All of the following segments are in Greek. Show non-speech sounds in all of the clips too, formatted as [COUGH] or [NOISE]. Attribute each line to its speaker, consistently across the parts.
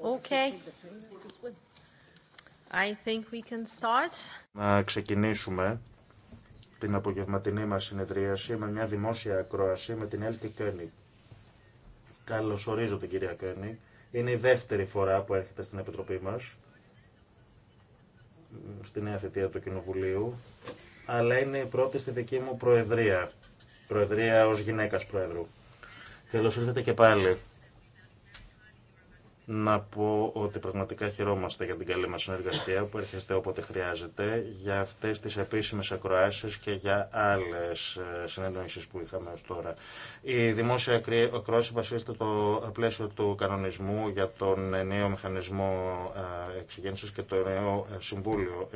Speaker 1: Okay.
Speaker 2: I think we can start.
Speaker 3: Να ξεκινήσουμε την απογευματινή μας συνεδρίαση με μια δημόσια ακρόαση με την Έλκη Κένι. Καλώς την κυρία Κένι. Είναι η δεύτερη φορά που έρχεται στην Επιτροπή μας, στη νέα θητεία του Κοινοβουλίου, αλλά είναι η πρώτη στη δική μου προεδρία. Προεδρία ως γυναίκας Προεδρού. Καλώς ήρθατε και πάλι να πω ότι πραγματικά χαιρόμαστε για την καλή μας συνεργασία που έρχεστε όποτε χρειάζεται για αυτές τις επίσημες ακροάσεις και για άλλες ε, συνεννοήσεις που είχαμε ως τώρα. Η δημόσια ακροάση βασίζεται στο πλαίσιο του κανονισμού για τον νέο μηχανισμό ε, εξηγένσης και το νέο ε, συμβούλιο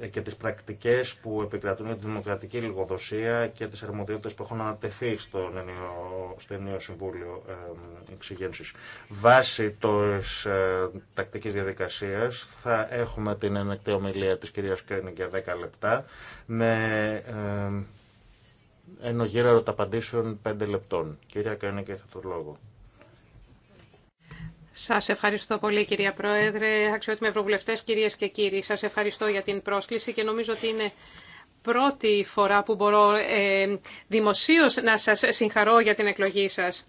Speaker 3: ε, και τις πρακτικές που επικρατούν για τη δημοκρατική λιγοδοσία και τις αρμοδιότητες που έχουν ανατεθεί στο νέο, στο νέο Συμβούλιο εξηγένση. Βάσει των ε, τακτικής διαδικασίας θα έχουμε την ενεκτή ομιλία τη κυρία Κέρνη για 10 λεπτά με ε, ένα ερωταπαντήσεων 5 λεπτών. Κυρία και έχετε το λόγο.
Speaker 2: Σας ευχαριστώ πολύ κυρία Πρόεδρε, αξιότιμοι ευρωβουλευτές, κυρίες και κύριοι. Σας ευχαριστώ για την πρόσκληση και νομίζω ότι είναι πρώτη φορά που μπορώ ε, δημοσίως να σας συγχαρώ για την εκλογή σας.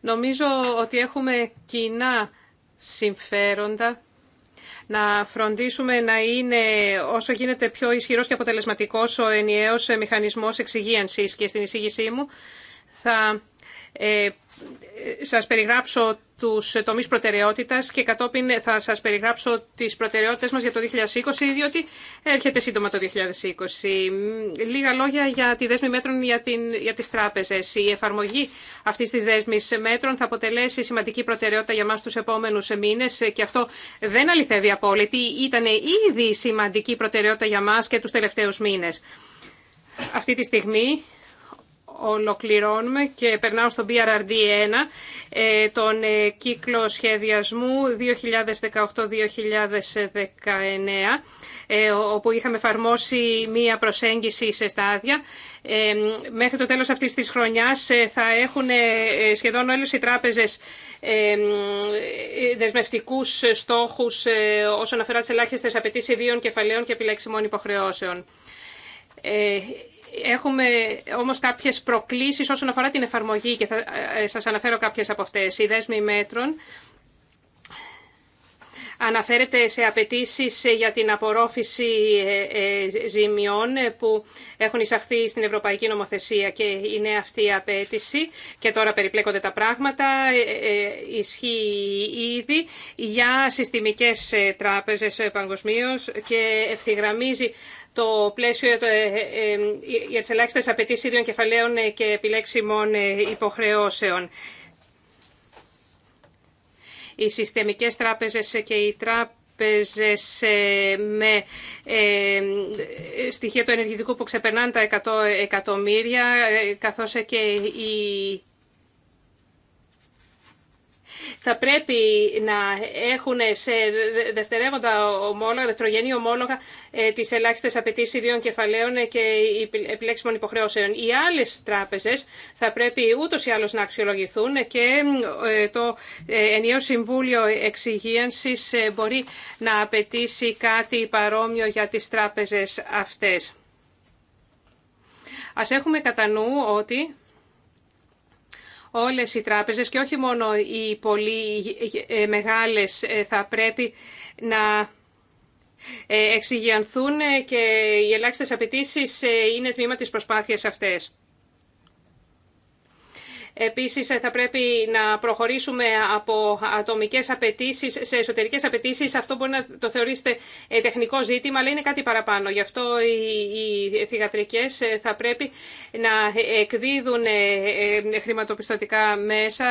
Speaker 2: Νομίζω ότι έχουμε κοινά συμφέροντα να φροντίσουμε να είναι όσο γίνεται πιο ισχυρός και αποτελεσματικός ο ενιαίος μηχανισμός εξυγίανσης και στην εισήγησή μου θα ε, σας περιγράψω τους τομείς προτεραιότητας και κατόπιν θα σας περιγράψω τις προτεραιότητες μας για το 2020, διότι έρχεται σύντομα το 2020. Λίγα λόγια για τη δέσμη μέτρων για, την, για τις τράπεζες. Η εφαρμογή αυτής της δέσμης μέτρων θα αποτελέσει σημαντική προτεραιότητα για μας τους επόμενους μήνες και αυτό δεν αληθεύει απόλυτη. Ήταν ήδη σημαντική προτεραιότητα για μας και τους τελευταίους μήνες. Αυτή τη στιγμή ολοκληρώνουμε και περνάω στο BRRD1, ε, τον ε, κύκλο σχεδιασμού 2018-2019, ε, όπου είχαμε εφαρμόσει μία προσέγγιση σε στάδια. Μέχρι το τέλος αυτής της χρονιάς θα έχουν σχεδόν όλες οι τράπεζες δεσμευτικούς στόχους όσον αφορά τις ελάχιστες απαιτήσεις ιδίων κεφαλαίων και επιλέξιμων υποχρεώσεων. Έχουμε όμως κάποιες προκλήσεις όσον αφορά την εφαρμογή και θα ε, ε, σας αναφέρω κάποιες από αυτές. Οι δέσμοι μέτρων αναφέρεται σε απαιτήσει για την απορρόφηση ε, ζημιών που έχουν εισαχθεί στην Ευρωπαϊκή Νομοθεσία και είναι αυτή η απέτηση και τώρα περιπλέκονται τα πράγματα, ισχύει ήδη για συστημικές τράπεζες παγκοσμίω και ευθυγραμμίζει το πλαίσιο ε, ε, ε, για τις ελάχιστες απαιτήσεις ίδιων κεφαλαίων και επιλέξιμων υποχρεώσεων. Οι συστημικές τράπεζες και οι τράπεζες με στοιχεία του ενεργητικού που ξεπερνάνε τα 100 εκατομμύρια, καθώς και οι θα πρέπει να έχουν σε δευτερεύοντα ομόλογα, δευτερογενή ομόλογα, ε, τις ελάχιστες απαιτήσει ιδίων κεφαλαίων και επιλέξιμων υποχρεώσεων. Οι άλλες τράπεζες θα πρέπει ούτω ή άλλω να αξιολογηθούν και ε, το ε, ενιαίο Συμβούλιο Εξυγίανσης μπορεί να απαιτήσει κάτι παρόμοιο για τις τράπεζες αυτές. Ας έχουμε κατά νου ότι όλες οι τράπεζες και όχι μόνο οι πολύ ε, μεγάλες ε, θα πρέπει να ε, εξηγιανθούν και οι ελάχιστες απαιτήσει είναι τμήμα της προσπάθειας αυτές. Επίσης θα πρέπει να προχωρήσουμε από ατομικές απαιτήσει σε εσωτερικές απαιτήσει. Αυτό μπορεί να το θεωρήσετε ε, τεχνικό ζήτημα, αλλά είναι κάτι παραπάνω. Γι' αυτό οι θηγατρικές ε, θα πρέπει να εκδίδουν ε, χρηματοπιστωτικά μέσα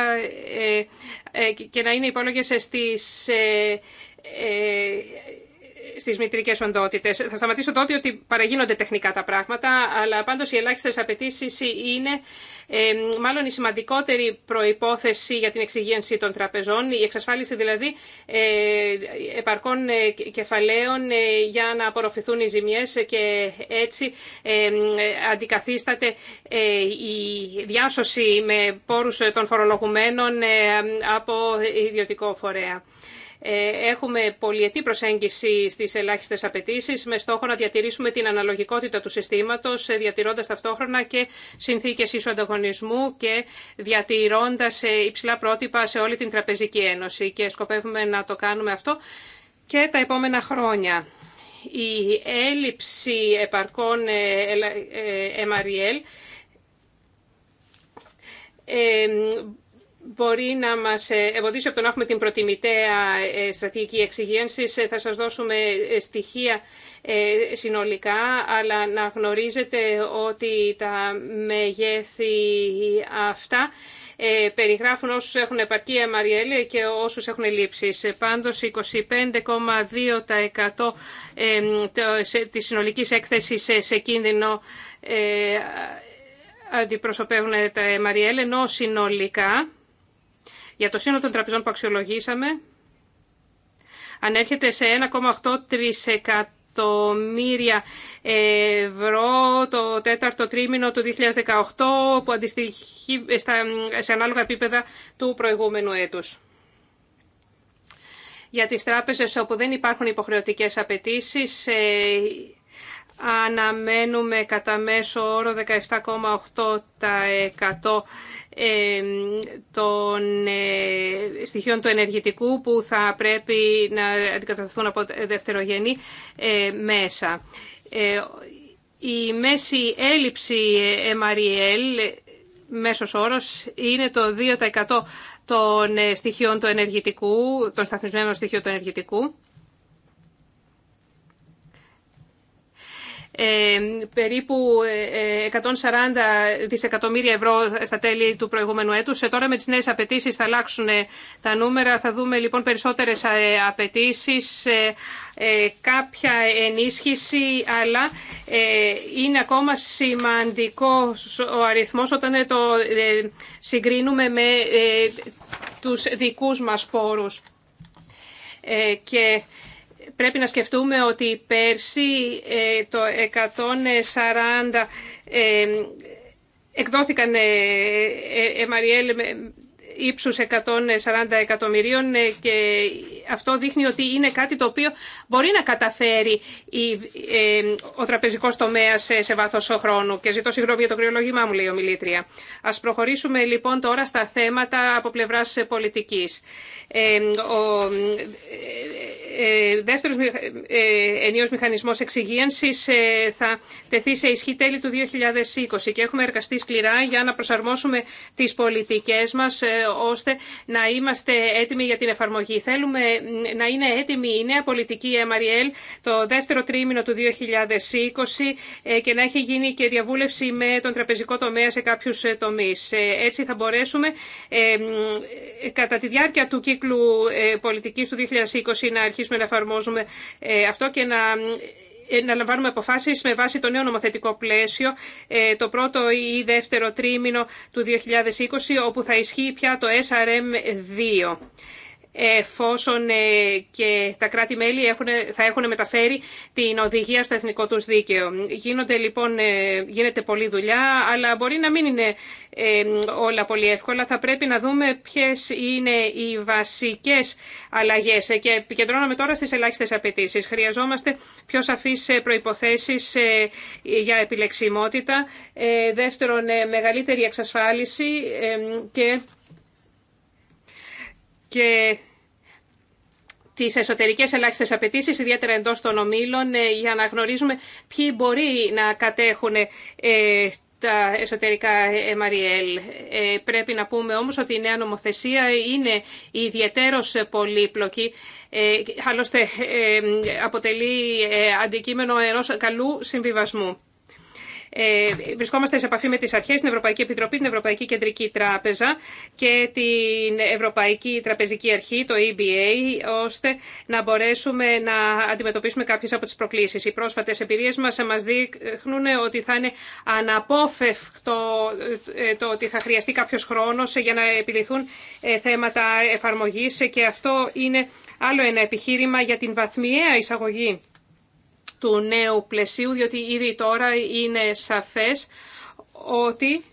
Speaker 2: και να είναι υπόλογες στις στις μητρικές οντότητες. Θα σταματήσω τότε ότι παραγίνονται τεχνικά τα πράγματα, αλλά πάντω οι ελάχιστε απαιτήσει είναι ε, μάλλον η σημαντικότερη προϋπόθεση για την εξυγίανση των τραπεζών, η εξασφάλιση δηλαδή ε, επαρκών ε, κεφαλαίων ε, για να απορροφηθούν οι ζημιές και έτσι ε, αντικαθίσταται η διάσωση με πόρου των φορολογουμένων από ιδιωτικό φορέα. Ε, έχουμε πολυετή προσέγγιση στις ελάχιστες απαιτήσει με στόχο να διατηρήσουμε την αναλογικότητα του συστήματος, ε, διατηρώντας ταυτόχρονα και συνθήκες ίσου ανταγωνισμού και διατηρώντας ε, υψηλά πρότυπα σε όλη την Τραπεζική Ένωση. Και σκοπεύουμε να το κάνουμε αυτό και τα επόμενα χρόνια. Η έλλειψη επαρκών MRL μπορεί να μας ε, εμποδίσει από το να έχουμε την προτιμητέα ε, στρατηγική εξυγίανση. Ε, θα σας δώσουμε στοιχεία συνολικά, αλλά να γνωρίζετε ότι τα μεγέθη αυτά περιγράφουν όσους έχουν επαρκή Μαριέλη και όσους έχουν λήψεις. Πάντως 25,2% της συνολικής έκθεσης σε κίνδυνο αντιπροσωπεύουν τα Μαριέλη, ενώ συνολικά για το σύνολο των τραπεζών που αξιολογήσαμε ανέρχεται σε 1,8 τρισεκατομμύρια ευρώ το τέταρτο τρίμηνο του 2018 που αντιστοιχεί σε ανάλογα επίπεδα του προηγούμενου έτους. Για τις τράπεζες όπου δεν υπάρχουν υποχρεωτικές απαιτήσει. Αναμένουμε κατά μέσο όρο 17,8% των ε, στοιχείων του ενεργητικού που θα πρέπει να αντικατασταθούν από δευτερογενή ε, μέσα. Ε, η μέση έλλειψη MREL, μέσος όρος, είναι το 2% των στοιχείων του ενεργητικού, των σταθμισμένων στοιχείων του ενεργητικού. Ε, περίπου 140 ε, ε, δισεκατομμύρια ευρώ στα τέλη του προηγούμενου έτους. Τώρα με τις νέες απαιτήσει θα αλλάξουν τα νούμερα. Θα δούμε λοιπόν περισσότερες απαιτήσει, κάποια ενίσχυση, αλλά είναι ακόμα σημαντικό ο αριθμός όταν το συγκρίνουμε με τους δικούς μας πόρους. Και Πρέπει να σκεφτούμε ότι πέρσι ε, το 140 ε, εκδόθηκαν Εμαριέλ ε, ύψους 140 εκατομμυρίων και αυτό δείχνει ότι είναι κάτι το οποίο μπορεί να καταφέρει ο τραπεζικός τομέας σε βάθος χρόνου. Και ζητώ συγγνώμη για το κρυολογήμά μου, λέει η ομιλήτρια. Ας προχωρήσουμε λοιπόν τώρα στα θέματα από πλευράς πολιτικής. Ο ε, δεύτερος ε, ενίος μηχανισμός εξυγίανσης ε, θα τεθεί σε ισχύ τέλη του 2020 και έχουμε εργαστεί σκληρά για να προσαρμόσουμε τις πολιτικές μας ώστε να είμαστε έτοιμοι για την εφαρμογή. Θέλουμε να είναι έτοιμη η νέα πολιτική Εμαριέλ το δεύτερο τρίμηνο του 2020 και να έχει γίνει και διαβούλευση με τον τραπεζικό τομέα σε κάποιους τομείς. Έτσι θα μπορέσουμε κατά τη διάρκεια του κύκλου πολιτικής του 2020 να αρχίσουμε συνεχίσουμε να εφαρμόζουμε ε, αυτό και να ε, να λαμβάνουμε αποφάσεις με βάση το νέο νομοθετικό πλαίσιο, ε, το πρώτο ή δεύτερο τρίμηνο του 2020, όπου θα ισχύει πια το SRM2 εφόσον ε, και τα κράτη-μέλη θα έχουν μεταφέρει την οδηγία στο εθνικό τους δίκαιο. Γίνονται, λοιπόν, ε, γίνεται πολλή δουλειά, αλλά μπορεί να μην είναι ε, όλα πολύ εύκολα. Θα πρέπει να δούμε ποιες είναι οι βασικές αλλαγές και επικεντρώνομαι τώρα στις ελάχιστες απαιτήσει. Χρειαζόμαστε πιο σαφείς προϋποθέσεις για επιλεξιμότητα, δεύτερον μεγαλύτερη εξασφάλιση και τις εσωτερικές ελάχιστες απαιτήσει, ιδιαίτερα εντός των ομίλων, ε, για να γνωρίζουμε ποιοι μπορεί να κατέχουν ε, τα εσωτερικά MRL. Ε, πρέπει να πούμε όμως ότι η νέα νομοθεσία είναι ιδιαίτερος πολύπλοκη. Άλλωστε αποτελεί αντικείμενο ενός καλού συμβιβασμού. Ε, βρισκόμαστε σε επαφή με τις αρχές, την Ευρωπαϊκή Επιτροπή, την Ευρωπαϊκή Κεντρική Τράπεζα και την Ευρωπαϊκή Τραπεζική Αρχή, το EBA, ώστε να μπορέσουμε να αντιμετωπίσουμε κάποιες από τις προκλήσεις. Οι πρόσφατες εμπειρίες μας μας δείχνουν ότι θα είναι αναπόφευκτο ε, το ότι θα χρειαστεί κάποιος χρόνος για να επιληθούν ε, θέματα εφαρμογής και αυτό είναι άλλο ένα επιχείρημα για την βαθμιαία εισαγωγή του νέου πλαισίου, διότι ήδη τώρα είναι σαφές ότι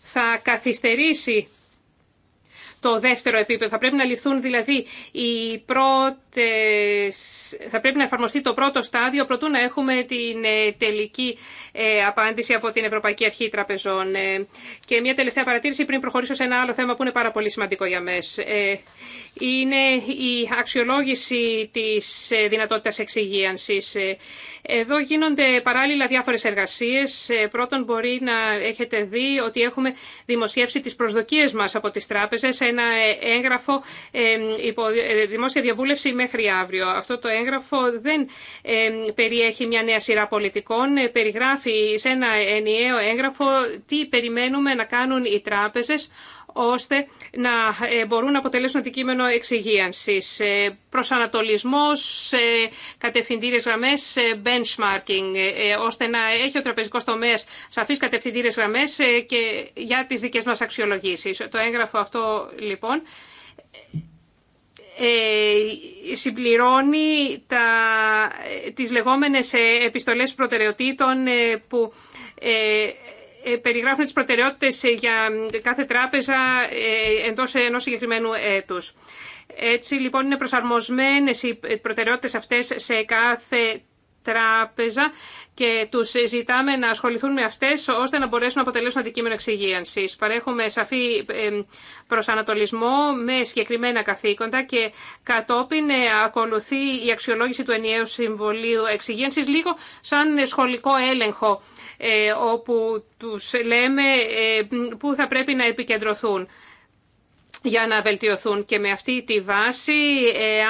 Speaker 2: θα καθυστερήσει το δεύτερο επίπεδο. Θα πρέπει να ληφθούν δηλαδή οι πρώτοι θα πρέπει να εφαρμοστεί το πρώτο στάδιο προτού να έχουμε την ε, τελική ε, απάντηση από την Ευρωπαϊκή Αρχή Τραπεζών. Ε, και μια τελευταία παρατήρηση πριν προχωρήσω σε ένα άλλο θέμα που είναι πάρα πολύ σημαντικό για μες. Είναι η αξιολόγηση της δυνατότητας εξυγίανσης. Εδώ γίνονται παράλληλα διάφορες εργασίες. Πρώτον μπορεί να έχετε δει ότι έχουμε δημοσιεύσει τις προσδοκίες μας από τις τράπεζες, ένα έγγραφο δημόσια διαβούλευση μέχρι Αυτό το έγγραφο δεν περιέχει μια νέα σειρά πολιτικών. Ε, περιγράφει σε ένα ενιαίο έγγραφο τι περιμένουμε να κάνουν οι τράπεζες ώστε να ε, μπορούν να αποτελέσουν αντικείμενο εξυγίανσης. Ε, προσανατολισμός, κατευθυντήριες γραμμές, benchmarking, ώστε να έχει ο τραπεζικός τομέας σαφείς κατευθυντήριες γραμμές και για τις δικές μας αξιολογήσεις. Το έγγραφο αυτό, λοιπόν, ε, συμπληρώνει τα, τις λεγόμενες ε, επιστολές προτεραιοτήτων ε, που περιγράφουν τις προτεραιότητες για κάθε τράπεζα εντός ενός συγκεκριμένου έτους. Έτσι λοιπόν είναι προσαρμοσμένες οι προτεραιότητες αυτές σε κάθε τράπεζα και τους ζητάμε να ασχοληθούν με αυτέ ώστε να μπορέσουν να αποτελέσουν αντικείμενο εξυγίανση. Παρέχουμε σαφή προσανατολισμό με συγκεκριμένα καθήκοντα και κατόπιν ε, ακολουθεί η αξιολόγηση του ενιαίου συμβολίου εξυγίανση, λίγο σαν σχολικό έλεγχο ε, όπου τους λέμε ε, πού θα πρέπει να επικεντρωθούν για να βελτιωθούν. Και με αυτή τη βάση,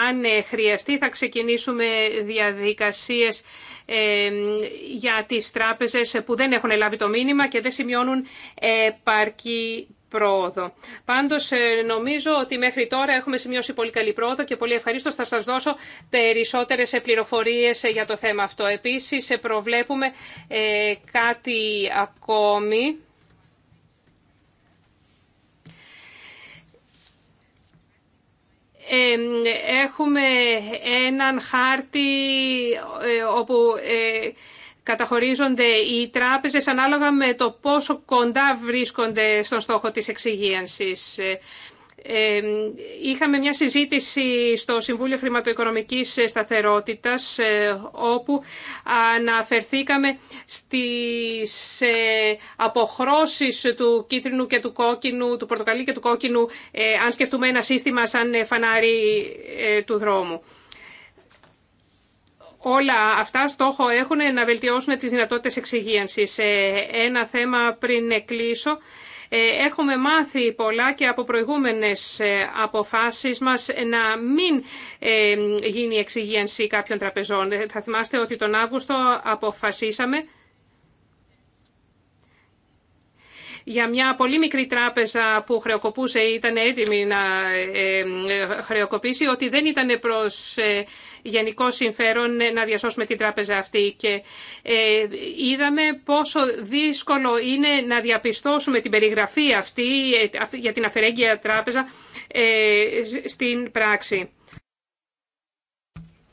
Speaker 2: αν χρειαστεί, θα ξεκινήσουμε διαδικασίες ε, για τις τράπεζες που δεν έχουν λάβει το μήνυμα και δεν σημειώνουν παρκή πρόοδο. Πάντως, ε, νομίζω ότι μέχρι τώρα έχουμε σημειώσει πολύ καλή πρόοδο και πολύ ευχαρίστω θα σας δώσω περισσότερες πληροφορίες για το θέμα αυτό. Επίσης, ε, προβλέπουμε κάτι ακόμη έχουμε έναν χάρτη ε, όπου ε, καταχωρίζονται οι τράπεζες ανάλογα με το πόσο κοντά βρίσκονται στον στόχο της εξυγίανσης. Είχαμε μια συζήτηση στο Συμβούλιο Χρηματοοικονομικής Σταθερότητας ε, όπου αναφερθήκαμε στις ε, αποχρώσεις του κίτρινου και του κόκκινου, του πορτοκαλί και του κόκκινου ε, αν σκεφτούμε ένα σύστημα σαν φανάρι του δρόμου. Όλα αυτά στόχο έχουν να βελτιώσουν τις δυνατότητες εξυγίανσης. Ένα θέμα πριν κλείσω ε, έχουμε μάθει πολλά και από προηγούμενες ε, αποφάσεις μας να μην ε, γίνει η εξυγίανση κάποιων τραπεζών. Θα θυμάστε ότι τον Αύγουστο αποφασίσαμε για μια πολύ μικρή τράπεζα που χρεοκοπούσε ήταν έτοιμη να ε, ε, χρεοκοπήσει ότι δεν ήταν προς ε, γενικό συμφέρον να διασώσουμε την τράπεζα αυτή και είδαμε πόσο δύσκολο είναι να διαπιστώσουμε την περιγραφή αυτή για την αφαιρέγγια τράπεζα στην πράξη.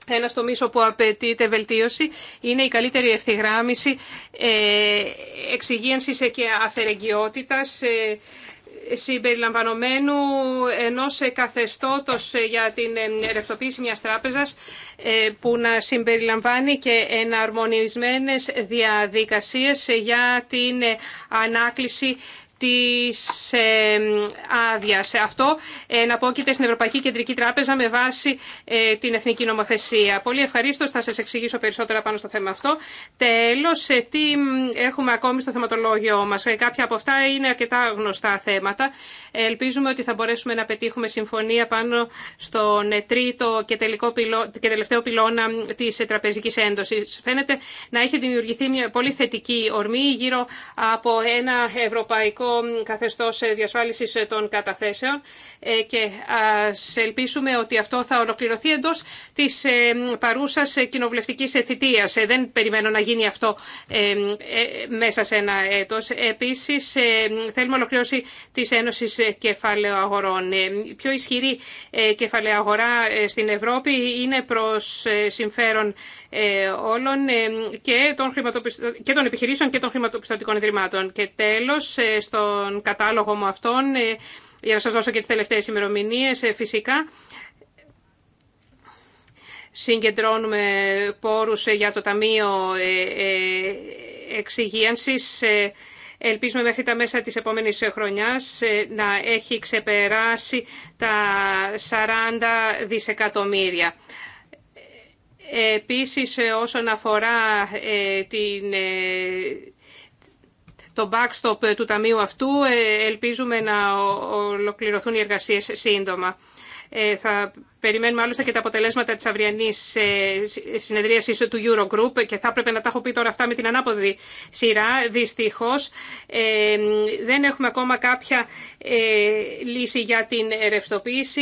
Speaker 2: Ένα τομεί όπου απαιτείται βελτίωση είναι η καλύτερη ευθυγράμμιση ε, εξυγίανση και αφαιρεγγιότητα ε, συμπεριλαμβανομένου ενός καθεστώτος για την ε, ρευτοποίηση μιας τράπεζας που να συμπεριλαμβάνει και εναρμονισμένες διαδικασίες για την ανάκληση της άδεια. Αυτό εναπόκειται στην Ευρωπαϊκή Κεντρική Τράπεζα με βάση ε, την Εθνική Νομοθεσία. Πολύ ευχαρίστω, θα σας εξηγήσω περισσότερα πάνω στο θέμα αυτό. Τέλος, τι έχουμε ακόμη στο θεματολόγιο μας. Ε, κάποια από αυτά είναι αρκετά γνωστά θέματα. Ελπίζουμε ότι θα μπορέσουμε να πετύχουμε συμφωνία πάνω στον ε, τρίτο και, τελικό τελευταίο πυλώνα της τραπεζικής έντοσης. Φαίνεται να έχει δημιουργηθεί μια πολύ θετική ορμή γύρω από ένα ευρωπαϊκό καθεστώς διασφάλισης των καταθέσεων ε, και ας ελπίσουμε ότι αυτό θα ολοκληρωθεί εντός της ε, παρούσας κοινοβουλευτικής θητείας. Ε, δεν περιμένω να γίνει αυτό μέσα σε ένα έτος. Επίσης, θέλουμε ολοκλήρωση της Ένωσης Κεφαλαίου Αγορών. Η πιο ισχυρή κεφαλαία αγορά στην Ευρώπη είναι προς συμφέρον ε, όλων ε, και των, και επιχειρήσεων και των χρηματοπιστωτικών ιδρυμάτων. Και τέλος, ε, στον κατάλογο μου αυτόν, για να σας δώσω και τις τελευταίες ημερομηνίες, φυσικά, συγκεντρώνουμε πόρους για το Ταμείο Εξυγίανσης. Ελπίζουμε μέχρι τα μέσα της επόμενης χρονιάς να έχει ξεπεράσει τα 40 δισεκατομμύρια. Επίσης, όσον αφορά ε, την, ε, το backstop του ταμείου αυτού, ε, ελπίζουμε να ολοκληρωθούν οι εργασίες σύντομα. Ε, θα περιμένουμε άλλωστε και τα αποτελέσματα της αυριανής ε, συνεδρίασης του Eurogroup και θα έπρεπε να τα έχω πει τώρα αυτά με την ανάποδη σειρά. Δυστυχώς ε, δεν έχουμε ακόμα κάποια λύση για την ρευστοποίηση.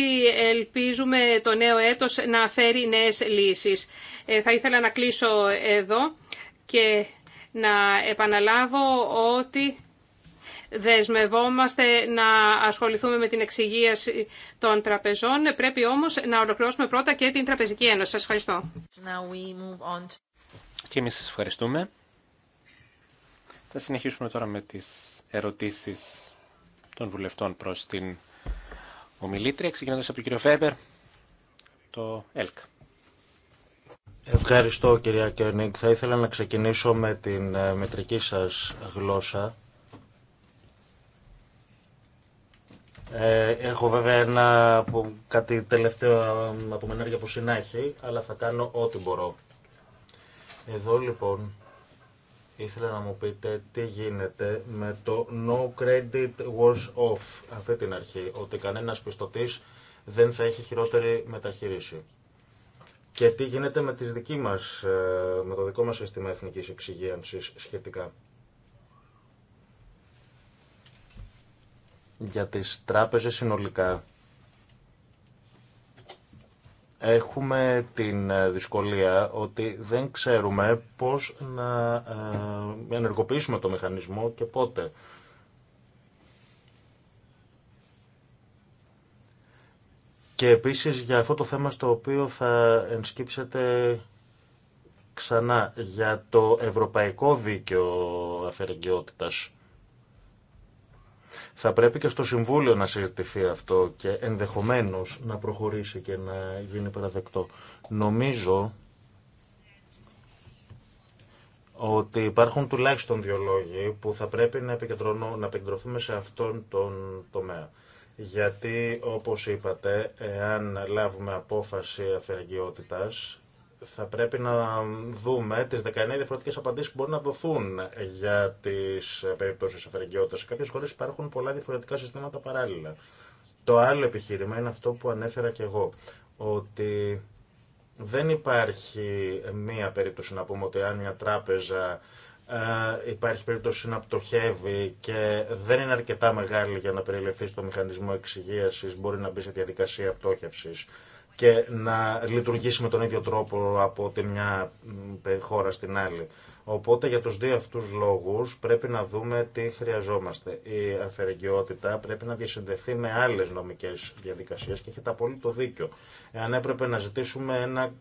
Speaker 2: Ελπίζουμε το νέο έτος να φέρει νέες λύσεις. Θα ήθελα να κλείσω εδώ και να επαναλάβω ότι δεσμευόμαστε να ασχοληθούμε με την εξυγίαση των τραπεζών. Πρέπει όμως να ολοκληρώσουμε πρώτα και την Τραπεζική Ένωση. Σας ευχαριστώ.
Speaker 4: Και εμείς σας ευχαριστούμε. Θα συνεχίσουμε τώρα με τις ερωτήσεις των βουλευτών προς την ομιλήτρια, ξεκινώντας από τον κύριο Φέμπερ, το ΕΛΚ.
Speaker 3: Ευχαριστώ κυρία Κιόνικ. Θα ήθελα να ξεκινήσω με την ε, μετρική σας γλώσσα Ε, έχω βέβαια από, κάτι τελευταίο από μενέργεια που συνάχει, αλλά θα κάνω ό,τι μπορώ. Εδώ λοιπόν ήθελα να μου πείτε τι γίνεται με το no credit was off, αυτή την αρχή, ότι κανένας πιστωτής δεν θα έχει χειρότερη μεταχείριση. Και τι γίνεται με, τις δική μας, ε, με το δικό μας σύστημα εθνικής εξυγίανσης σχετικά. για τις τράπεζες συνολικά έχουμε την ε, δυσκολία ότι δεν ξέρουμε πώς να ε, ενεργοποιήσουμε το μηχανισμό και πότε. Και επίσης για αυτό το θέμα στο οποίο θα ενσκύψετε ξανά για το ευρωπαϊκό δίκαιο αφαιρεγγιότητας. Θα πρέπει και στο Συμβούλιο να συζητηθεί αυτό και ενδεχομένως να προχωρήσει και να γίνει παραδεκτό. Νομίζω ότι υπάρχουν τουλάχιστον δύο λόγοι που θα πρέπει να, να επικεντρωθούμε σε αυτόν τον τομέα. Γιατί, όπως είπατε, εάν λάβουμε απόφαση αφαιρεγγιότητας, θα πρέπει να δούμε τι 19 διαφορετικέ απαντήσει που μπορεί να δοθούν για τι ε, περιπτώσει αφαιρεγγιότητας. Σε κάποιε χώρε υπάρχουν πολλά διαφορετικά συστήματα παράλληλα. Το άλλο επιχείρημα είναι αυτό που ανέφερα και εγώ, ότι δεν υπάρχει μία περίπτωση να πούμε ότι αν μια τράπεζα ε, υπάρχει περίπτωση να πτωχεύει και δεν είναι αρκετά μεγάλη για να περιληφθεί στο μηχανισμό εξυγίασης, μπορεί να μπει σε διαδικασία πτώχευσης και να λειτουργήσει με τον ίδιο τρόπο από τη μια χώρα στην άλλη. Οπότε για τους δύο αυτούς λόγους πρέπει να δούμε τι χρειαζόμαστε. Η αφαιρεγγιότητα πρέπει να διασυνδεθεί με άλλες νομικές διαδικασίες και έχετε απόλυτο δίκιο. Εάν έπρεπε να ζητήσουμε ένα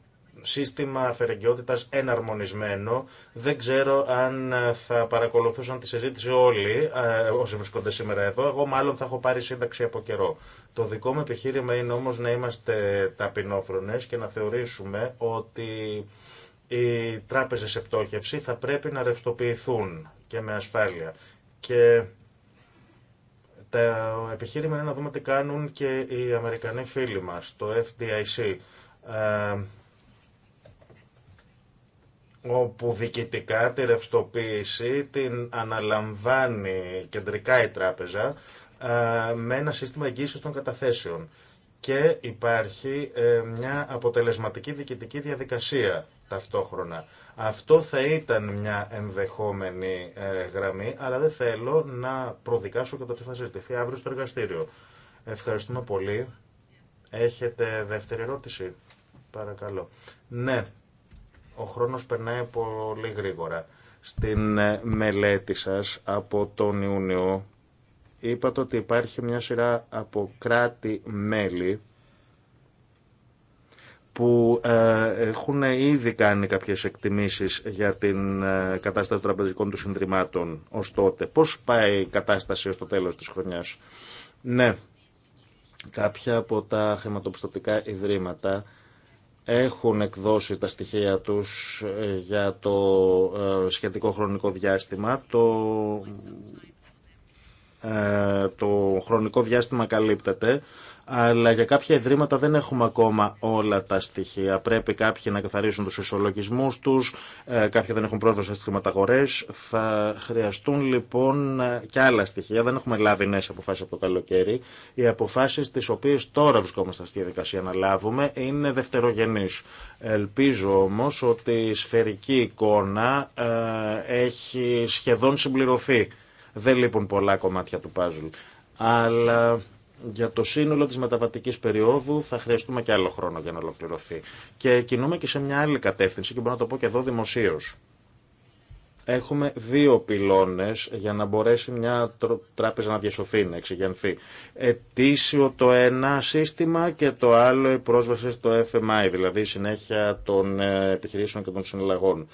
Speaker 3: σύστημα αφαιρεγκαιότητα εναρμονισμένο. Δεν ξέρω αν θα παρακολουθούσαν τη συζήτηση όλοι ε, όσοι βρισκόνται σήμερα εδώ. Εγώ μάλλον θα έχω πάρει σύνταξη από καιρό. Το δικό μου επιχείρημα είναι όμως να είμαστε ταπεινόφρονε και να θεωρήσουμε ότι οι τράπεζες επτόχευση θα πρέπει να ρευστοποιηθούν και με ασφάλεια. Και τα επιχείρημα είναι να δούμε τι κάνουν και οι Αμερικανοί φίλοι μας, το FDIC. Ε, όπου διοικητικά τη ρευστοποίηση την αναλαμβάνει κεντρικά η τράπεζα με ένα σύστημα εγγύησης των καταθέσεων. Και υπάρχει ε, μια αποτελεσματική διοικητική διαδικασία ταυτόχρονα. Αυτό θα ήταν μια ενδεχόμενη ε, γραμμή, αλλά δεν θέλω να προδικάσω και το τι θα ζητηθεί αύριο στο εργαστήριο. Ευχαριστούμε πολύ. Έχετε δεύτερη ερώτηση. Παρακαλώ. Ναι, ο χρόνος περνάει πολύ γρήγορα. Στην ε, μελέτη σας από τον Ιούνιο είπατε ότι υπάρχει μια σειρά από κράτη-μέλη που ε, έχουν ήδη κάνει κάποιες εκτιμήσεις για την ε, κατάσταση των τραπεζικών του συντριμμάτων ως τότε. Πώς πάει η κατάσταση ως το τέλος της χρονιάς. Ναι, κάποια από τα χρηματοπιστωτικά ιδρύματα έχουν εκδώσει τα στοιχεία τους ε, για το ε, σχετικό χρονικό διάστημα. Το, ε, το χρονικό διάστημα καλύπτεται αλλά για κάποια ιδρύματα δεν έχουμε ακόμα όλα τα στοιχεία. Πρέπει κάποιοι να καθαρίσουν τους ισολογισμούς τους, ε, κάποιοι δεν έχουν πρόσβαση στις χρηματαγορές. Θα χρειαστούν λοιπόν ε, και άλλα στοιχεία. Δεν έχουμε λάβει νέες αποφάσεις από το καλοκαίρι. Οι αποφάσεις τις οποίες τώρα βρισκόμαστε στη διαδικασία να λάβουμε είναι δευτερογενείς. Ελπίζω όμως ότι η σφαιρική εικόνα ε, έχει σχεδόν συμπληρωθεί. Δεν λείπουν πολλά κομμάτια του παζλ. Αλλά για το σύνολο της μεταβατικής περίοδου θα χρειαστούμε και άλλο χρόνο για να ολοκληρωθεί. Και κινούμε και σε μια άλλη κατεύθυνση και μπορώ να το πω και εδώ δημοσίω. Έχουμε δύο πυλώνες για να μπορέσει μια τράπεζα να διασωθεί, να εξηγενθεί. Ετήσιο το ένα σύστημα και το άλλο η πρόσβαση στο FMI, δηλαδή η συνέχεια των ε, επιχειρήσεων και των συναλλαγών.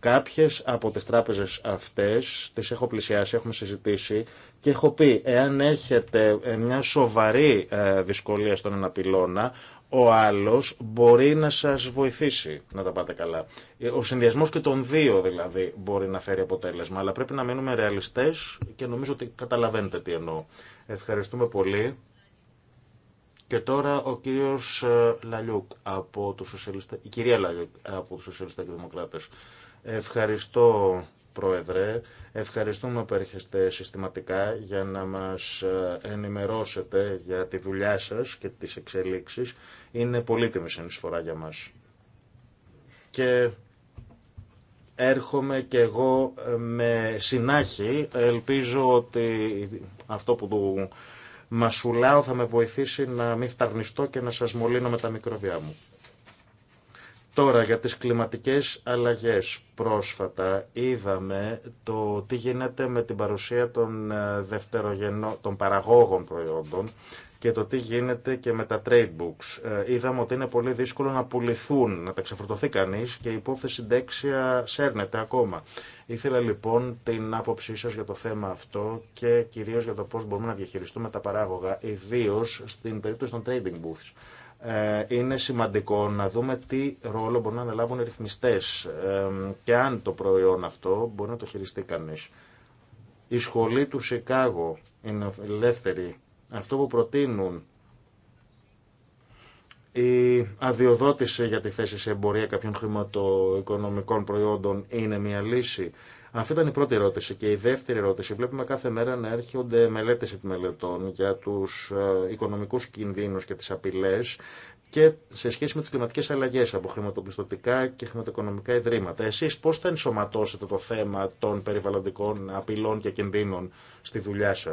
Speaker 3: Κάποιες από τις τράπεζες αυτές τις έχω πλησιάσει, έχουμε συζητήσει και έχω πει, εάν έχετε ε, μια σοβαρή ε, δυσκολία στον ένα πυλώνα, ο άλλος μπορεί να σας βοηθήσει να τα πάτε καλά. Ε, ο συνδυασμός και των δύο δηλαδή μπορεί να φέρει αποτέλεσμα, αλλά πρέπει να μείνουμε ρεαλιστές και νομίζω ότι καταλαβαίνετε τι εννοώ. Ευχαριστούμε πολύ. Και τώρα ο κύριος Λαλιούκ από τους Σοσιαλιστές, η κυρία Λαλιούκ από τους Σοσιαλιστές και Δημοκράτες. Ευχαριστώ Πρόεδρε. Ευχαριστούμε που έρχεστε συστηματικά για να μας ε, ενημερώσετε για τη δουλειά σας και τις εξελίξεις. Είναι πολύτιμη συνεισφορά για μας. Και έρχομαι και εγώ ε, με συνάχη. Ελπίζω ότι αυτό που του μασουλάω θα με βοηθήσει να μην φταρνιστώ και να σας μολύνω με τα μικροβιά μου. Τώρα για τις κλιματικές αλλαγές πρόσφατα είδαμε το τι γίνεται με την παρουσία των, ε, δευτερογενών, των παραγόγων προϊόντων και το τι γίνεται και με τα trade books. Ε, είδαμε ότι είναι πολύ δύσκολο να πουληθούν, να τα ξεφορτωθεί κανείς και η υπόθεση δεξιά σέρνεται ακόμα. Ήθελα λοιπόν την άποψή σας για το θέμα αυτό και κυρίως για το πώς μπορούμε να διαχειριστούμε τα παράγωγα, ιδίως στην περίπτωση των trading booths ε, είναι σημαντικό να δούμε τι ρόλο μπορούν να αναλάβουν οι ρυθμιστές ε, και αν το προϊόν αυτό μπορεί να το χειριστεί κανείς. Η σχολή του Σικάγο είναι ελεύθερη. Αυτό που προτείνουν η αδειοδότηση για τη θέση σε εμπορία κάποιων χρηματοοικονομικών προϊόντων είναι μια λύση. Αυτή ήταν η πρώτη ερώτηση. Και η δεύτερη ερώτηση. Βλέπουμε κάθε μέρα να έρχονται μελέτε επιμελετών για του ε, οικονομικού κινδύνου και τι απειλέ και σε σχέση με τι κλιματικέ αλλαγέ από χρηματοπιστωτικά και χρηματοοικονομικά ιδρύματα. Εσεί πώ θα ενσωματώσετε το θέμα των περιβαλλοντικών απειλών και κινδύνων στη δουλειά σα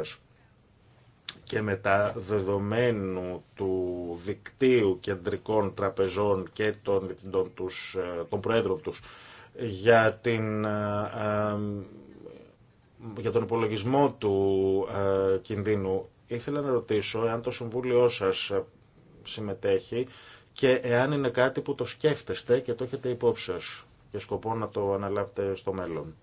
Speaker 3: και μετά δεδομένου του δικτύου κεντρικών τραπεζών και των, των, ε, των προέδρων τους για, την, ε, ε, για τον υπολογισμό του ε, κινδύνου. Ήθελα να ρωτήσω εάν το Συμβούλιο σας συμμετέχει και εάν είναι κάτι που το σκέφτεστε και το έχετε υπόψη σας και σκοπό να το αναλάβετε στο μέλλον.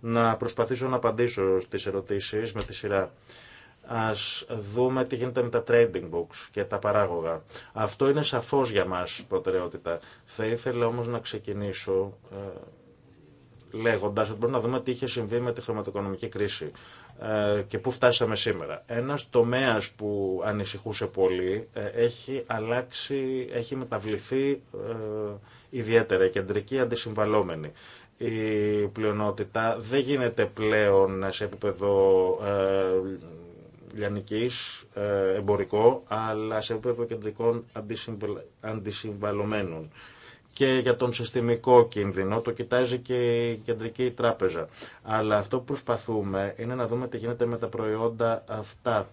Speaker 3: Να προσπαθήσω να απαντήσω στις ερωτήσεις με τη σειρά. Ας δούμε τι γίνεται με τα trading books και τα παράγωγα. Αυτό είναι σαφώς για μας προτεραιότητα. Θα ήθελα όμως να ξεκινήσω ε, λέγοντας ότι μπορούμε να δούμε τι είχε συμβεί με τη χρηματοοικονομική κρίση ε, και πού φτάσαμε σήμερα. Ένας τομέας που ανησυχούσε πολύ ε, έχει αλλάξει, έχει μεταβληθεί ιδιαίτερα, η κεντρική αντισυμβαλόμενη. Η πλειονότητα δεν γίνεται πλέον σε επίπεδο λιανικής, ε, εμπορικό, αλλά σε επίπεδο κεντρικών αντισυμβαλωμένων. Και για τον συστημικό κίνδυνο το κοιτάζει και η Κεντρική Τράπεζα. Αλλά αυτό που προσπαθούμε είναι να δούμε τι γίνεται με τα προϊόντα αυτά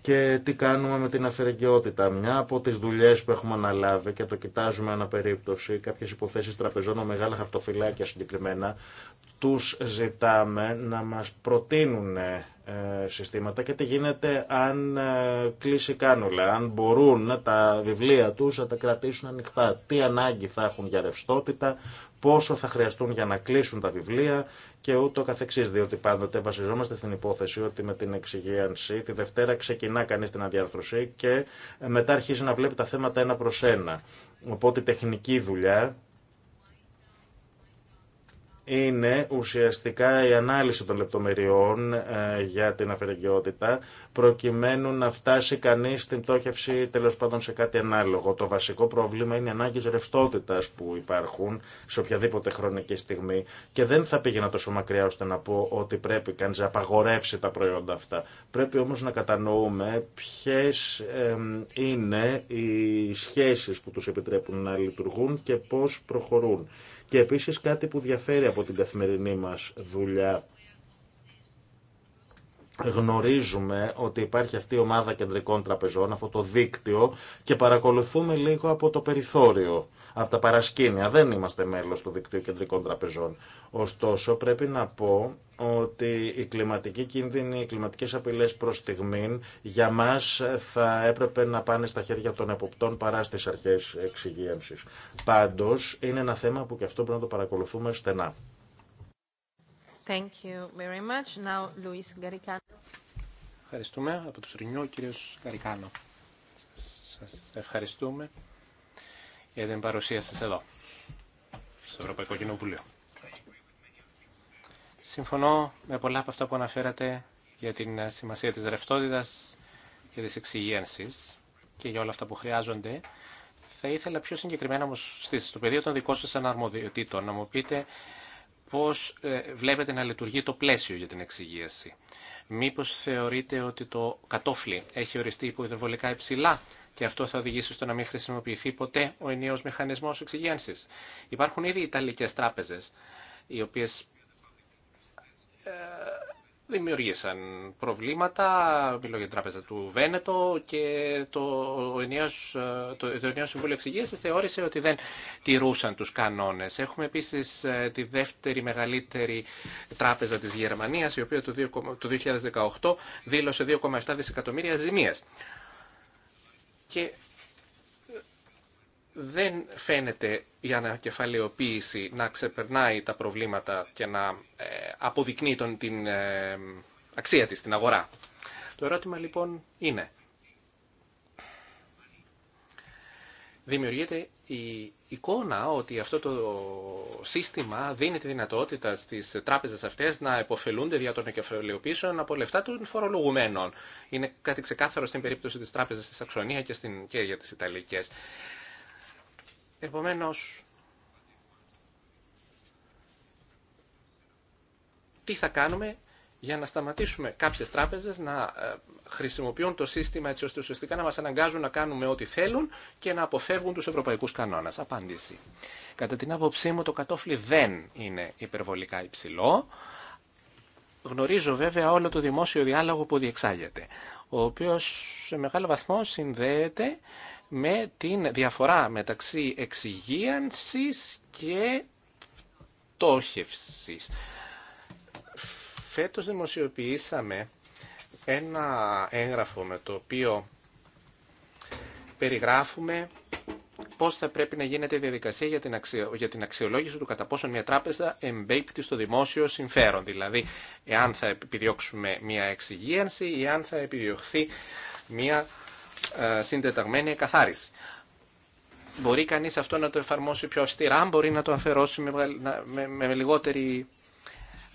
Speaker 3: και τι κάνουμε με την αφαιρεγκαιότητα. Μια από τις δουλειές που έχουμε αναλάβει και το κοιτάζουμε ανά περίπτωση, κάποιες υποθέσεις τραπεζών, μεγάλα χαρτοφυλάκια συγκεκριμένα, τους ζητάμε να μας προτείνουν ε, συστήματα και τι γίνεται αν ε, κλείσει κάνουλα, αν μπορούν τα βιβλία τους να τα κρατήσουν ανοιχτά, τι ανάγκη θα έχουν για ρευστότητα, πόσο θα χρειαστούν για να κλείσουν τα βιβλία και ούτω καθεξής, διότι πάντοτε βασιζόμαστε στην υπόθεση ότι με την εξυγίανση τη Δευτέρα ξεκινά κανείς την αδιάρθρωση και μετά αρχίζει να βλέπει τα θέματα ένα προς ένα. Οπότε τεχνική δουλειά είναι ουσιαστικά η ανάλυση των λεπτομεριών ε, για την αφαιρεγκαιότητα προκειμένου να φτάσει κανείς στην πτώχευση τέλο πάντων σε κάτι ανάλογο. Το βασικό πρόβλημα είναι οι ανάγκες ρευστότητας που υπάρχουν σε οποιαδήποτε χρονική στιγμή και δεν θα πήγαινα τόσο μακριά ώστε να πω ότι πρέπει κανείς να απαγορεύσει τα προϊόντα αυτά. Πρέπει όμως να κατανοούμε ποιε είναι οι σχέσεις που τους επιτρέπουν να λειτουργούν και πώς προχωρούν. Και επίσης κάτι που διαφέρει από την καθημερινή μας δουλειά. Γνωρίζουμε ότι υπάρχει αυτή η ομάδα κεντρικών τραπεζών, αυτό το δίκτυο και παρακολουθούμε λίγο από το περιθώριο από τα παρασκήνια. Δεν είμαστε μέλος του δικτύου κεντρικών τραπεζών. Ωστόσο, πρέπει να πω ότι η κλιματική κίνδυνη, οι κλιματικές απειλές προς στιγμήν για μας θα έπρεπε να πάνε στα χέρια των εποπτών παρά στις αρχές εξυγίανσης. Πάντως, είναι ένα θέμα που και αυτό πρέπει να το παρακολουθούμε στενά.
Speaker 2: Thank you very much. Now, Luis
Speaker 4: Ευχαριστούμε. Από το Ρινιό, ο κύριος Γαρικάνο. Σας ευχαριστούμε για την παρουσία εδώ, στο Ευρωπαϊκό Κοινοβούλιο. Συμφωνώ με πολλά από αυτά που αναφέρατε για την σημασία της ρευτότητα και της εξυγένσης και για όλα αυτά που χρειάζονται. Θα ήθελα πιο συγκεκριμένα όμως στο πεδίο των δικών σας αναρμοδιοτήτων να μου πείτε πώς ε, βλέπετε να λειτουργεί το πλαίσιο για την εξυγίαση. Μήπως θεωρείτε ότι το κατόφλι έχει οριστεί υπό υψηλά και αυτό θα οδηγήσει στο να μην χρησιμοποιηθεί ποτέ ο ενιαίος μηχανισμός εξυγένσης. Υπάρχουν ήδη Ιταλικές τράπεζες οι οποίες ε, δημιουργήσαν προβλήματα, μιλώ για την τράπεζα του Βένετο και το ενιαίο ε, το, το Συμβούλιο εξυγένσης θεώρησε ότι δεν τηρούσαν τους κανόνες. Έχουμε επίσης ε, τη δεύτερη μεγαλύτερη τράπεζα της Γερμανίας, η οποία το 2018 δήλωσε 2,7 δισεκατομμύρια ζημίες και δεν φαίνεται η ανακεφαλαιοποίηση να ξεπερνάει τα προβλήματα και να ε, αποδεικνύει τον, την ε, αξία της στην αγορά. Το ερώτημα λοιπόν είναι, δημιουργείται η εικόνα ότι αυτό το σύστημα δίνει τη δυνατότητα στις τράπεζες αυτές να επωφελούνται δια των εκεφαλαιοποίησεων από λεφτά των φορολογουμένων. Είναι κάτι ξεκάθαρο στην περίπτωση της τράπεζας της Αξονία και, στην, και για τις Ιταλικές. Επομένως, τι θα κάνουμε για να σταματήσουμε κάποιες τράπεζες να ε, χρησιμοποιούν το σύστημα έτσι ώστε ουσιαστικά να μας αναγκάζουν να κάνουμε ό,τι θέλουν και να αποφεύγουν τους ευρωπαϊκούς κανόνες. Απάντηση. Κατά την άποψή μου το κατόφλι δεν είναι υπερβολικά υψηλό. Γνωρίζω βέβαια όλο το δημόσιο διάλογο που διεξάγεται, ο οποίος σε μεγάλο βαθμό συνδέεται με την διαφορά μεταξύ εξυγίανσης και πτώχευσης. Φέτος δημοσιοποιήσαμε ένα έγγραφο με το οποίο περιγράφουμε πώς θα πρέπει να γίνεται η διαδικασία για την, για την αξιολόγηση του κατά πόσο μια τράπεζα εμπέπτει στο δημόσιο συμφέρον. Δηλαδή, εάν θα επιδιώξουμε μια εξυγίανση ή αν θα επιδιωχθεί μια ε, συντεταγμένη εκαθάριση. Μπορεί κανείς αυτό να το εφαρμόσει πιο αυστηρά, μπορεί να το αφαιρώσει με, με, με λιγότερη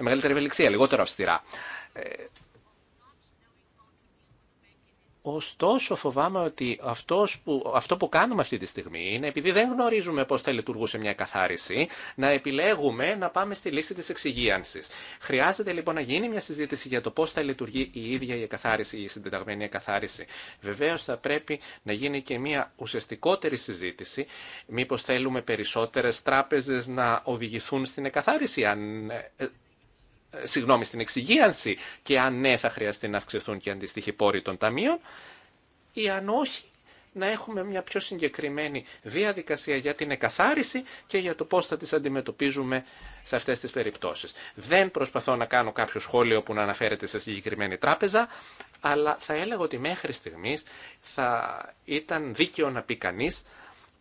Speaker 4: μεγαλύτερη ευελιξία, λιγότερο αυστηρά. Ε, ωστόσο φοβάμαι ότι αυτός που, αυτό που κάνουμε αυτή τη στιγμή είναι επειδή δεν γνωρίζουμε πώς θα λειτουργούσε μια καθάριση, να επιλέγουμε να πάμε στη λύση της εξυγίανσης. Χρειάζεται λοιπόν να γίνει μια συζήτηση για το πώς θα λειτουργεί η ίδια η εκαθάριση, η συντεταγμένη εκαθάριση. Βεβαίως θα πρέπει να γίνει και μια ουσιαστικότερη συζήτηση, μήπως θέλουμε περισσότερες τράπεζες να οδηγηθούν στην εκαθάριση, αν ε, συγγνώμη, στην εξυγίανση και αν ναι θα χρειαστεί να αυξηθούν και αντίστοιχοι πόροι των ταμείων ή αν όχι να έχουμε μια πιο συγκεκριμένη διαδικασία για την εκαθάριση και για το πώς θα τις αντιμετωπίζουμε σε αυτές τις περιπτώσεις. Δεν προσπαθώ να κάνω κάποιο σχόλιο που να αναφέρεται σε συγκεκριμένη τράπεζα, αλλά θα έλεγα ότι μέχρι στιγμής θα ήταν δίκαιο να πει κανείς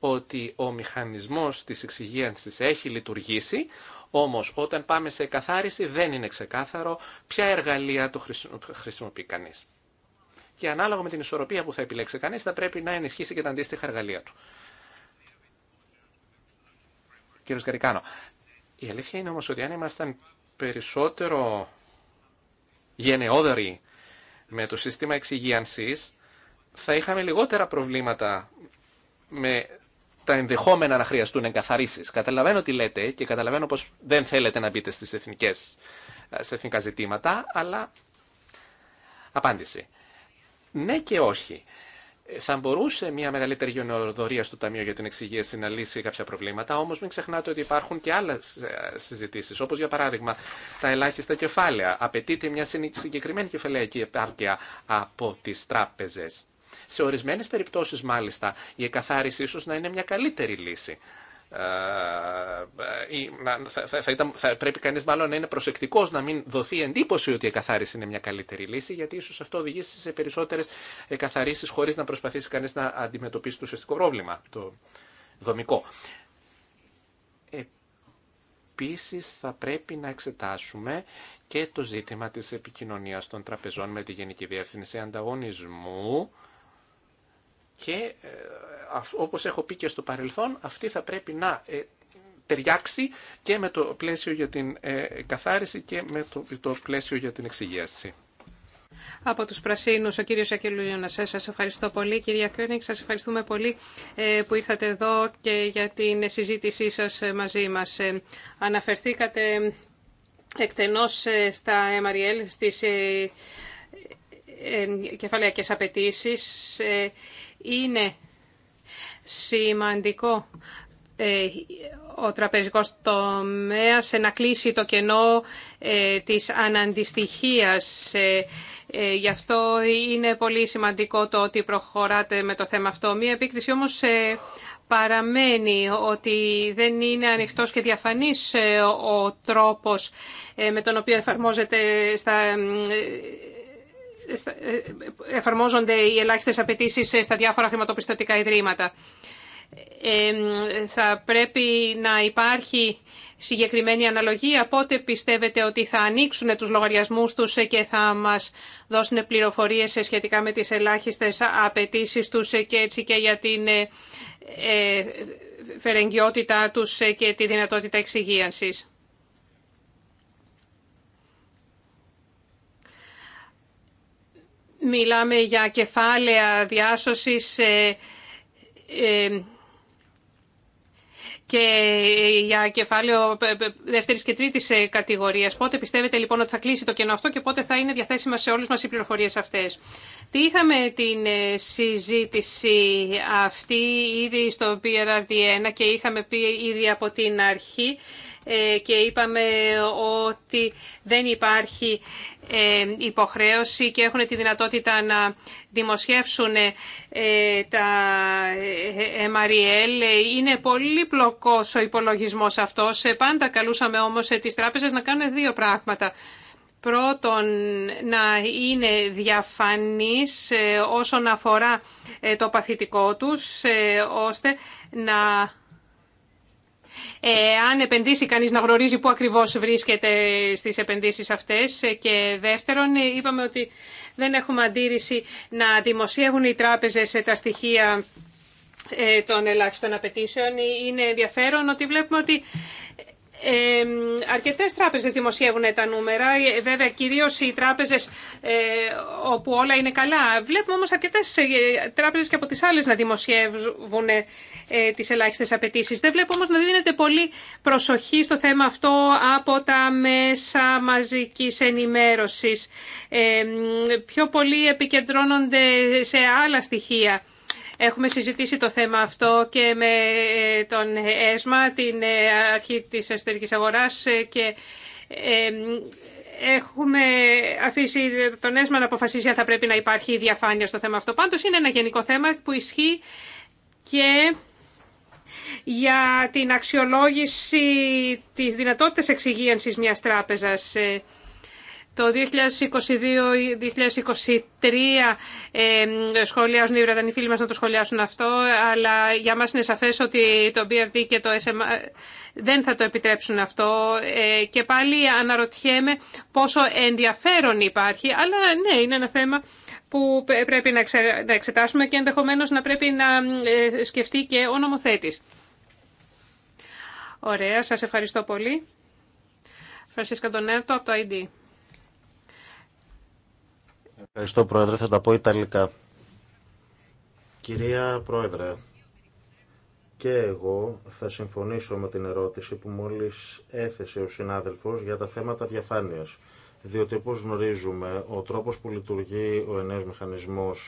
Speaker 4: ότι ο μηχανισμός της εξυγίανσης έχει λειτουργήσει, όμως όταν πάμε σε καθάριση, δεν είναι ξεκάθαρο ποια εργαλεία το χρησιμοποιεί κανείς. Και ανάλογα με την ισορροπία που θα επιλέξει κανείς θα πρέπει να ενισχύσει και τα αντίστοιχα εργαλεία του. Κύριος Γαρικάνο, η αλήθεια είναι όμως ότι αν ήμασταν περισσότερο γενναιόδοροι με το σύστημα εξυγίανσης, θα είχαμε λιγότερα προβλήματα με τα ενδεχόμενα να χρειαστούν εγκαθαρίσει. Καταλαβαίνω τι λέτε και καταλαβαίνω πω δεν θέλετε να μπείτε στι εθνικέ ε, σε εθνικά ζητήματα, αλλά απάντηση. Ναι και όχι. Ε, θα μπορούσε μια μεγαλύτερη γενοδορία στο Ταμείο για την Εξυγίαση να λύσει κάποια προβλήματα, όμω μην ξεχνάτε ότι υπάρχουν και άλλε συζητήσει, όπω για παράδειγμα τα ελάχιστα κεφάλαια. Απαιτείται μια συγκεκριμένη κεφαλαϊκή επάρκεια από τι τράπεζε. Σε ορισμένες περιπτώσεις μάλιστα η εκαθάριση ίσως να είναι μια καλύτερη λύση. Ε, ε, θα, θα, θα, θα πρέπει κανείς μάλλον να είναι προσεκτικός να μην δοθεί εντύπωση ότι η εκαθάριση είναι μια καλύτερη λύση γιατί ίσως αυτό οδηγήσει σε περισσότερες εκαθαρίσεις χωρίς να προσπαθήσει κανείς να αντιμετωπίσει το ουσιαστικό πρόβλημα, το δομικό. Επίσης θα πρέπει να εξετάσουμε και το ζήτημα της επικοινωνίας των τραπεζών με τη Γενική Διεύθυνση Ανταγωνισμού και ε, όπως έχω πει και στο παρελθόν αυτή θα πρέπει να ε, ταιριάξει και με το πλαίσιο για την ε, καθάριση και με το πλαίσιο για την εξυγίαση.
Speaker 2: Από τους Πρασίνους, ο κύριος Ακελουγιονασέ, σας ευχαριστώ πολύ. Κυρία Κιόνιξ, σας ευχαριστούμε πολύ που ήρθατε εδώ και για την συζήτησή σας μαζί μας. Αναφερθήκατε εκτενώς στα MRL, στις κεφαλαιακές απαιτήσει ε, είναι σημαντικό ε, ο τραπεζικός τομέας να κλείσει το κενό ε, της αναντιστοιχίας. Γι' αυτό είναι πολύ σημαντικό το ότι προχωράτε με το θέμα αυτό. Μία επίκριση όμως παραμένει ότι δεν είναι ανοιχτός και διαφανής ο τρόπος με τον οποίο εφαρμόζεται στα ε, εφαρμόζονται οι ελάχιστες απαιτήσει ε, στα διάφορα χρηματοπιστωτικά ιδρύματα. Ε, θα πρέπει να υπάρχει συγκεκριμένη αναλογία. Πότε πιστεύετε ότι θα ανοίξουν τους λογαριασμούς τους και θα μας δώσουν πληροφορίες σχετικά με τις ελάχιστες απαιτήσει τους και έτσι και για την φερεγγιότητά τους και τη δυνατότητα εξυγίανσης. Μιλάμε για κεφάλαια διάσωσης ε, ε, και για κεφάλαιο ε, δεύτερης και τρίτης κατηγορίας. Πότε πιστεύετε λοιπόν ότι θα κλείσει το κενό αυτό και πότε θα είναι διαθέσιμα σε όλους μας οι πληροφορίες αυτές. Τι είχαμε την συζήτηση αυτή ήδη στο PRRD1 και είχαμε πει ήδη από την αρχή ε, και είπαμε ότι δεν υπάρχει ε, υποχρέωση και έχουν τη δυνατότητα να δημοσιεύσουν ε, τα MRL. Είναι πολύ πλοκός ο υπολογισμός αυτός. Πάντα καλούσαμε όμως τις τράπεζες να κάνουν δύο πράγματα. Πρώτον, να είναι διαφανής όσον αφορά το παθητικό τους, ώστε να ε, αν επενδύσει κανεί να γνωρίζει πού ακριβώ βρίσκεται στι επενδύσεις αυτές. Ε, και δεύτερον, ε, είπαμε ότι δεν έχουμε αντίρρηση να δημοσιεύουν οι τράπεζες τα στοιχεία των ελάχιστων απαιτήσεων. Είναι ενδιαφέρον ότι βλέπουμε ότι ε, αρκετές τράπεζες δημοσιεύουν τα νούμερα, ε, βέβαια κυρίως οι τράπεζες ε, όπου όλα είναι καλά. Βλέπουμε όμως αρκετές ε, τράπεζες και από τις άλλες να δημοσιεύουν ε, τις ελάχιστες απαιτήσει. Δεν βλέπω όμως να δίνεται πολύ προσοχή στο θέμα αυτό από τα μέσα μαζική ενημέρωση. πιο πολύ επικεντρώνονται σε άλλα στοιχεία. Έχουμε συζητήσει το θέμα αυτό και με ε, τον ΕΣΜΑ, την ε, αρχή της εσωτερικής αγοράς ε, και έχουμε αφήσει τον ΕΣΜΑ να αποφασίσει αν θα πρέπει να υπάρχει διαφάνεια στο θέμα αυτό. Πάντως είναι ένα γενικό θέμα που ισχύει και για την αξιολόγηση της δυνατότητας εξυγίανσης μιας τράπεζας. Το 2022-2023 ε, σχολιάζουν οι Βρετανοί φίλοι μας να το σχολιάσουν αυτό, αλλά για μας είναι σαφές ότι το BRD και το SMA δεν θα το επιτρέψουν αυτό. Ε, και πάλι αναρωτιέμαι πόσο ενδιαφέρον υπάρχει, αλλά ναι, είναι ένα θέμα που πρέπει να, εξετάσουμε και ενδεχομένως να πρέπει να ε, σκεφτεί και ο νομοθέτης. Ωραία, σας ευχαριστώ πολύ. Φρανσίσκα Ντονέρτο από το ID.
Speaker 3: Ευχαριστώ, Πρόεδρε. Θα τα πω Ιταλικά. Κυρία Πρόεδρε, και εγώ θα συμφωνήσω με την ερώτηση που μόλις έθεσε ο συνάδελφος για τα θέματα διαφάνειας. Διότι, όπως γνωρίζουμε, ο τρόπος που λειτουργεί ο ενέργειος μηχανισμός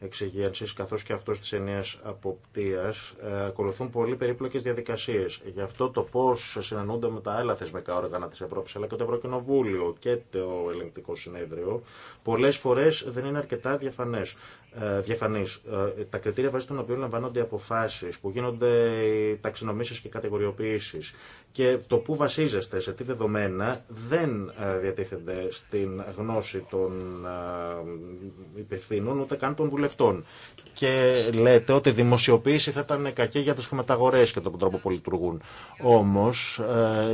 Speaker 3: εξυγένσης καθώς και αυτός της ενιαίας αποπτίας ε, ακολουθούν πολύ περίπλοκες διαδικασίες. Γι' αυτό το πώς συνανούνται με τα άλλα θεσμικά όργανα της Ευρώπης αλλά και το Ευρωκοινοβούλιο και το Ελεγκτικό Συνέδριο πολλές φορές δεν είναι αρκετά διαφανές. Ε, διαφανής. Ε, τα κριτήρια βάσει των οποίων λαμβάνονται οι αποφάσεις, που γίνονται οι ταξινομήσεις και κατηγοριοποιήσεις και το που βασίζεστε, σε τι δεδομένα, δεν ε, διατίθενται στην γνώση των υπευθύνων ούτε καν των βουλευτών. Και λέτε ότι η δημοσιοποίηση θα ήταν κακή για τι χρηματαγορέ και τον τρόπο που λειτουργούν. Όμω,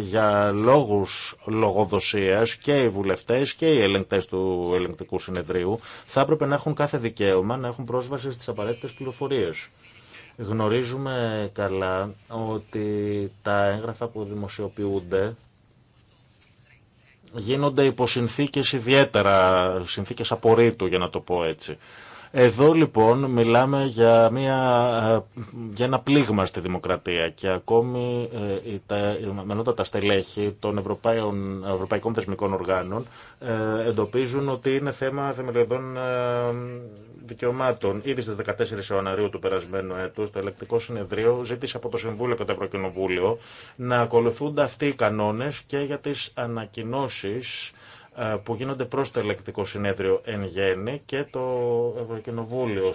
Speaker 3: για λόγου λογοδοσία και οι βουλευτέ και οι ελεγκτέ του ελεγκτικού συνεδρίου θα έπρεπε να έχουν κάθε δικαίωμα να έχουν πρόσβαση στις απαραίτητες πληροφορίες. Γνωρίζουμε καλά ότι τα έγγραφα που δημοσιοποιούνται γίνονται υπό συνθήκες ιδιαίτερα, συνθήκες απορρίτου για να το πω έτσι. Εδώ λοιπόν μιλάμε για, μια, για ένα πλήγμα στη δημοκρατία και ακόμη ε, τα μενότατα στελέχη των Ευρωπαϊκών Θεσμικών Οργάνων ε, εντοπίζουν ότι είναι θέμα θεμελιωδών ε, Δικαιωμάτων. Ήδη στι 14 Ιανουαρίου του περασμένου έτου, το Ελεκτικό Συνεδρίο ζήτησε από το Συμβούλιο και το Ευρωκοινοβούλιο να ακολουθούνται αυτοί οι κανόνε και για τι ανακοινώσει ε, που γίνονται προς το ελεκτικό συνέδριο εν γέννη και το Ευρωκοινοβούλιο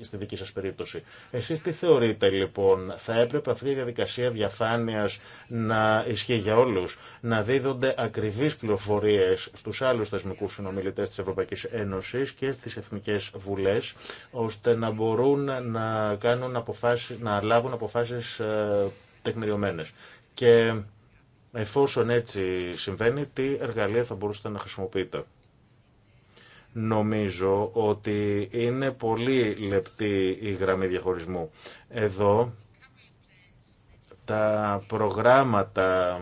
Speaker 3: στη δική σας περίπτωση. Εσείς τι θεωρείτε λοιπόν, θα έπρεπε αυτή η διαδικασία διαφάνειας να ισχύει για όλους, να δίδονται ακριβείς πληροφορίες στους άλλους θεσμικούς συνομιλητές της Ευρωπαϊκής Ένωσης και στις Εθνικές Βουλές, ώστε να μπορούν να, κάνουν αποφάσεις, να λάβουν αποφάσεις ε, τεκμηριωμένες. Και Εφόσον έτσι συμβαίνει, τι εργαλεία θα μπορούσατε να χρησιμοποιείτε. Νομίζω ότι είναι πολύ λεπτή η γραμμή διαχωρισμού. Εδώ τα προγράμματα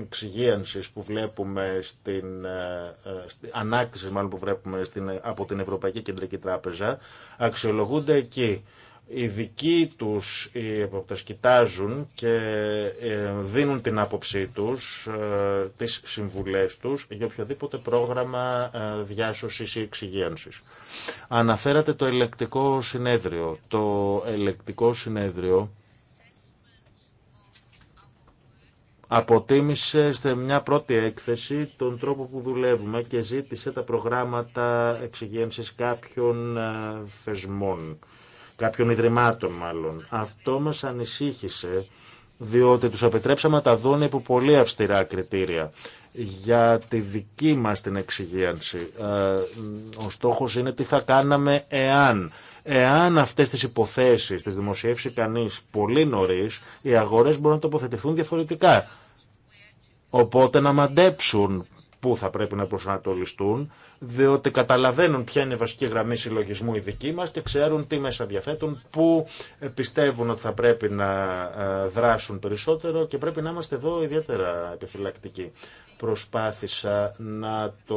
Speaker 3: εξυγίανσης που βλέπουμε στην, ε, ε, ανάκτηση μάλλον που βλέπουμε στην, από την Ευρωπαϊκή Κεντρική Τράπεζα αξιολογούνται εκεί οι δικοί τους οι κοιτάζουν και ε, δίνουν την άποψή τους, ε, τις συμβουλές τους για οποιοδήποτε πρόγραμμα ε, διάσωσης ή εξυγίανσης. Αναφέρατε το ελεκτικό συνέδριο. Το ελεκτικό συνέδριο αποτίμησε σε μια πρώτη έκθεση τον τρόπο που δουλεύουμε και ζήτησε τα προγράμματα εξυγένσης κάποιων θεσμών κάποιων ιδρυμάτων μάλλον. Αυτό μας ανησύχησε διότι τους επιτρέψαμε τα δουν υπό πολύ αυστηρά κριτήρια για τη δική μας την εξυγίανση. Ε, ο στόχος είναι τι θα κάναμε εάν. Εάν αυτές τις υποθέσεις τις δημοσιεύσει κανείς πολύ νωρίς, οι αγορές μπορούν να τοποθετηθούν διαφορετικά. Οπότε να μαντέψουν που θα πρέπει να προσανατολιστούν, διότι καταλαβαίνουν ποια είναι η βασική γραμμή συλλογισμού η δική μας και ξέρουν τι μέσα διαθέτουν, που ε, πιστεύουν ότι θα πρέπει να ε, δράσουν περισσότερο και πρέπει να είμαστε εδώ ιδιαίτερα επιφυλακτικοί προσπάθησα να το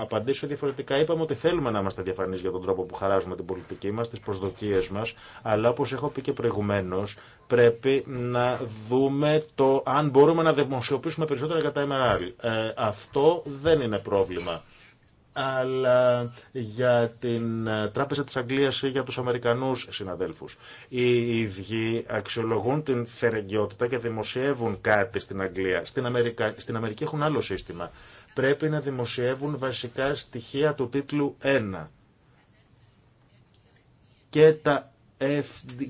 Speaker 3: απαντήσω διαφορετικά. Είπαμε ότι θέλουμε να είμαστε διαφανεί για τον τρόπο που χαράζουμε την πολιτική μα, τι προσδοκίε μα, αλλά όπω έχω πει και προηγουμένω, πρέπει να δούμε το αν μπορούμε να δημοσιοποιήσουμε περισσότερα για τα ε, αυτό δεν είναι πρόβλημα αλλά για την ε, Τράπεζα της Αγγλίας ή για τους Αμερικανούς συναδέλφους. Οι ίδιοι αξιολογούν την θερεγγιότητα και δημοσιεύουν κάτι στην Αγγλία. Στην, Αμερικα... στην Αμερική έχουν άλλο σύστημα. Πρέπει να δημοσιεύουν βασικά στοιχεία του τίτλου 1 και τα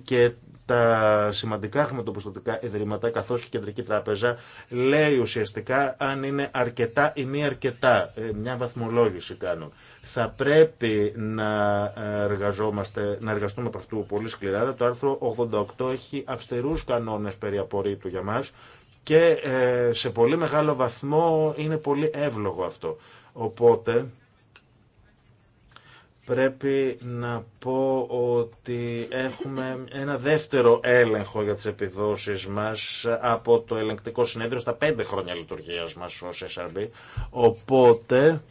Speaker 3: και τα σημαντικά χρηματοπιστωτικά ιδρύματα καθώς και η Κεντρική Τράπεζα λέει ουσιαστικά αν είναι αρκετά ή μη αρκετά. Ε, μια βαθμολόγηση κάνω. Θα πρέπει να, εργαζόμαστε, να εργαστούμε από αυτού πολύ σκληρά. Το άρθρο 88 έχει αυστηρούς κανόνες περί απορρίτου για μας και ε, σε πολύ μεγάλο βαθμό είναι πολύ εύλογο αυτό. Οπότε πρέπει να πω ότι έχουμε ένα δεύτερο έλεγχο για τις επιδόσεις μας από το ελεγκτικό συνέδριο στα πέντε χρόνια λειτουργίας μας ως SRB. Οπότε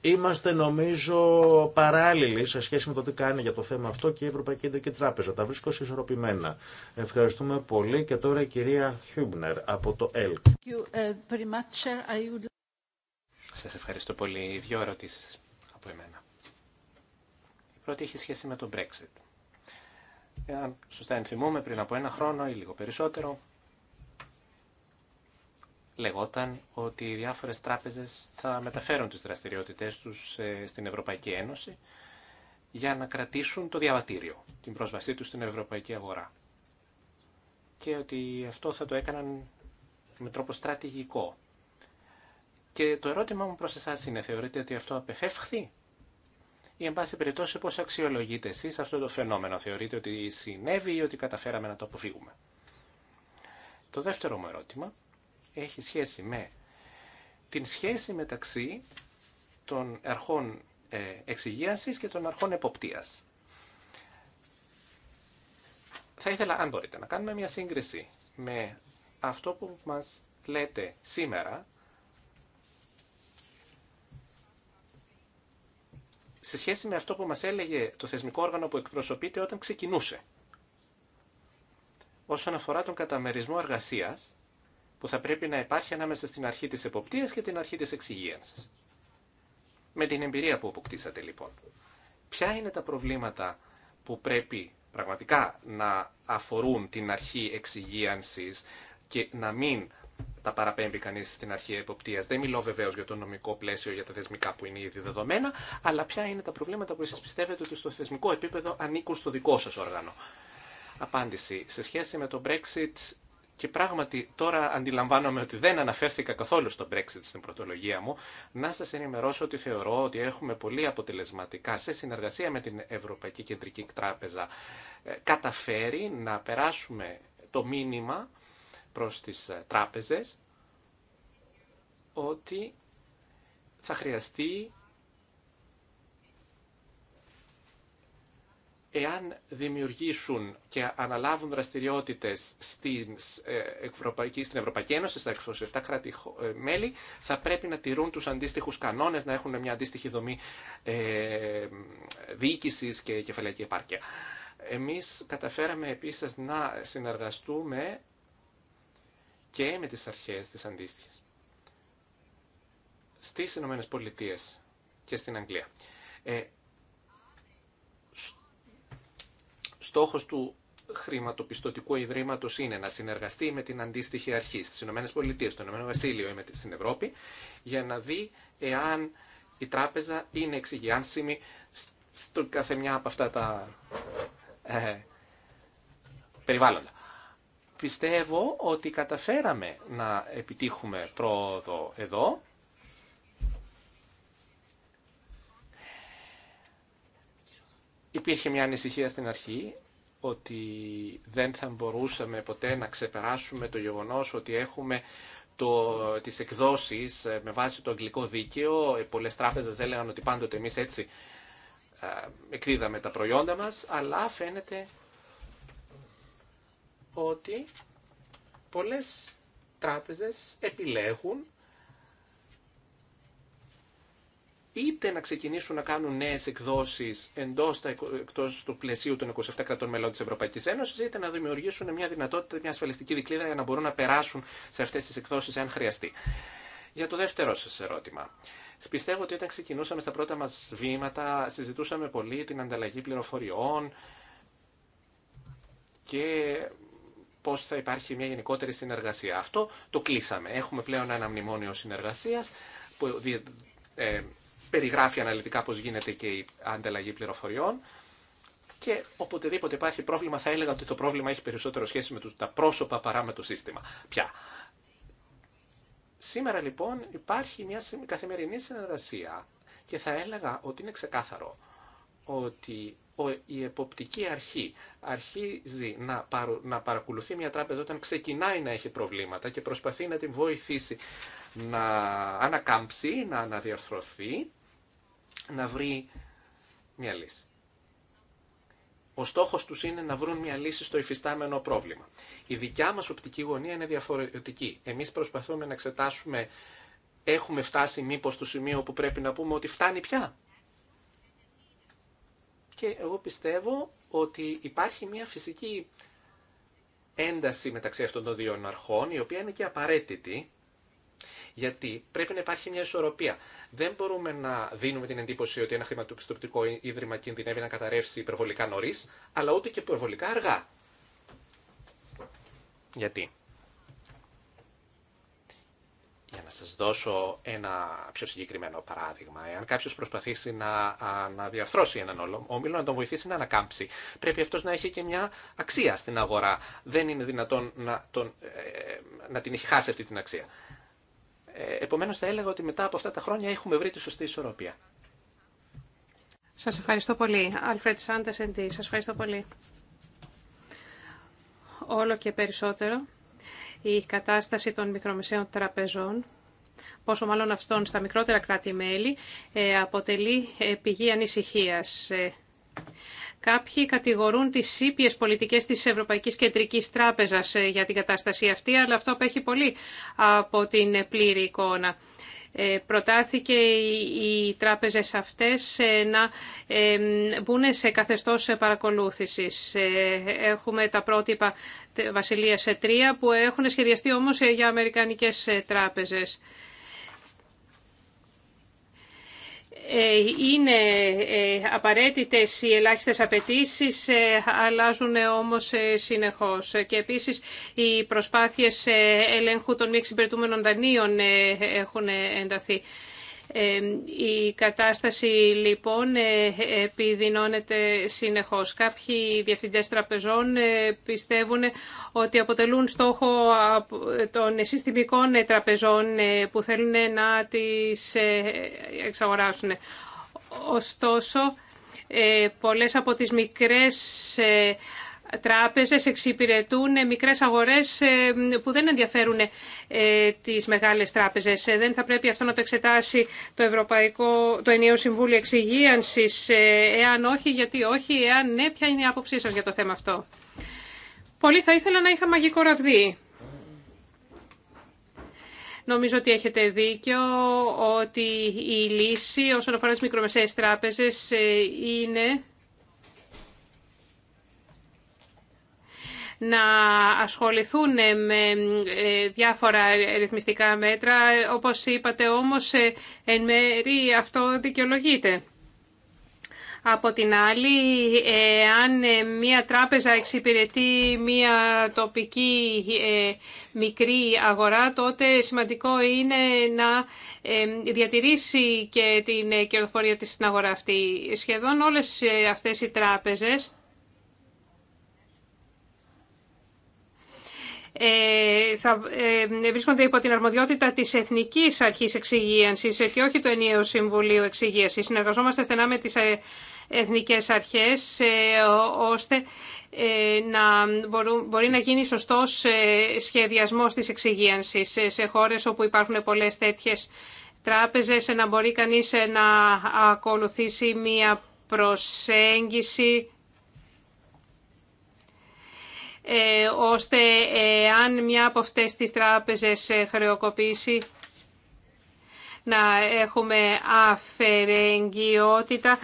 Speaker 3: είμαστε νομίζω παράλληλοι σε σχέση με το τι κάνει για το θέμα αυτό και η Ευρωπαϊκή Κεντρική Τράπεζα. Τα βρίσκω συσσωροποιημένα. Ευχαριστούμε πολύ και τώρα η κυρία Χιούμπνερ από το
Speaker 4: ΕΛΚ.
Speaker 2: Uh,
Speaker 4: Σας ευχαριστώ πολύ. Δύο ερωτήσεις από εμένα. Η πρώτη έχει σχέση με το Brexit. Εάν σωστά ενθυμούμε, πριν από ένα χρόνο ή λίγο περισσότερο, λεγόταν ότι οι διάφορες τράπεζες θα μεταφέρουν τις δραστηριότητές τους ε, στην Ευρωπαϊκή Ένωση για να κρατήσουν το διαβατήριο, την πρόσβασή τους στην Ευρωπαϊκή Αγορά. Και ότι αυτό θα το έκαναν με τρόπο στρατηγικό, και το ερώτημά μου προ εσά είναι, θεωρείτε ότι αυτό απεφεύχθη ή εν πάση περιπτώσει πώ αξιολογείτε εσεί αυτό το φαινόμενο, θεωρείτε ότι συνέβη ή ότι καταφέραμε να το αποφύγουμε. Το δεύτερο μου ερώτημα έχει σχέση με την σχέση μεταξύ των αρχών ε, εξυγίαση και των αρχών εποπτείας. Θα ήθελα, αν μπορείτε, να κάνουμε μια σύγκριση με αυτό που μας λέτε σήμερα σε σχέση με αυτό που μας έλεγε το θεσμικό όργανο που εκπροσωπείται όταν ξεκινούσε. Όσον αφορά τον καταμερισμό εργασίας, που θα πρέπει να υπάρχει ανάμεσα στην αρχή της εποπτείας και την αρχή της εξυγίανσης. Με την εμπειρία που αποκτήσατε λοιπόν. Ποια είναι τα προβλήματα που πρέπει πραγματικά να αφορούν την αρχή εξυγίανσης και να μην τα παραπέμπει κανείς στην αρχή εποπτείας. Δεν μιλώ βεβαίω για το νομικό πλαίσιο, για τα θεσμικά που είναι ήδη δεδομένα, αλλά ποια είναι τα προβλήματα που εσείς πιστεύετε ότι στο θεσμικό επίπεδο ανήκουν στο δικό σας όργανο. Απάντηση. Σε σχέση με το Brexit και πράγματι τώρα αντιλαμβάνομαι ότι δεν αναφέρθηκα καθόλου στο Brexit στην πρωτολογία μου, να σας ενημερώσω ότι θεωρώ ότι έχουμε πολύ αποτελεσματικά σε συνεργασία με την Ευρωπαϊκή Κεντρική Τράπεζα ε, καταφέρει να περάσουμε το μήνυμα προς τις ε, τράπεζες ότι θα χρειαστεί εάν δημιουργήσουν και αναλάβουν δραστηριότητες στην ε, Ευρωπαϊκή, στην Ευρωπαϊκή Ένωση, στα 27 κράτη-μέλη, ε, θα πρέπει να τηρούν τους αντίστοιχους κανόνες, να έχουν μια αντίστοιχη δομή ε, διοίκησης και κεφαλαϊκή επάρκεια. Εμείς καταφέραμε επίσης να συνεργαστούμε και με τις αρχές της αντίστοιχης στις Ηνωμένες Πολιτείες και στην Αγγλία. Ε, στόχος του χρηματοπιστωτικού ιδρύματος είναι να συνεργαστεί με την αντίστοιχη αρχή στις Ηνωμένες Πολιτείες, στο Ηνωμένο Βασίλειο ή στην Ευρώπη για να δει εάν η τράπεζα είναι εξηγιάνσιμη στο κάθε μια από αυτά τα ε, περιβάλλοντα. Πιστεύω ότι καταφέραμε να επιτύχουμε πρόοδο εδώ. Υπήρχε μια ανησυχία στην αρχή ότι δεν θα μπορούσαμε ποτέ να ξεπεράσουμε το γεγονός ότι έχουμε το, τις εκδόσεις ε, με βάση το αγγλικό δίκαιο. Ε, πολλές τράπεζες έλεγαν ότι πάντοτε εμείς έτσι ε, εκδίδαμε τα προϊόντα μας, αλλά φαίνεται ότι πολλές τράπεζες επιλέγουν είτε να ξεκινήσουν να κάνουν νέε εκδόσει εντό εκτός του πλαισίου των 27 κρατών μελών της Ευρωπαϊκής Ένωσης, είτε να δημιουργήσουν μια δυνατότητα, μια ασφαλιστική δικλίδα για να μπορούν να περάσουν σε αυτές τις εκδόσεις αν χρειαστεί. Για το δεύτερο σας ερώτημα. Πιστεύω ότι όταν ξεκινούσαμε στα πρώτα μας βήματα, συζητούσαμε πολύ την ανταλλαγή πληροφοριών και Πώ θα υπάρχει μια γενικότερη συνεργασία. Αυτό το κλείσαμε. Έχουμε πλέον ένα μνημόνιο συνεργασίας που ε, περιγράφει αναλυτικά πώς γίνεται και η ανταλλαγή πληροφοριών και οποτεδήποτε υπάρχει πρόβλημα θα έλεγα ότι το πρόβλημα έχει περισσότερο σχέση με τα πρόσωπα παρά με το σύστημα πια. Σήμερα λοιπόν υπάρχει μια καθημερινή συνεργασία και θα έλεγα ότι είναι ξεκάθαρο ότι η εποπτική αρχή αρχίζει να, παρακολουθεί μια τράπεζα όταν ξεκινάει να έχει προβλήματα και προσπαθεί να την βοηθήσει να ανακάμψει, να αναδιαρθρωθεί, να βρει μια λύση. Ο στόχος τους είναι να βρουν μια λύση στο υφιστάμενο πρόβλημα. Η δικιά μας οπτική γωνία είναι διαφορετική. Εμείς προσπαθούμε να εξετάσουμε, έχουμε φτάσει μήπως στο σημείο που πρέπει να πούμε ότι φτάνει πια και εγώ πιστεύω ότι υπάρχει μια φυσική ένταση μεταξύ αυτών των δύο αρχών, η οποία είναι και απαραίτητη, γιατί πρέπει να υπάρχει μια ισορροπία. Δεν μπορούμε να δίνουμε την εντύπωση ότι ένα χρηματοπιστωτικό ίδρυμα κινδυνεύει να καταρρεύσει υπερβολικά νωρί, αλλά ούτε και υπερβολικά αργά. Γιατί για να σας δώσω ένα πιο συγκεκριμένο παράδειγμα, εάν κάποιος προσπαθήσει να, να διαρθρώσει έναν όμιλο, να τον βοηθήσει να ανακάμψει, πρέπει αυτός να έχει και μια αξία στην αγορά. Δεν είναι δυνατόν να, τον, ε, να την έχει χάσει αυτή την αξία. Ε, επομένως θα έλεγα ότι μετά από αυτά τα χρόνια έχουμε βρει τη σωστή ισορροπία.
Speaker 2: Σας ευχαριστώ πολύ. Αλφρέτ Σάντες, σας ευχαριστώ πολύ. Όλο και περισσότερο η κατάσταση των μικρομεσαίων τραπεζών, πόσο μάλλον αυτών στα μικρότερα κράτη-μέλη, ε, αποτελεί ε, πηγή ανησυχίας. Ε, κάποιοι κατηγορούν τις ήπιε πολιτικές τη Ευρωπαϊκή Κεντρική Τράπεζα για την κατάσταση αυτή, αλλά αυτό απέχει πολύ από την πλήρη εικόνα. Ε, προτάθηκε οι τράπεζες αυτές ε, να ε, μπουν σε καθεστώς παρακολούθησης. Έχουμε τα πρότυπα Βασιλείας 3 που έχουν σχεδιαστεί όμως για αμερικανικές τράπεζες. Ε, είναι ε, απαραίτητες οι ελάχιστες απαιτήσει, ε, αλλάζουν όμως συνεχώς. Και επίσης οι προσπάθειες ελέγχου των μη εξυπηρετούμενων δανείων έχουν ενταθεί. Η κατάσταση λοιπόν ε, επιδεινώνεται συνεχώς. Κάποιοι διευθυντές τραπεζών ε, πιστεύουν ότι αποτελούν στόχο των συστημικών τραπεζών ε, που θέλουν να τις εξαγοράσουν. Ωστόσο, πολλές από τις μικρές τράπεζες εξυπηρετούν μικρές αγορές ε, που δεν ενδιαφέρουν ε, τις μεγάλες τράπεζες. Ε, δεν θα πρέπει αυτό να το εξετάσει το, Ευρωπαϊκό, το Ενιαίο Συμβούλιο Εξυγίανσης. Εάν όχι, γιατί όχι. Εάν ναι, ποια είναι η άποψή σας για το θέμα αυτό. Πολύ θα ήθελα να είχα μαγικό ραβδί. Νομίζω ότι έχετε δίκιο ότι η λύση όσον αφορά τις μικρομεσαίες τράπεζες είναι να ασχοληθούν με ε, διάφορα ρυθμιστικά μέτρα. Όπως είπατε όμως, ε, εν μέρη αυτό δικαιολογείται. Από την άλλη, ε, αν μία τράπεζα εξυπηρετεί μία τοπική μικρή αγορά, τότε σημαντικό είναι να διατηρήσει και την κερδοφορία της στην αγορά αυτή. Σχεδόν όλες αυτές οι τράπεζες Ε, θα ε, βρίσκονται υπό την αρμοδιότητα της Εθνικής Αρχής Εξυγίανσης ε, και όχι το Ενιαίου Συμβουλίου Εξυγίανσης. Συνεργαζόμαστε στενά με τις εθνικές αρχές ώστε να μπορεί να γίνει σωστός σχεδιασμός της εξυγίανσης σε χώρες όπου υπάρχουν πολλές τέτοιες τράπεζες, να μπορεί κανείς να ακολουθήσει μία προσέγγιση ε, ώστε ε, αν μια από αυτές τις τράπεζες ε, χρεοκοπήσει να έχουμε αφαιρεγγιότητα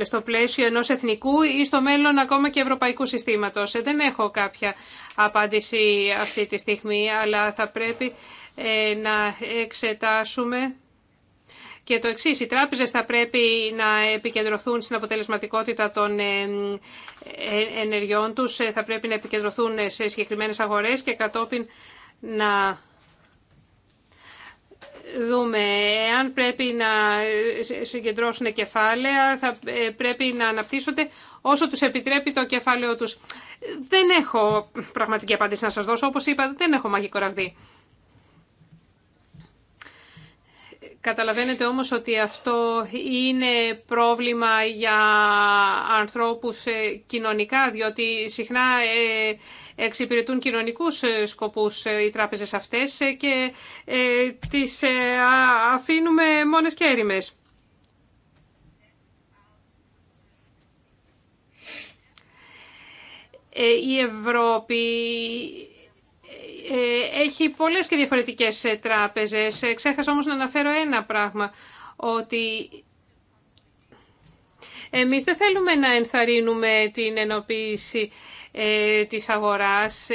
Speaker 2: στο πλαίσιο ενός εθνικού ή στο μέλλον ακόμα και ευρωπαϊκού συστήματος. Δεν έχω κάποια απάντηση αυτή τη στιγμή, αλλά θα πρέπει να εξετάσουμε και το εξή. Οι τράπεζε θα πρέπει να επικεντρωθούν στην αποτελεσματικότητα των ε, ε, ενεργειών τους, ε, θα πρέπει να επικεντρωθούν σε συγκεκριμένες αγορές και κατόπιν να δούμε εάν πρέπει να συγκεντρώσουν κεφάλαια, θα πρέπει να αναπτύσσονται όσο τους επιτρέπει το κεφάλαιο τους. Δεν έχω πραγματική απάντηση να σας δώσω, όπως είπα, δεν έχω μαγικό ραβδί. Καταλαβαίνετε όμως ότι αυτό είναι πρόβλημα για ανθρώπους ε, κοινωνικά, διότι συχνά ε, εξυπηρετούν κοινωνικούς ε, σκοπούς οι τράπεζες αυτές και τις αφήνουμε μόνες και έρημες. Η Ευρώπη ε, έχει πολλές και διαφορετικές ε, τράπεζες. Ε, ξέχασα όμως να αναφέρω ένα πράγμα, ότι εμείς δεν θέλουμε να ενθαρρύνουμε την ενοποίηση της αγοράς.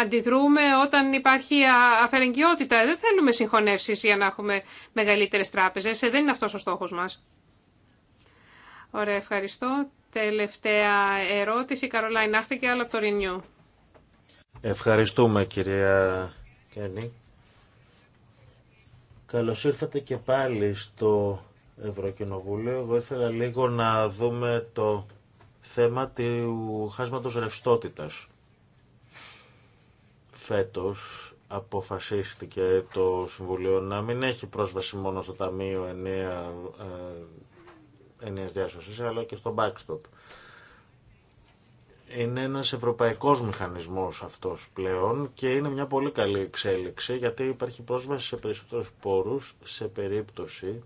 Speaker 2: Αντιδρούμε όταν υπάρχει αφαιρεγγιότητα. Δεν θέλουμε συγχωνεύσεις για να έχουμε μεγαλύτερες τράπεζες. Δεν είναι αυτός ο στόχος μας. Ωραία, ευχαριστώ. Τελευταία ερώτηση, Καρολάιν και αλλά από το Ρινιού.
Speaker 3: Ευχαριστούμε κυρία Κένη. Καλώς ήρθατε και πάλι στο Ευρωκοινοβούλιο. Εγώ ήθελα λίγο να δούμε το θέμα του χάσματος ρευστότητας. Φέτος αποφασίστηκε το Συμβουλίο να μην έχει πρόσβαση μόνο στο Ταμείο Ενιαίας ε, Διάσωσης, αλλά και στο Backstop. Είναι ένας ευρωπαϊκός μηχανισμός αυτός πλέον και είναι μια πολύ καλή εξέλιξη γιατί υπάρχει πρόσβαση σε περισσότερους πόρους σε περίπτωση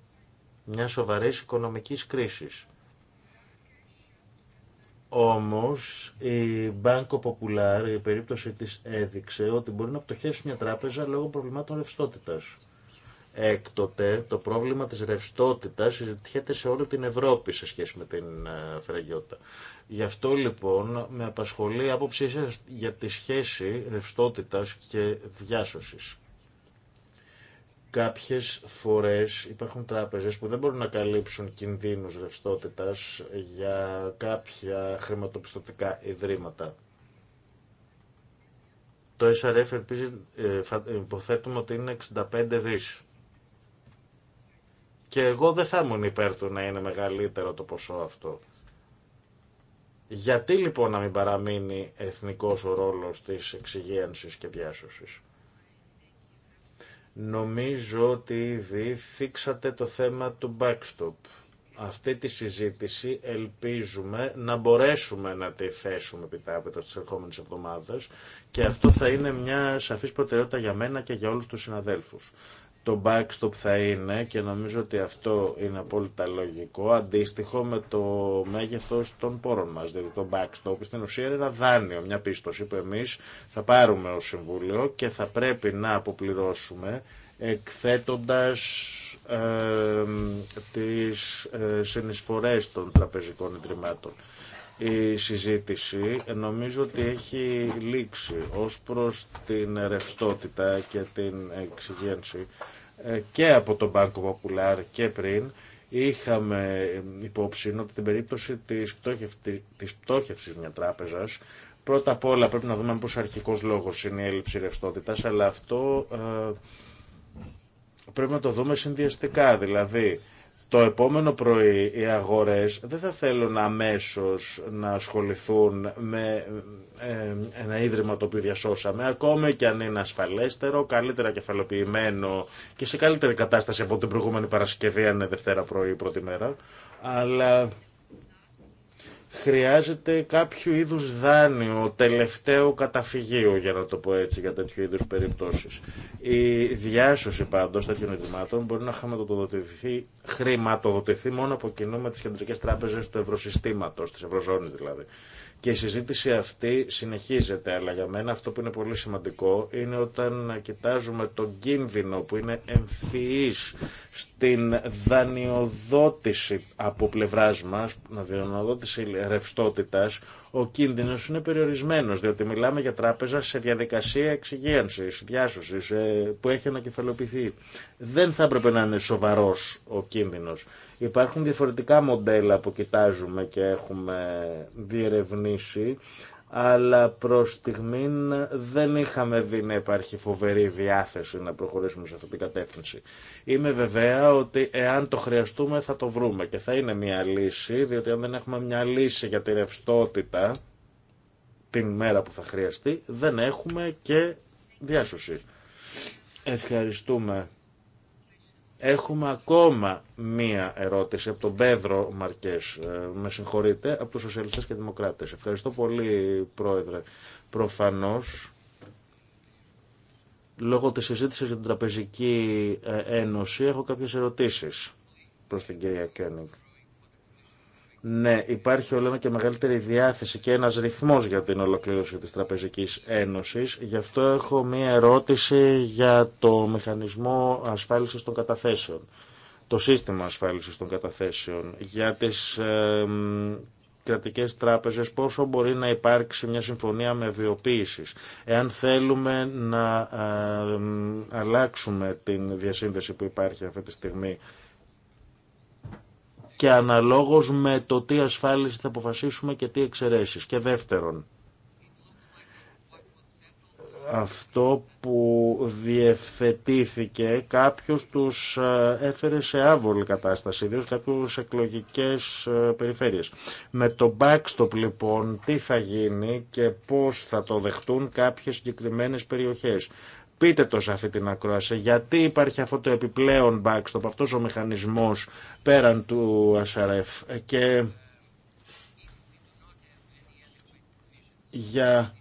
Speaker 3: μια σοβαρής οικονομικής κρίσης. Όμως η Banco Popular, η περίπτωση της έδειξε ότι μπορεί να πτωχεύσει μια τράπεζα λόγω προβλημάτων ρευστότητας. Έκτοτε το πρόβλημα της ρευστότητα συζητιέται σε όλη την Ευρώπη σε σχέση με την ε, φραγιότητα. Γι' αυτό λοιπόν με απασχολεί η άποψή σας για τη σχέση ρευστότητας και διάσωσης. Κάποιες φορές υπάρχουν τράπεζες που δεν μπορούν να καλύψουν κινδύνους ρευστότητα για κάποια χρηματοπιστωτικά ιδρύματα. Το SRF ελπίζει, ε, ε, υποθέτουμε ότι είναι 65 δις. Και εγώ δεν θα ήμουν υπέρ του να είναι μεγαλύτερο το ποσό αυτό. Γιατί λοιπόν να μην παραμείνει εθνικός ο ρόλος της εξυγίανσης και διάσωσης. Νομίζω ότι ήδη θίξατε το θέμα του backstop. Αυτή τη συζήτηση ελπίζουμε να μπορέσουμε να τη θέσουμε επιτάπητο στις ερχόμενες εβδομάδες και αυτό θα είναι μια σαφής προτεραιότητα για μένα και για όλους τους συναδέλφους το backstop θα είναι και νομίζω ότι αυτό είναι απόλυτα λογικό αντίστοιχο με το μέγεθος των πόρων μας δηλαδή το backstop στην ουσία είναι ένα δάνειο μια πίστοση που εμείς θα πάρουμε ως Συμβούλιο και θα πρέπει να αποπληρώσουμε εκθέτοντας ε, τις ε, συνεισφορές των τραπεζικών ιδρυμάτων η συζήτηση νομίζω ότι έχει λήξει ως προς την ρευστότητα και την εξηγένση ε, και από τον Banco Popular και πριν είχαμε υπόψη ότι την περίπτωση της, της πτώχευσης μια τράπεζας πρώτα απ' όλα πρέπει να δούμε πως αρχικός λόγος είναι η έλλειψη ρευστότητας αλλά αυτό ε, πρέπει να το δούμε συνδυαστικά δηλαδή το επόμενο πρωί οι αγορές δεν θα θέλουν αμέσως να ασχοληθούν με ε, ένα ίδρυμα το οποίο διασώσαμε, ακόμη και αν είναι ασφαλέστερο, καλύτερα κεφαλοποιημένο και σε καλύτερη κατάσταση από την προηγούμενη Παρασκευή, αν είναι Δευτέρα πρωί ή πρώτη μέρα. Αλλά χρειάζεται κάποιο είδους δάνειο, τελευταίο καταφυγείο για να το πω έτσι για τέτοιου είδους περιπτώσεις. Η διάσωση πάντως τέτοιων ετοιμάτων μπορεί να χρηματοδοτηθεί, χρηματοδοτηθεί μόνο από κοινού με τις κεντρικές τράπεζες του ευρωσυστήματος, της ευρωζώνης δηλαδή. Και η συζήτηση αυτή συνεχίζεται, αλλά για μένα αυτό που είναι πολύ σημαντικό είναι όταν κοιτάζουμε τον κίνδυνο που είναι εμφυής στην δανειοδότηση από πλευράς μας, δανειοδότηση ρευστότητας, ο κίνδυνο είναι περιορισμένο, διότι μιλάμε για τράπεζα σε διαδικασία εξυγίανση, διάσωση, ε, που έχει ανακεφαλοποιηθεί. Δεν θα έπρεπε να είναι σοβαρό ο κίνδυνο. Υπάρχουν διαφορετικά μοντέλα που κοιτάζουμε και έχουμε διερευνήσει αλλά προς στιγμήν δεν είχαμε δει να υπάρχει φοβερή διάθεση να προχωρήσουμε σε αυτή την κατεύθυνση. Είμαι βεβαία ότι εάν το χρειαστούμε θα το βρούμε και θα είναι μια λύση, διότι αν δεν έχουμε μια λύση για τη ρευστότητα την μέρα που θα χρειαστεί, δεν έχουμε και διάσωση. Ευχαριστούμε Έχουμε ακόμα μία ερώτηση από τον Πέδρο Μαρκέ. Ε, με συγχωρείτε, από του Σοσιαλιστέ και Δημοκράτες. Ευχαριστώ πολύ, Πρόεδρε. Προφανώς, λόγω της συζήτηση για την Τραπεζική ε, Ένωση, έχω κάποιες ερωτήσεις προς την κυρία Κένιγκ. Ναι, υπάρχει όλο ένα και μεγαλύτερη διάθεση και ένας ρυθμός για την ολοκλήρωση της Τραπεζικής Ένωσης. Γι' αυτό έχω μία ερώτηση για το μηχανισμό ασφάλισης των καταθέσεων, το σύστημα ασφάλισης των καταθέσεων, για τις ε, κρατικές τράπεζες, πόσο μπορεί να υπάρξει μια συμφωνία με βιοποίηση. Εάν θέλουμε να ε, αλλάξουμε την διασύνδεση που υπάρχει αυτή τη στιγμή και αναλόγως με το τι ασφάλιση θα αποφασίσουμε και τι εξαιρέσεις. Και δεύτερον, αυτό που διευθετήθηκε κάποιος τους ε, έφερε σε άβολη κατάσταση, ιδίως κάποιους εκλογικές ε, περιφέρειες. Με το backstop λοιπόν τι θα γίνει και πώς θα το δεχτούν κάποιες συγκεκριμένες περιοχές. Πείτε το σε αυτή την ακρόαση γιατί υπάρχει αυτό το επιπλέον backstop, αυτός ο μηχανισμός πέραν του SRF και για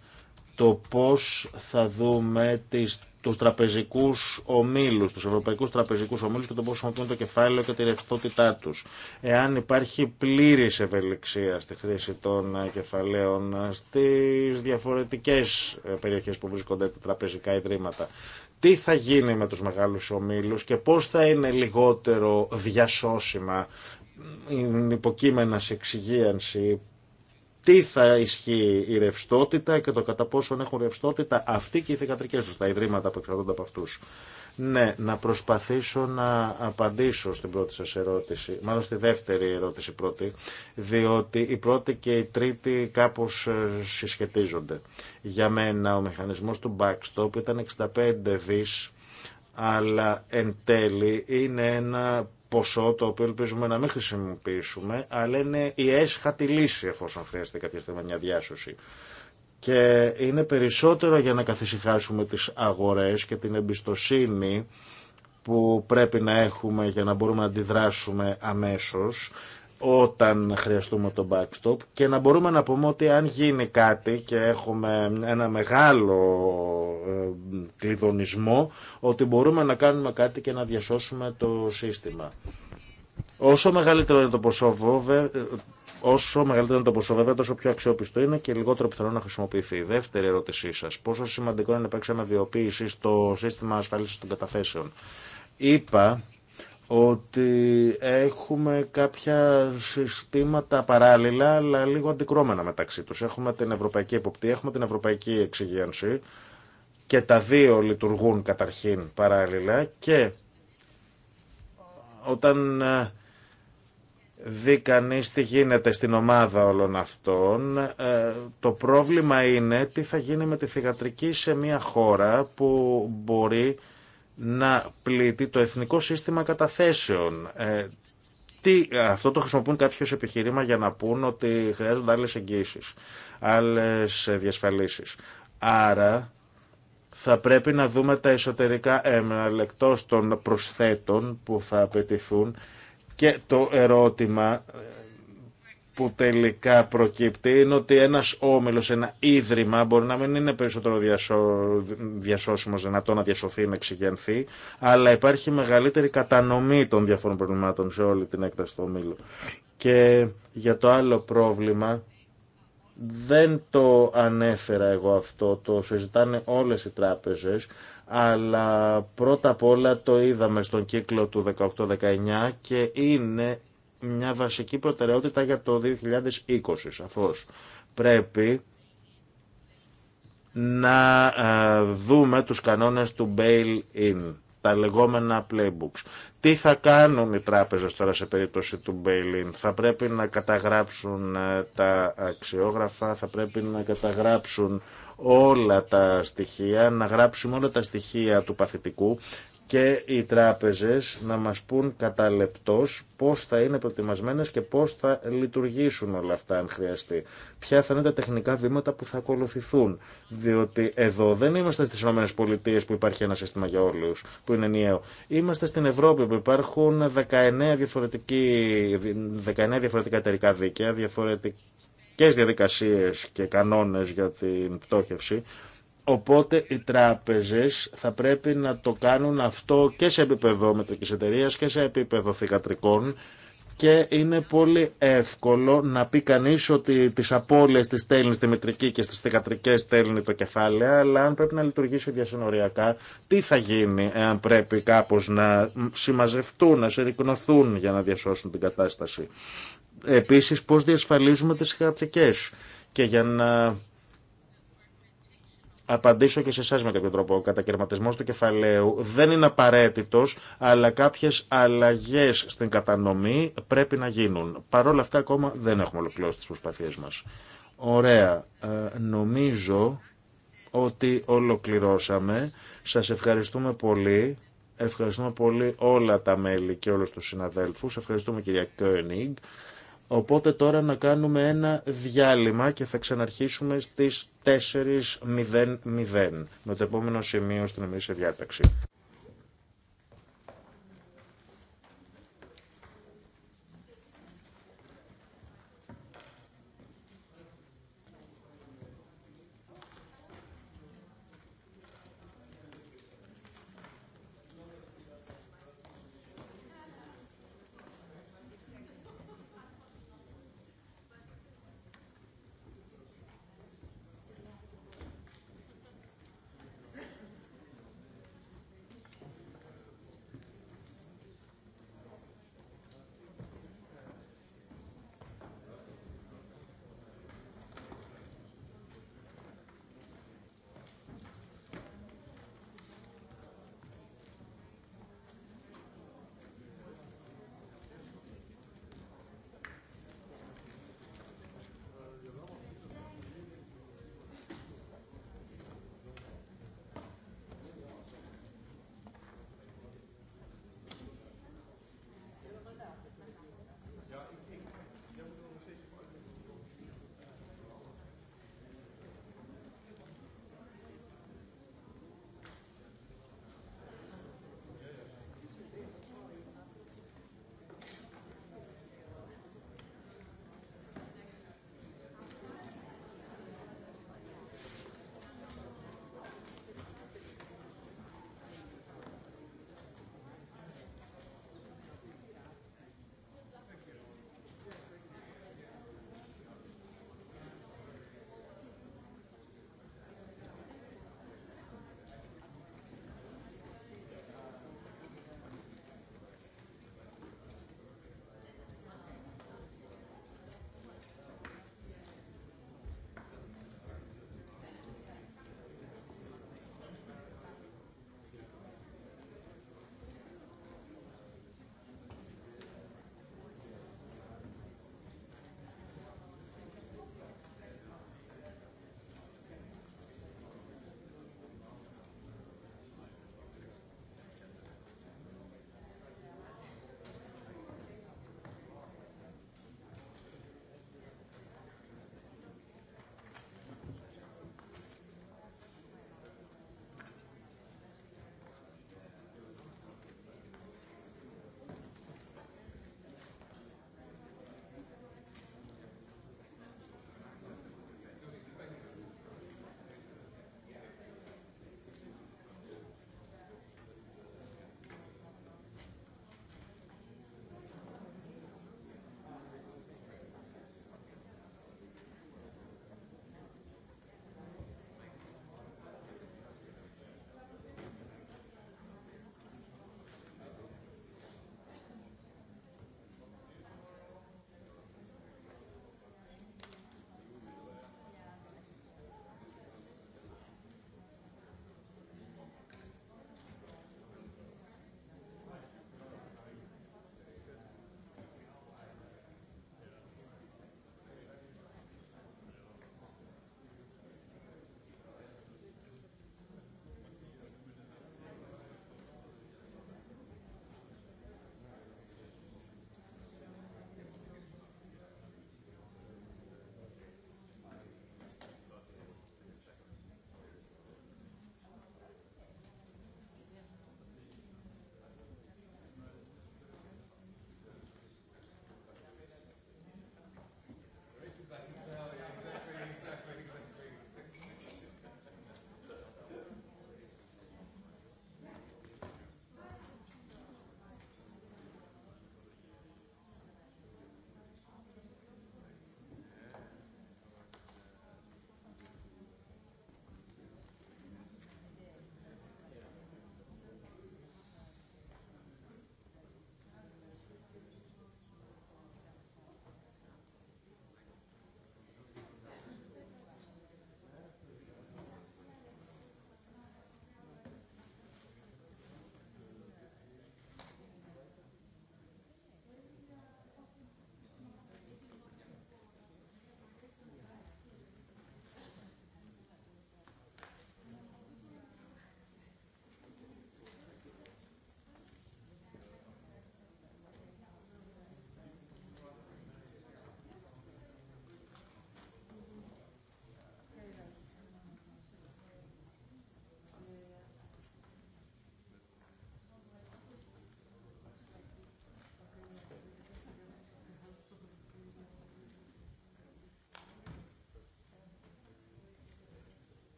Speaker 3: το πώς θα δούμε τις, τους τραπεζικούς ομίλους, τους ευρωπαϊκούς τραπεζικούς ομίλους και το πώς χρησιμοποιούν το κεφάλαιο και τη ρευστότητά τους. Εάν υπάρχει πλήρης ευελιξία στη χρήση των κεφαλαίων στις διαφορετικές περιοχές που βρίσκονται τα τραπεζικά ιδρύματα, τι θα γίνει με τους μεγάλους ομίλους και πώς θα είναι λιγότερο διασώσιμα υποκείμενα σε εξυγίανση τι θα ισχύει η ρευστότητα και το κατά πόσον έχουν ρευστότητα αυτοί και οι θεατρικέ τους, τα ιδρύματα που εξαρτώνται από αυτούς. Ναι, να προσπαθήσω να απαντήσω στην πρώτη σας ερώτηση, μάλλον στη δεύτερη ερώτηση πρώτη, διότι η πρώτη και η τρίτη κάπως ε, συσχετίζονται. Για μένα ο μηχανισμός του backstop ήταν 65 δις, αλλά εν τέλει είναι ένα ποσό το οποίο ελπίζουμε να μην χρησιμοποιήσουμε, αλλά είναι η έσχατη λύση εφόσον χρειάζεται κάποια στιγμή μια διάσωση. Και είναι περισσότερο για να καθησυχάσουμε τις αγορές και την εμπιστοσύνη που πρέπει να έχουμε για να μπορούμε να αντιδράσουμε αμέσως όταν χρειαστούμε τον backstop και να μπορούμε να πούμε ότι αν γίνει κάτι και έχουμε ένα μεγάλο ε, κλειδονισμό ότι μπορούμε να κάνουμε κάτι και να διασώσουμε το σύστημα. Όσο μεγαλύτερο είναι το ποσό βέβαια, όσο μεγαλύτερο είναι το ποσό βέβαια, τόσο πιο αξιόπιστο είναι και λιγότερο πιθανό να χρησιμοποιηθεί. Η δεύτερη ερώτησή σα. Πόσο σημαντικό είναι να υπάρξει αναβιοποίηση στο σύστημα ασφάλιση των καταθέσεων. Είπα ότι έχουμε κάποια συστήματα παράλληλα αλλά λίγο αντικρώμενα μεταξύ τους. Έχουμε την ευρωπαϊκή εποπτεία, έχουμε την ευρωπαϊκή εξυγένση και τα δύο λειτουργούν καταρχήν παράλληλα και όταν ε, δει κανείς τι γίνεται στην ομάδα όλων αυτών, ε, το πρόβλημα είναι τι θα γίνει με τη θηγατρική σε μια χώρα που μπορεί να πλήττει το εθνικό σύστημα καταθέσεων. Ε, τι, αυτό το χρησιμοποιούν κάποιο επιχείρημα για να πούν ότι χρειάζονται άλλες εγγύσεις, άλλες διασφαλίσεις. Άρα θα πρέπει να δούμε τα εσωτερικά εμελεκτός των προσθέτων που θα απαιτηθούν και το ερώτημα που τελικά προκύπτει είναι ότι ένας όμιλος, ένα ίδρυμα μπορεί να μην είναι περισσότερο διασώ... διασώσιμος δυνατό να διασωθεί, να εξηγενθεί, αλλά υπάρχει μεγαλύτερη κατανομή των διαφόρων προβλημάτων σε όλη την έκταση του ομίλου. Και για το άλλο πρόβλημα, δεν το ανέφερα εγώ αυτό, το συζητάνε όλες οι τράπεζες, αλλά πρώτα απ' όλα το είδαμε στον κύκλο του 18-19 και είναι μια βασική προτεραιότητα για το 2020 σαφώς. Πρέπει να ε, δούμε τους κανόνες του bail-in, τα λεγόμενα playbooks. Τι θα κάνουν οι τράπεζες τώρα σε περίπτωση του bail-in. Θα πρέπει να καταγράψουν ε, τα αξιόγραφα, θα πρέπει να καταγράψουν όλα τα στοιχεία, να γράψουμε όλα τα στοιχεία του παθητικού και οι τράπεζες να μας πούν κατά λεπτός πώς θα είναι προετοιμασμένες και πώς θα λειτουργήσουν όλα αυτά αν χρειαστεί. Ποια θα είναι τα τεχνικά βήματα που θα ακολουθηθούν. Διότι εδώ δεν είμαστε στις ΗΠΑ που υπάρχει ένα σύστημα για όλους, που είναι ενιαίο. Είμαστε στην Ευρώπη που υπάρχουν 19, 19 διαφορετικά εταιρικά δίκαια, διαφορετικές διαδικασίες και κανόνες για την πτώχευση. Οπότε οι τράπεζες θα πρέπει να το κάνουν αυτό και σε επίπεδο μετοχής εταιρεία και σε επίπεδο θηγατρικών και είναι πολύ εύκολο να πει κανεί ότι τις απώλειες τις στέλνει στη μετρική και στις θηγατρικέ στέλνει το κεφάλαιο, αλλά αν πρέπει να λειτουργήσει διασυνοριακά, τι θα γίνει εάν πρέπει κάπως να συμμαζευτούν, να συρρυκνωθούν για να διασώσουν την κατάσταση. Επίσης, πώς διασφαλίζουμε τις θηγατρικέ. και για να απαντήσω και σε εσά με κάποιο τρόπο. Ο κατακαιρματισμό του κεφαλαίου δεν είναι απαραίτητο, αλλά κάποιε αλλαγέ στην κατανομή πρέπει να γίνουν. Παρ' όλα αυτά, ακόμα δεν έχουμε ολοκληρώσει τι προσπαθίε μα. Ωραία. Ε, νομίζω ότι ολοκληρώσαμε. Σας ευχαριστούμε πολύ. Ευχαριστούμε πολύ όλα τα μέλη και όλους τους συναδέλφους. Ευχαριστούμε κυρία Κέρνιγκ. Οπότε τώρα να κάνουμε ένα διάλειμμα και θα ξαναρχίσουμε στις 4.00 με το επόμενο σημείο στην εμείς διάταξη.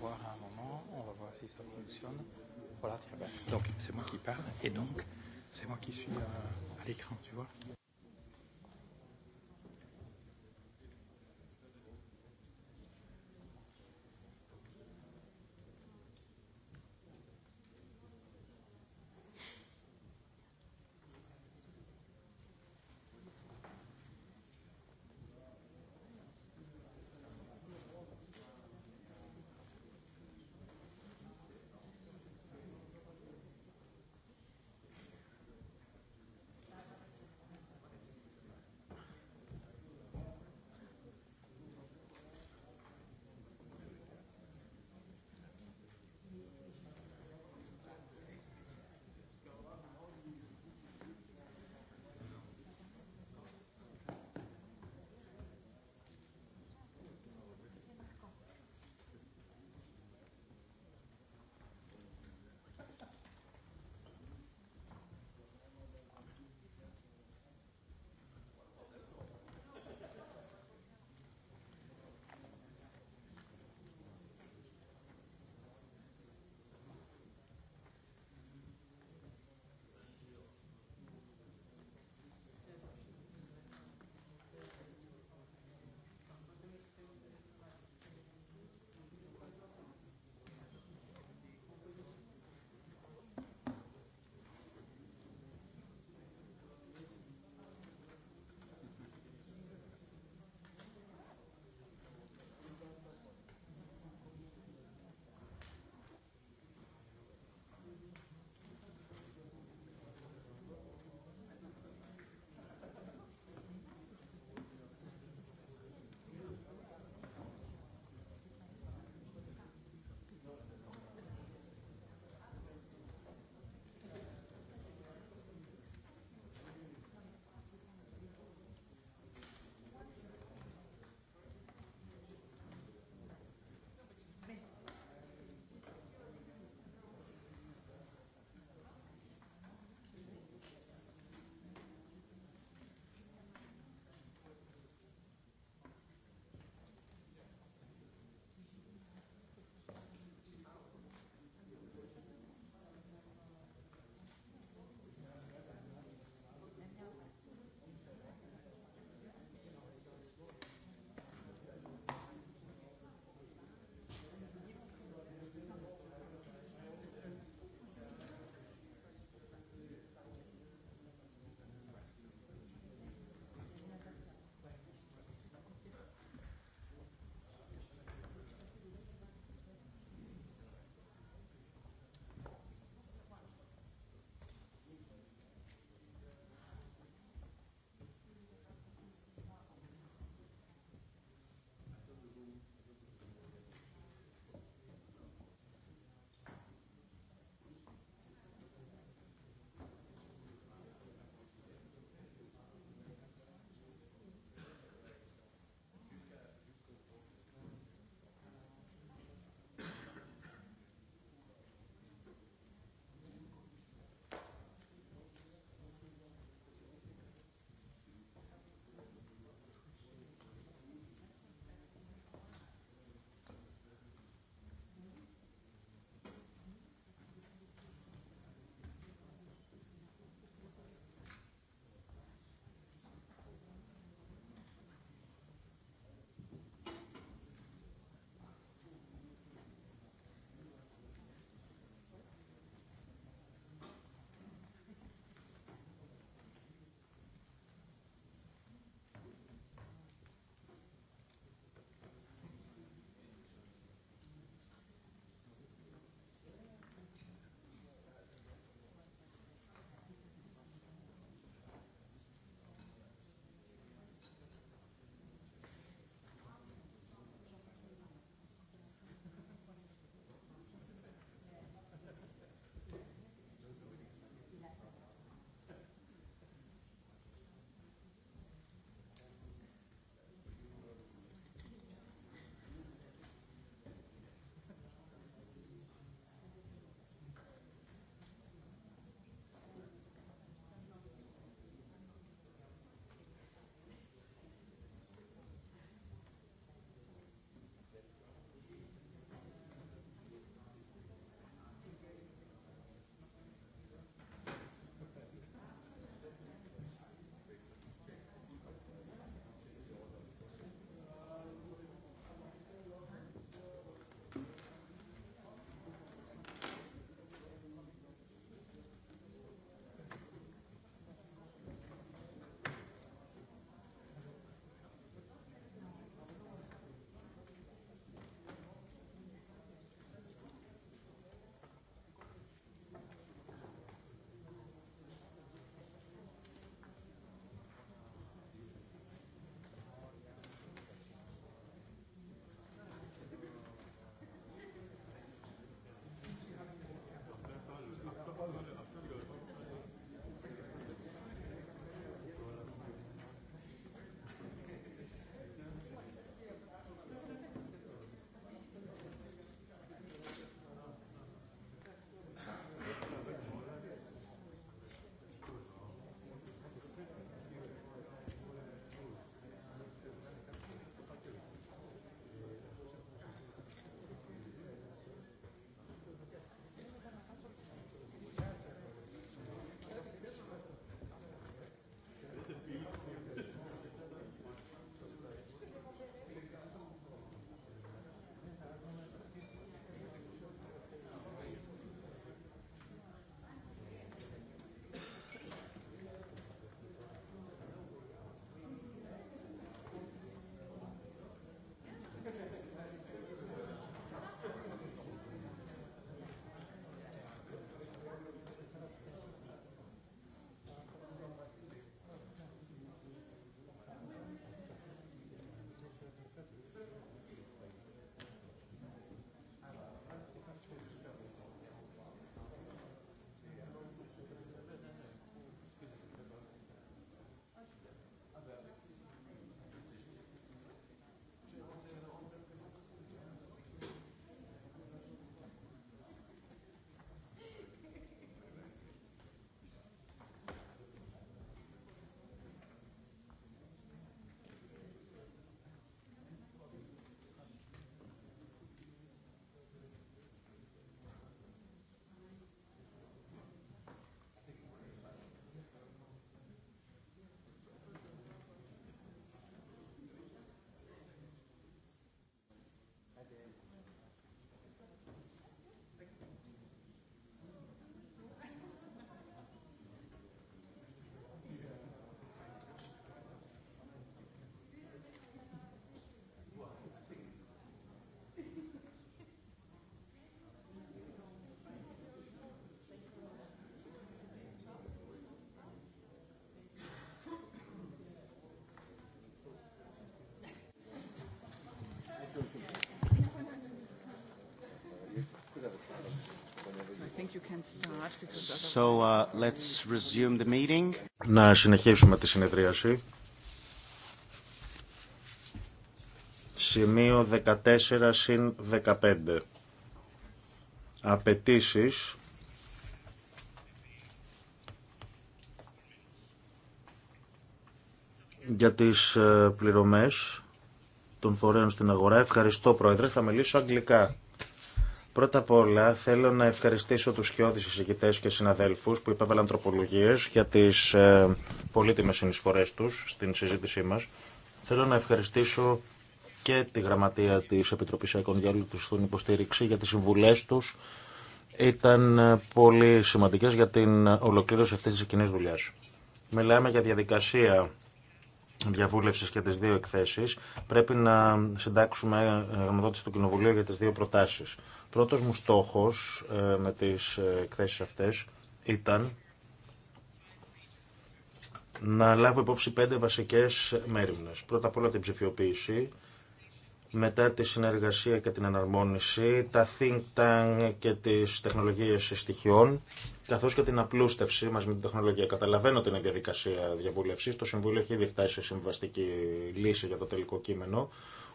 Speaker 5: voir un moment, on va voir si ça fonctionne. Voilà, tiens, donc c'est moi qui parle et donc c'est moi qui suis à, à l'écran, tu vois.
Speaker 1: So,
Speaker 3: uh, let's resume the meeting. Να συνεχίσουμε τη συνεδρίαση. Σημείο 14 συν 15. Απαιτήσει για τις ε, πληρωμές των φορέων στην αγορά. Ευχαριστώ, Πρόεδρε. Θα μιλήσω αγγλικά. Πρώτα απ' όλα θέλω να ευχαριστήσω τους σκιώδεις εισηγητές και συναδέλφους που υπέβαλαν τροπολογίες για τις ε, πολύτιμες συνεισφορές τους στην συζήτησή μας. Θέλω να ευχαριστήσω και τη γραμματεία της Επιτροπής Αίκων για όλη υποστήριξη, για τις συμβουλές τους. Ήταν ε, πολύ σημαντικές για την ολοκλήρωση αυτής της κοινή δουλειά. Μιλάμε για διαδικασία διαβούλευσης και τις δύο εκθέσεις. Πρέπει να συντάξουμε ε, γνωμοδότηση του Κοινοβουλίου για τις δύο προτάσεις. Πρώτος μου στόχος ε, με τις ε, εκθέσεις αυτές ήταν να λάβω υπόψη πέντε βασικές μέρημνες. Πρώτα απ' όλα την ψηφιοποίηση, μετά τη συνεργασία και την αναρμόνιση, τα think tank και τις τεχνολογίες στοιχειών, καθώς και την απλούστευση μας με την τεχνολογία. Καταλαβαίνω την διαδικασία διαβούλευσης, το Συμβούλιο έχει ήδη φτάσει σε συμβαστική λύση για το τελικό κείμενο,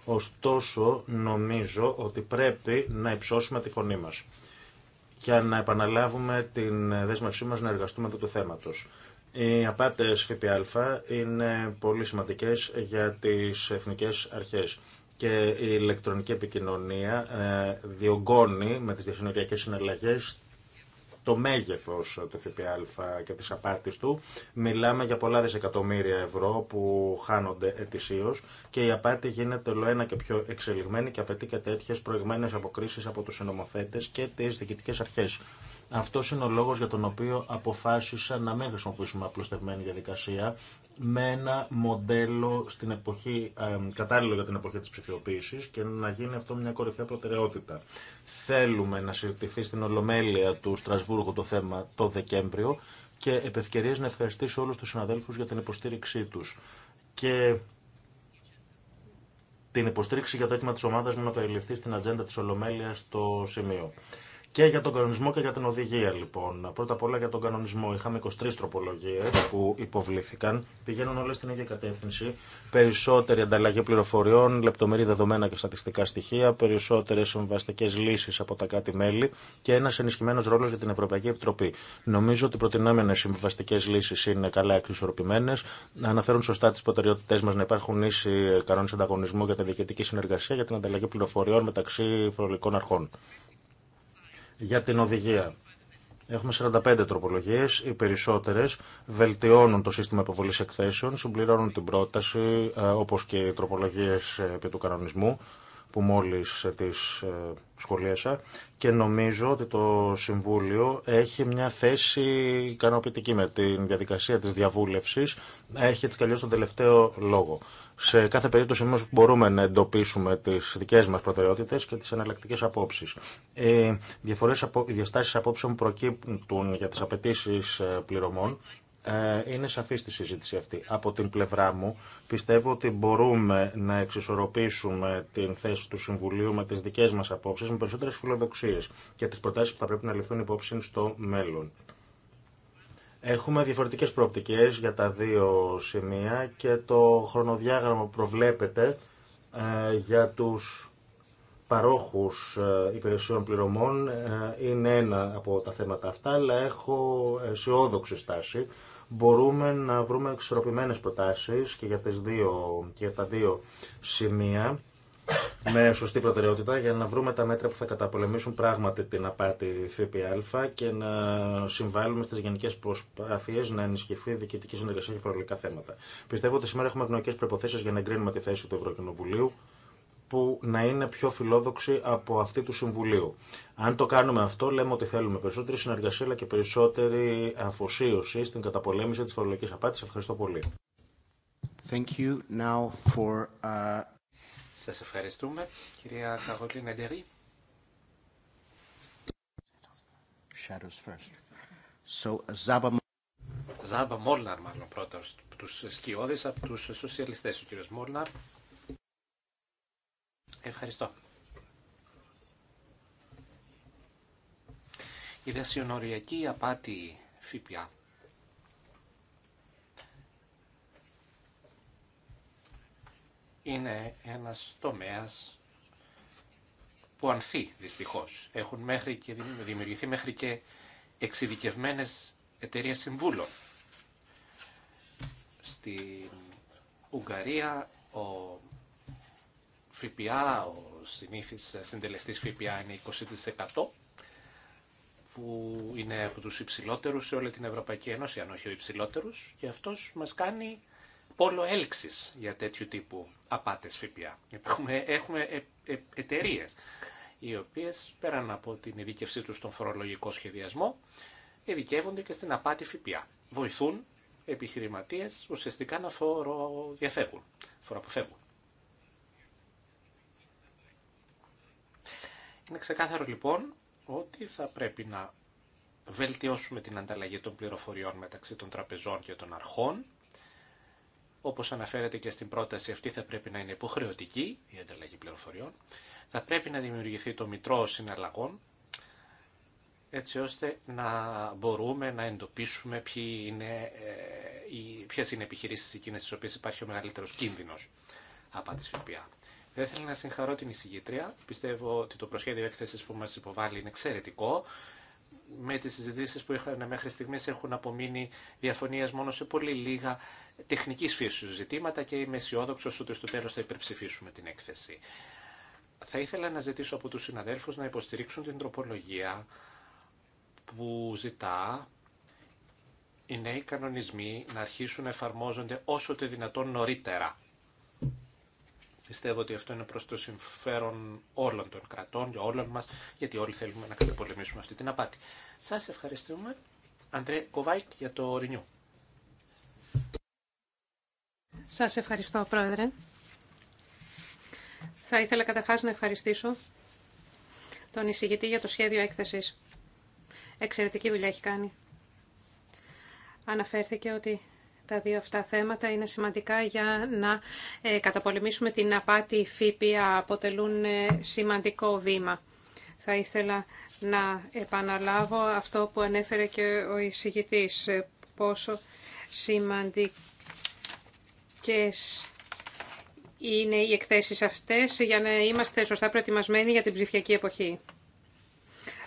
Speaker 3: Ωστόσο, νομίζω ότι πρέπει να υψώσουμε τη φωνή μας και να επαναλάβουμε την δέσμευσή μας να εργαστούμε το του θέματος. Οι απάτες ΦΠΑ είναι πολύ σημαντικές για τις εθνικές αρχές και η ηλεκτρονική επικοινωνία ε, διωγγώνει με τις διασυνοριακές συναλλαγές το μέγεθος του ΦΠΑ και της απάτης του. Μιλάμε για πολλά δισεκατομμύρια ευρώ που χάνονται ετησίω και η απάτη γίνεται όλο ένα και πιο εξελιγμένη και απαιτεί και τέτοιες προηγμένες αποκρίσεις από τους συνομοθέτες και τις διοικητικές αρχές. Αυτό είναι ο λόγο για τον οποίο αποφάσισα να μην χρησιμοποιήσουμε απλουστευμένη διαδικασία, με ένα μοντέλο στην εποχή, κατάλληλο για την εποχή της ψηφιοποίησης και να γίνει αυτό μια κορυφαία προτεραιότητα. Θέλουμε να συζητηθεί στην Ολομέλεια του Στρασβούργου το θέμα το Δεκέμβριο και επευκαιρίες να ευχαριστήσω όλους τους συναδέλφους για την υποστήριξή τους και την υποστήριξη για το αίτημα της ομάδας μου να περιληφθεί στην ατζέντα της Ολομέλειας το σημείο. Και για τον κανονισμό και για την οδηγία, λοιπόν. Πρώτα απ' όλα για τον κανονισμό. Είχαμε 23 τροπολογίε που υποβλήθηκαν. Πηγαίνουν όλε στην ίδια κατεύθυνση. Περισσότερη ανταλλαγή πληροφοριών, λεπτομερή δεδομένα και στατιστικά στοιχεία, περισσότερε συμβαστικέ λύσει από τα κράτη-μέλη και ένα ενισχυμένο ρόλο για την Ευρωπαϊκή Επιτροπή. Νομίζω ότι οι προτινόμενε συμβαστικέ λύσει είναι καλά εξισορροπημένε, αναφέρουν σωστά τι προτεραιότητέ μα να υπάρχουν ίσοι κανόνε ανταγωνισμού για τη διοικητική συνεργασία για την ανταλλαγή πληροφοριών μεταξύ φορολογικών αρχών για την οδηγία. Έχουμε 45 τροπολογίε. Οι περισσότερε βελτιώνουν το σύστημα υποβολή εκθέσεων, συμπληρώνουν την πρόταση, ε, όπω και οι τροπολογίε ε, επί του κανονισμού που μόλι ε, τι σχολίασα και νομίζω ότι το Συμβούλιο έχει μια θέση ικανοποιητική με την διαδικασία της διαβούλευσης, έχει έτσι και τον τελευταίο λόγο σε κάθε περίπτωση εμείς μπορούμε να εντοπίσουμε τις δικές μας προτεραιότητες και τις εναλλακτικέ απόψεις. Οι, ε, διαφορές, οι διαστάσεις απόψεων προκύπτουν για τις απαιτήσει ε, πληρωμών ε, είναι σαφή στη συζήτηση αυτή. Από την πλευρά μου πιστεύω ότι μπορούμε να εξισορροπήσουμε την θέση του Συμβουλίου με τις δικές μας απόψεις, με περισσότερες φιλοδοξίες και τις προτάσεις που θα πρέπει να ληφθούν υπόψη στο μέλλον. Έχουμε διαφορετικές προοπτικές για τα δύο σημεία και το χρονοδιάγραμμα που προβλέπεται ε, για τους παρόχους ε, υπηρεσιών πληρωμών ε, είναι ένα από τα θέματα αυτά, αλλά έχω αισιόδοξη στάση. Μπορούμε να βρούμε εξορροπημένες προτάσεις και για, τις δύο, και για τα δύο σημεία με σωστή προτεραιότητα για να βρούμε τα μέτρα που θα καταπολεμήσουν πράγματι την απάτη ΦΠΑ και να συμβάλλουμε στι γενικέ προσπάθειε να ενισχυθεί η διοικητική συνεργασία για φορολογικά θέματα. Πιστεύω ότι σήμερα έχουμε ευνοϊκέ προποθέσει για να εγκρίνουμε τη θέση του Ευρωκοινοβουλίου που να είναι πιο φιλόδοξη από αυτή του Συμβουλίου. Αν το κάνουμε αυτό, λέμε ότι θέλουμε περισσότερη συνεργασία αλλά και περισσότερη αφοσίωση στην
Speaker 4: καταπολέμηση τη φορολογική απάτη. Ευχαριστώ πολύ.
Speaker 3: Thank you now for,
Speaker 5: uh...
Speaker 4: Σας ευχαριστούμε. Κυρία Καρολίνα Ντερή. Ζάμπα Μόλναρ, μάλλον πρώτα, τους σκιώδες από τους σοσιαλιστές, ο κύριος Μόλναρ. Ευχαριστώ. Η δασιονοριακή απάτη ΦΠΑ είναι ένας τομέας που ανθεί δυστυχώς. Έχουν μέχρι και δημιουργηθεί μέχρι και εξειδικευμένες εταιρείες συμβούλων. Στην Ουγγαρία ο ΦΠΑ, ο συνήθις συντελεστής ΦΠΑ είναι 20% που είναι από τους υψηλότερους σε όλη την Ευρωπαϊκή Ένωση, αν όχι ο υψηλότερος, και αυτός μας κάνει πόλο έλξη για τέτοιου τύπου απάτες ΦΠΑ. Έχουμε, έχουμε ε, ε, εταιρείε οι οποίες πέραν από την ειδικευσή του στον φορολογικό σχεδιασμό ειδικεύονται και στην απάτη ΦΠΑ. Βοηθούν επιχειρηματίε, ουσιαστικά να φοροδιαφεύγουν, φοροαποφεύγουν. Είναι ξεκάθαρο λοιπόν ότι θα πρέπει να βελτιώσουμε την ανταλλαγή των πληροφοριών μεταξύ των τραπεζών και των αρχών όπως αναφέρεται και στην πρόταση αυτή, θα πρέπει να είναι υποχρεωτική η ανταλλαγή πληροφοριών. Θα πρέπει να δημιουργηθεί το μητρό συναλλαγών, έτσι ώστε να μπορούμε να εντοπίσουμε ποιοι είναι, ε, ποιες είναι οι επιχειρήσεις εκείνες στις οποίες υπάρχει ο μεγαλύτερος κίνδυνος από τη ΦΠΑ. Δεν θέλω να συγχαρώ την εισηγήτρια. Πιστεύω ότι το προσχέδιο έκθεσης που μας υποβάλλει είναι εξαιρετικό με τις συζητήσεις που είχαν μέχρι στιγμής έχουν απομείνει διαφωνίες μόνο σε πολύ λίγα τεχνικής φύσης ζητήματα και είμαι αισιόδοξο ότι στο τέλος θα υπερψηφίσουμε την έκθεση. Θα ήθελα να ζητήσω από τους συναδέλφους να υποστηρίξουν την τροπολογία που ζητά οι νέοι κανονισμοί να αρχίσουν να εφαρμόζονται όσο το δυνατόν νωρίτερα Πιστεύω ότι αυτό είναι προς το συμφέρον όλων των κρατών, για όλων μας, γιατί όλοι θέλουμε να καταπολεμήσουμε αυτή την απάτη. Σας ευχαριστούμε, Αντρέ Κοβάικ, για το Ρινιού.
Speaker 2: Σας ευχαριστώ, Πρόεδρε. Θα ήθελα καταρχάς να ευχαριστήσω τον εισηγητή για το σχέδιο έκθεσης. Εξαιρετική δουλειά έχει κάνει. Αναφέρθηκε ότι τα δύο αυτά θέματα είναι σημαντικά για να ε, καταπολεμήσουμε την απάτη ΦΠΑ. Αποτελούν ε, σημαντικό βήμα. Θα ήθελα να επαναλάβω αυτό που ανέφερε και ο εισηγητής. Ε, πόσο σημαντικές είναι οι εκθέσεις αυτές για να είμαστε σωστά προετοιμασμένοι για την ψηφιακή εποχή.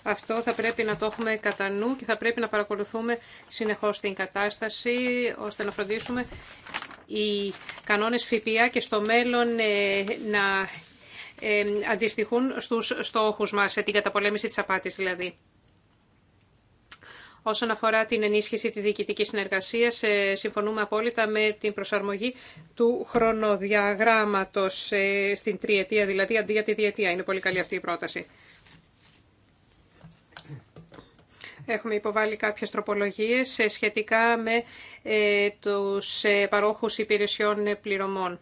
Speaker 2: Αυτό θα πρέπει να το έχουμε κατά νου και θα πρέπει να παρακολουθούμε συνεχώς την κατάσταση ώστε να φροντίσουμε οι κανόνες ΦΠΑ και στο μέλλον ε, να ε, αντιστοιχούν στους στόχους μας, σε την καταπολέμηση της απάτης δηλαδή. Όσον αφορά την ενίσχυση της διοικητικής συνεργασίας, ε, συμφωνούμε απόλυτα με την προσαρμογή του χρονοδιαγράμματος στην τριετία, δηλαδή αντί για τη διετία. Είναι πολύ καλή αυτή η πρόταση. Έχουμε υποβάλει κάποιες τροπολογίες ε, σχετικά με ε, τους ε, παρόχους υπηρεσιών πληρωμών.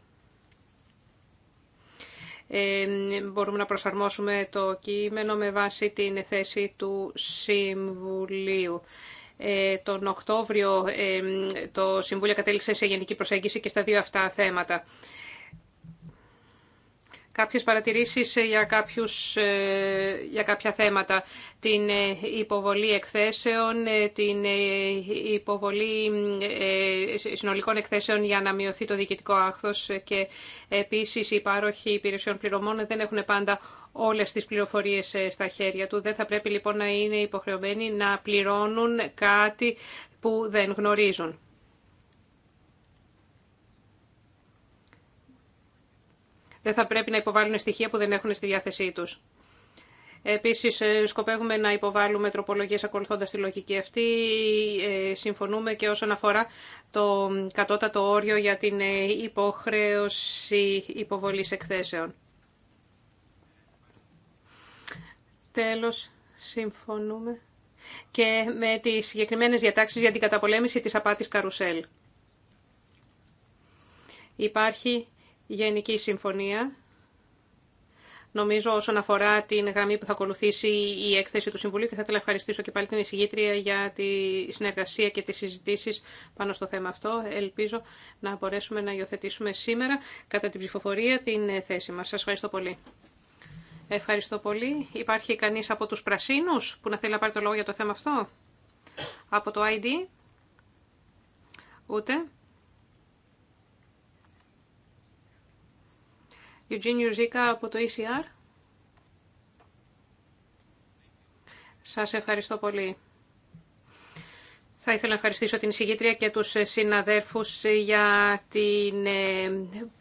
Speaker 2: Μπορούμε να προσαρμόσουμε το κείμενο με βάση την θέση του Συμβουλίου. Τον Οκτώβριο το Συμβούλιο κατέληξε σε γενική προσέγγιση και στα δύο αυτά θέματα κάποιες παρατηρήσεις για, κάποιους, ε, για κάποια θέματα. Την ε, υποβολή εκθέσεων, ε, την υποβολή συνολικών εκθέσεων για να μειωθεί το διοικητικό άχθος και επίσης οι πάροχοι υπηρεσιών πληρωμών δεν έχουν πάντα όλες τις πληροφορίες στα χέρια του. Δεν θα πρέπει λοιπόν να είναι υποχρεωμένοι να πληρώνουν κάτι που δεν γνωρίζουν. δεν θα πρέπει να υποβάλουν στοιχεία που δεν έχουν στη διάθεσή τους. Επίσης, ε, σκοπεύουμε να υποβάλουμε τροπολογίε ακολουθώντας τη λογική αυτή. Ε, συμφωνούμε και όσον αφορά το κατώτατο όριο για την ε, υποχρέωση υποβολή εκθέσεων. Τέλος, συμφωνούμε και με τις συγκεκριμένες διατάξεις για την καταπολέμηση της απάτης καρουσέλ. Υπάρχει γενική συμφωνία. Νομίζω όσον αφορά την γραμμή που θα ακολουθήσει η έκθεση του Συμβουλίου και θα ήθελα να ευχαριστήσω και πάλι την εισηγήτρια για τη συνεργασία και τις συζητήσεις πάνω στο θέμα αυτό. Ελπίζω να μπορέσουμε να υιοθετήσουμε σήμερα κατά την ψηφοφορία την θέση μας. Σας ευχαριστώ πολύ. Ευχαριστώ πολύ. Υπάρχει κανείς από τους πρασίνους που να θέλει να πάρει το λόγο για το θέμα αυτό. Από το ID. Ούτε. Eugene Ζήκα από το ECR. Σας ευχαριστώ πολύ. Θα ήθελα να ευχαριστήσω την εισηγήτρια και τους συναδέρφους για την ε,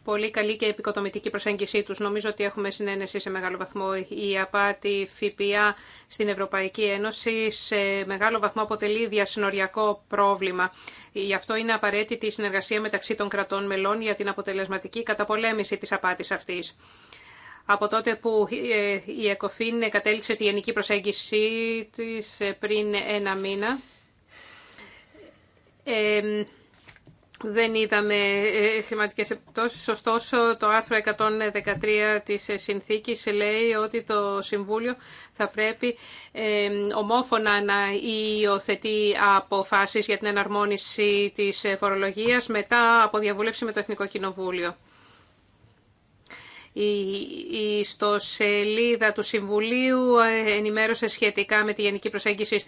Speaker 2: πολύ καλή και επικοδομητική προσέγγιση τους. Νομίζω ότι έχουμε συνένεση σε μεγάλο βαθμό. Η απάτη ΦΠΑ στην Ευρωπαϊκή Ένωση σε μεγάλο βαθμό αποτελεί διασυνοριακό πρόβλημα. Γι' αυτό είναι απαραίτητη η συνεργασία μεταξύ των κρατών μελών για την αποτελεσματική καταπολέμηση της απάτης αυτής. Από τότε που ε, η ΕΚΟΦΗΝ κατέληξε στη γενική προσέγγιση της ε, πριν ένα μήνα, δεν είδαμε ε, σημαντικές επιπτώσεις. Ωστόσο, το άρθρο 113 της ε, συνθήκης λέει ότι το Συμβούλιο θα πρέπει ομόφωνα να υιοθετεί αποφάσεις για την εναρμόνιση της ε, φορολογίας μετά από διαβούλευση με το Εθνικό Κοινοβούλιο η ιστοσελίδα του Συμβουλίου ε, ενημέρωσε σχετικά με τη γενική προσέγγιση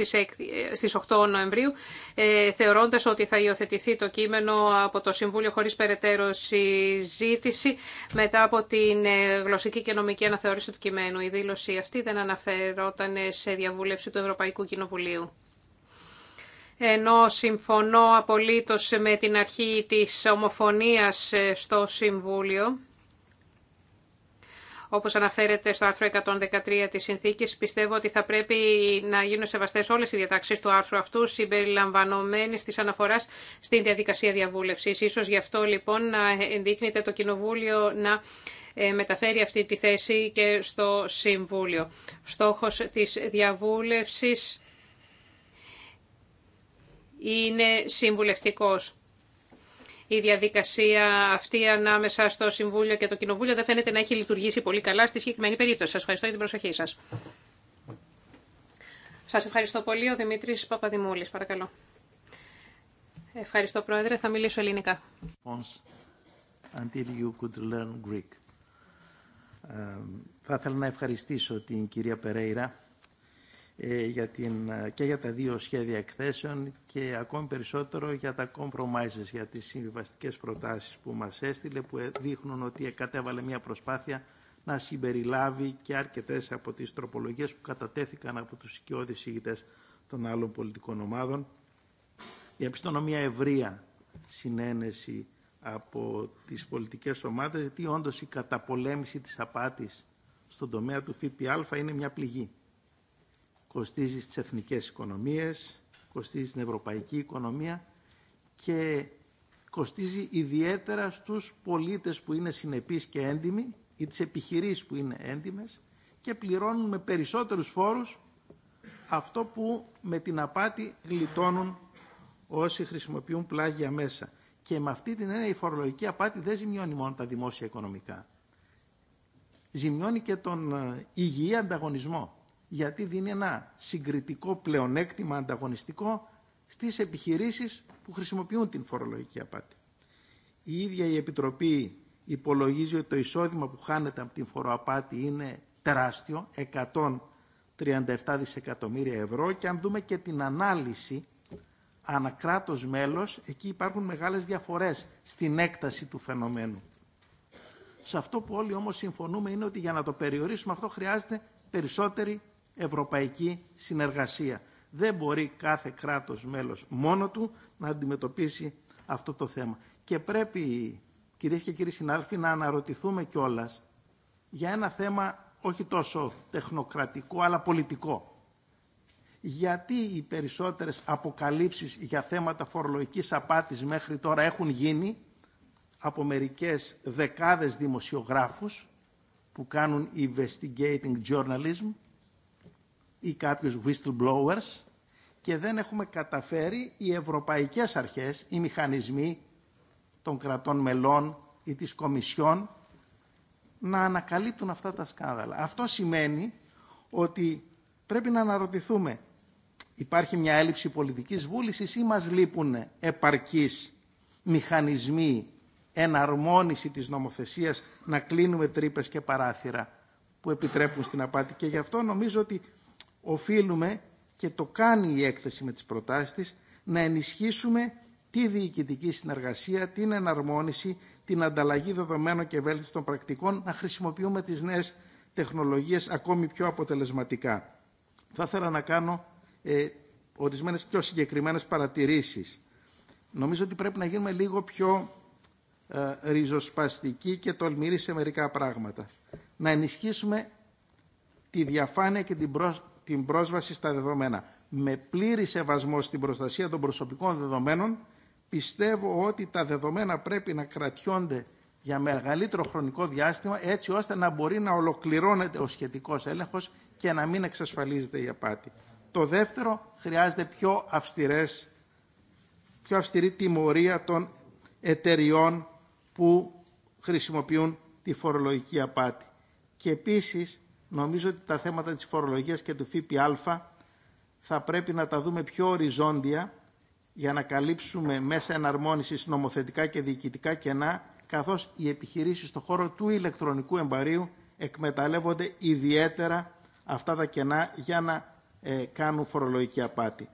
Speaker 2: στις 8 ε, Νοεμβρίου, ε, θεωρώντας ότι θα υιοθετηθεί το κείμενο από το Συμβούλιο χωρίς περαιτέρω συζήτηση μετά από την γλωσσική και νομική αναθεώρηση του κειμένου. Η δήλωση αυτή δεν αναφερόταν σε διαβούλευση του Ευρωπαϊκού Κοινοβουλίου ενώ συμφωνώ απολύτως με την αρχή της ομοφωνίας στο Συμβούλιο, όπως αναφέρεται στο άρθρο 113 τη συνθήκη, πιστεύω ότι θα πρέπει να γίνουν σεβαστέ όλες οι διατάξεις του άρθρου αυτού, συμπεριλαμβανομένης της αναφοράς στην διαδικασία διαβούλευση. Ίσως γι' αυτό λοιπόν να ενδείκνεται το Κοινοβούλιο να ε, μεταφέρει αυτή τη θέση και στο Συμβούλιο. Στόχος της διαβούλευσης είναι συμβουλευτικός η διαδικασία αυτή ανάμεσα στο Συμβούλιο και το Κοινοβούλιο δεν φαίνεται να έχει λειτουργήσει πολύ καλά στη συγκεκριμένη περίπτωση. Σας ευχαριστώ για την προσοχή σας. Σας ευχαριστώ πολύ. Ο Δημήτρης Παπαδημούλης, παρακαλώ. Ευχαριστώ, Πρόεδρε. Θα μιλήσω ελληνικά.
Speaker 5: Ε, θα ήθελα να ευχαριστήσω την κυρία Περέιρα ε, για την, ε, και για τα δύο σχέδια εκθέσεων και ακόμη περισσότερο για τα compromises, για τις συμβιβαστικέ προτάσεις που μας έστειλε, που ε, δείχνουν ότι κατέβαλε μια προσπάθεια να συμπεριλάβει και αρκετές από τις τροπολογίες που κατατέθηκαν από τους οικειώδεις ηγητές των άλλων πολιτικών ομάδων. Διαπιστώνω μια ευρεία συνένεση από τις πολιτικές ομάδες, γιατί όντως η καταπολέμηση της απάτης στον τομέα του ΦΠΑ είναι μια πληγή κοστίζει στις εθνικές οικονομίες, κοστίζει στην ευρωπαϊκή οικονομία και κοστίζει ιδιαίτερα στους πολίτες που είναι συνεπείς και έντιμοι ή τις επιχειρήσεις που είναι έντιμες και πληρώνουν με περισσότερους φόρους αυτό που με την απάτη γλιτώνουν όσοι χρησιμοποιούν πλάγια μέσα. Και με αυτή την έννοια η φορολογική απάτη δεν ζημιώνει μόνο τα δημόσια οικονομικά. Ζημιώνει και τον ε, υγιή ανταγωνισμό γιατί δίνει ένα συγκριτικό πλεονέκτημα ανταγωνιστικό στις επιχειρήσεις που χρησιμοποιούν την φορολογική απάτη. Η ίδια η Επιτροπή υπολογίζει ότι το εισόδημα που χάνεται από την φοροαπάτη είναι τεράστιο, 137 δισεκατομμύρια ευρώ και αν δούμε και την ανάλυση ανακράτος μέλος, εκεί υπάρχουν μεγάλες διαφορές στην έκταση του φαινομένου. Σε αυτό που όλοι όμως συμφωνούμε είναι ότι για να το περιορίσουμε αυτό χρειάζεται περισσότερη ευρωπαϊκή συνεργασία. Δεν μπορεί κάθε κράτος μέλος μόνο του να αντιμετωπίσει αυτό το θέμα. Και πρέπει, κυρίες και κύριοι συνάδελφοι, να αναρωτηθούμε κιόλα για ένα θέμα όχι τόσο τεχνοκρατικό, αλλά πολιτικό. Γιατί οι περισσότερες αποκαλύψεις για θέματα φορολογικής απάτης μέχρι τώρα έχουν γίνει από μερικές δεκάδες δημοσιογράφους που κάνουν investigating journalism ή κάποιους whistleblowers και δεν έχουμε καταφέρει οι ευρωπαϊκές αρχές, οι μηχανισμοί των κρατών μελών ή της Κομισιόν να ανακαλύπτουν αυτά τα σκάνδαλα. Αυτό σημαίνει ότι πρέπει να αναρωτηθούμε υπάρχει μια έλλειψη πολιτικής βούλησης ή μας λείπουν επαρκείς μηχανισμοί εναρμόνιση της νομοθεσίας να κλείνουμε τρύπες και παράθυρα που επιτρέπουν στην απάτη. Και γι' αυτό νομίζω ότι οφείλουμε, και το κάνει η έκθεση με τις προτάσεις της, να ενισχύσουμε τη διοικητική συνεργασία, την εναρμόνιση, την ανταλλαγή δεδομένων και των πρακτικών, να χρησιμοποιούμε τις νέες τεχνολογίες ακόμη πιο αποτελεσματικά. Θα ήθελα να κάνω ε, ορισμένες πιο συγκεκριμένες παρατηρήσεις. Νομίζω ότι πρέπει να γίνουμε λίγο πιο ε, ριζοσπαστικοί και τολμηροί σε μερικά πράγματα. Να ενισχύσουμε τη διαφάνεια και την την πρόσβαση στα δεδομένα. Με πλήρη σεβασμό στην προστασία των προσωπικών δεδομένων, πιστεύω ότι τα δεδομένα πρέπει να κρατιώνται για μεγαλύτερο χρονικό διάστημα, έτσι ώστε να μπορεί να ολοκληρώνεται ο σχετικός έλεγχος και να μην εξασφαλίζεται η απάτη. Το δεύτερο, χρειάζεται πιο, αυστηρές, πιο αυστηρή τιμωρία των εταιριών που χρησιμοποιούν τη φορολογική απάτη. Και επίσης νομίζω ότι τα θέματα της φορολογίας και του ΦΠΑ θα πρέπει να τα δούμε πιο οριζόντια για να καλύψουμε μέσα εναρμόνισης νομοθετικά και διοικητικά κενά, καθώς οι επιχειρήσεις στον χώρο του ηλεκτρονικού εμπαρίου εκμεταλλεύονται ιδιαίτερα αυτά τα κενά για να ε, κάνουν φορολογική απάτη.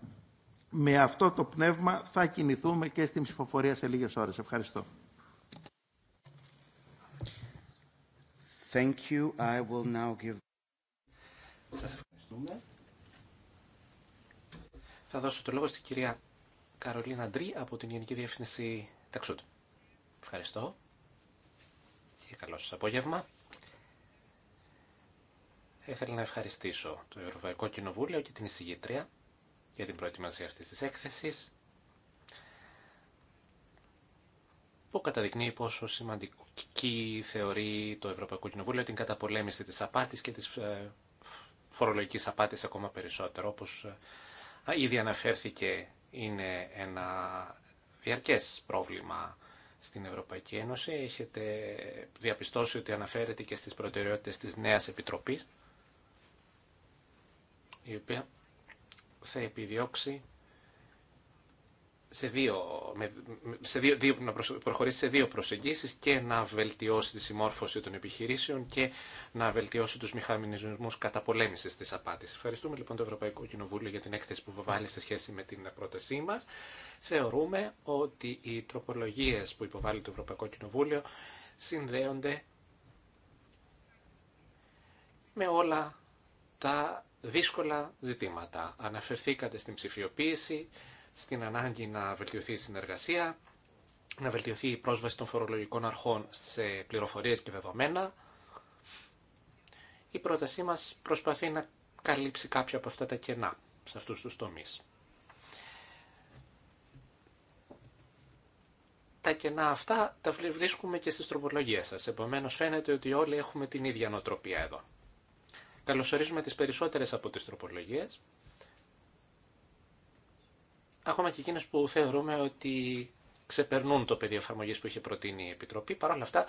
Speaker 5: Με αυτό το πνεύμα θα κινηθούμε και στην ψηφοφορία σε λίγες ώρες. Ευχαριστώ. Thank you.
Speaker 4: Σας ευχαριστούμε. Θα δώσω το λόγο στην κυρία Καρολίνα Ντρί από την Γενική Διεύθυνση Ταξούτ. Ευχαριστώ και καλό σας απόγευμα. Ήθελα να ευχαριστήσω το Ευρωπαϊκό Κοινοβούλιο και την εισηγήτρια για την προετοιμασία αυτής της έκθεσης που καταδεικνύει πόσο σημαντική θεωρεί το Ευρωπαϊκό Κοινοβούλιο την καταπολέμηση της απάτης και της ε, φορολογικής απάτης ακόμα περισσότερο. Όπως ε, ήδη αναφέρθηκε, είναι ένα διαρκές πρόβλημα στην Ευρωπαϊκή Ένωση. Έχετε διαπιστώσει ότι αναφέρεται και στις προτεραιότητες της νέας Επιτροπής, η οποία θα επιδιώξει σε δύο, σε δύο, να προχωρήσει σε δύο προσεγγίσεις και να βελτιώσει τη συμμόρφωση των επιχειρήσεων και να βελτιώσει τους μηχανισμούς καταπολέμησης της απάτης. Ευχαριστούμε λοιπόν το Ευρωπαϊκό Κοινοβούλιο για την έκθεση που βάλει σε σχέση με την πρότασή μας. Θεωρούμε ότι οι τροπολογίες που υποβάλλει το Ευρωπαϊκό Κοινοβούλιο συνδέονται με όλα τα δύσκολα ζητήματα. Αναφερθήκατε στην ψηφιοποίηση, στην ανάγκη να βελτιωθεί η συνεργασία, να βελτιωθεί η πρόσβαση των φορολογικών αρχών σε πληροφορίες και δεδομένα. Η πρότασή μας προσπαθεί να καλύψει κάποια από αυτά τα κενά σε αυτούς τους τομείς. Τα κενά αυτά τα βρίσκουμε και στις τροπολογίες σας, επομένως φαίνεται ότι όλοι έχουμε την ίδια νοοτροπία εδώ. Καλωσορίζουμε τις περισσότερες από τις τροπολογίες, ακόμα και εκείνες που θεωρούμε ότι ξεπερνούν το πεδίο εφαρμογή που είχε προτείνει η Επιτροπή. Παρ' όλα αυτά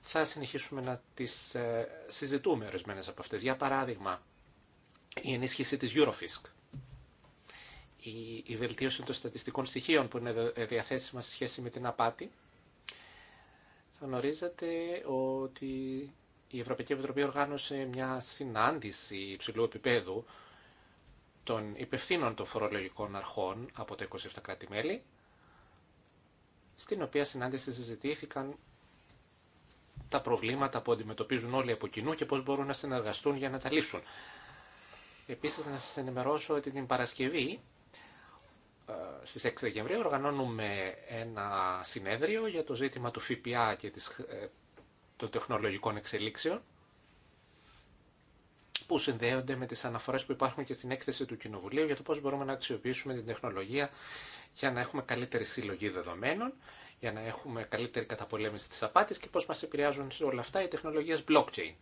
Speaker 4: θα συνεχίσουμε να τις ε, συζητούμε ορισμένε από αυτές. Για παράδειγμα, η ενίσχυση της Eurofisk, η βελτίωση των στατιστικών στοιχείων που είναι ε, διαθέσιμα σε σχέση με την απάτη. Θα γνωρίζετε ότι η Ευρωπαϊκή Επιτροπή οργάνωσε μια συνάντηση υψηλού επίπεδου των υπευθύνων των φορολογικών αρχών από τα 27 κράτη-μέλη, στην οποία συνάντηση συζητήθηκαν τα προβλήματα που αντιμετωπίζουν όλοι από κοινού και πώς μπορούν να συνεργαστούν για να τα λύσουν. Επίσης, να σας ενημερώσω ότι την Παρασκευή, ε, στις 6 Δεκεμβρίου, οργανώνουμε ένα συνέδριο για το ζήτημα του ΦΠΑ και ε, των τεχνολογικών εξελίξεων που συνδέονται με τις αναφορές που υπάρχουν και στην έκθεση του Κοινοβουλίου για το πώς μπορούμε να αξιοποιήσουμε την τεχνολογία για να έχουμε καλύτερη συλλογή δεδομένων, για να έχουμε καλύτερη καταπολέμηση της απάτης και πώς μας επηρεάζουν σε όλα αυτά οι τεχνολογίες blockchain.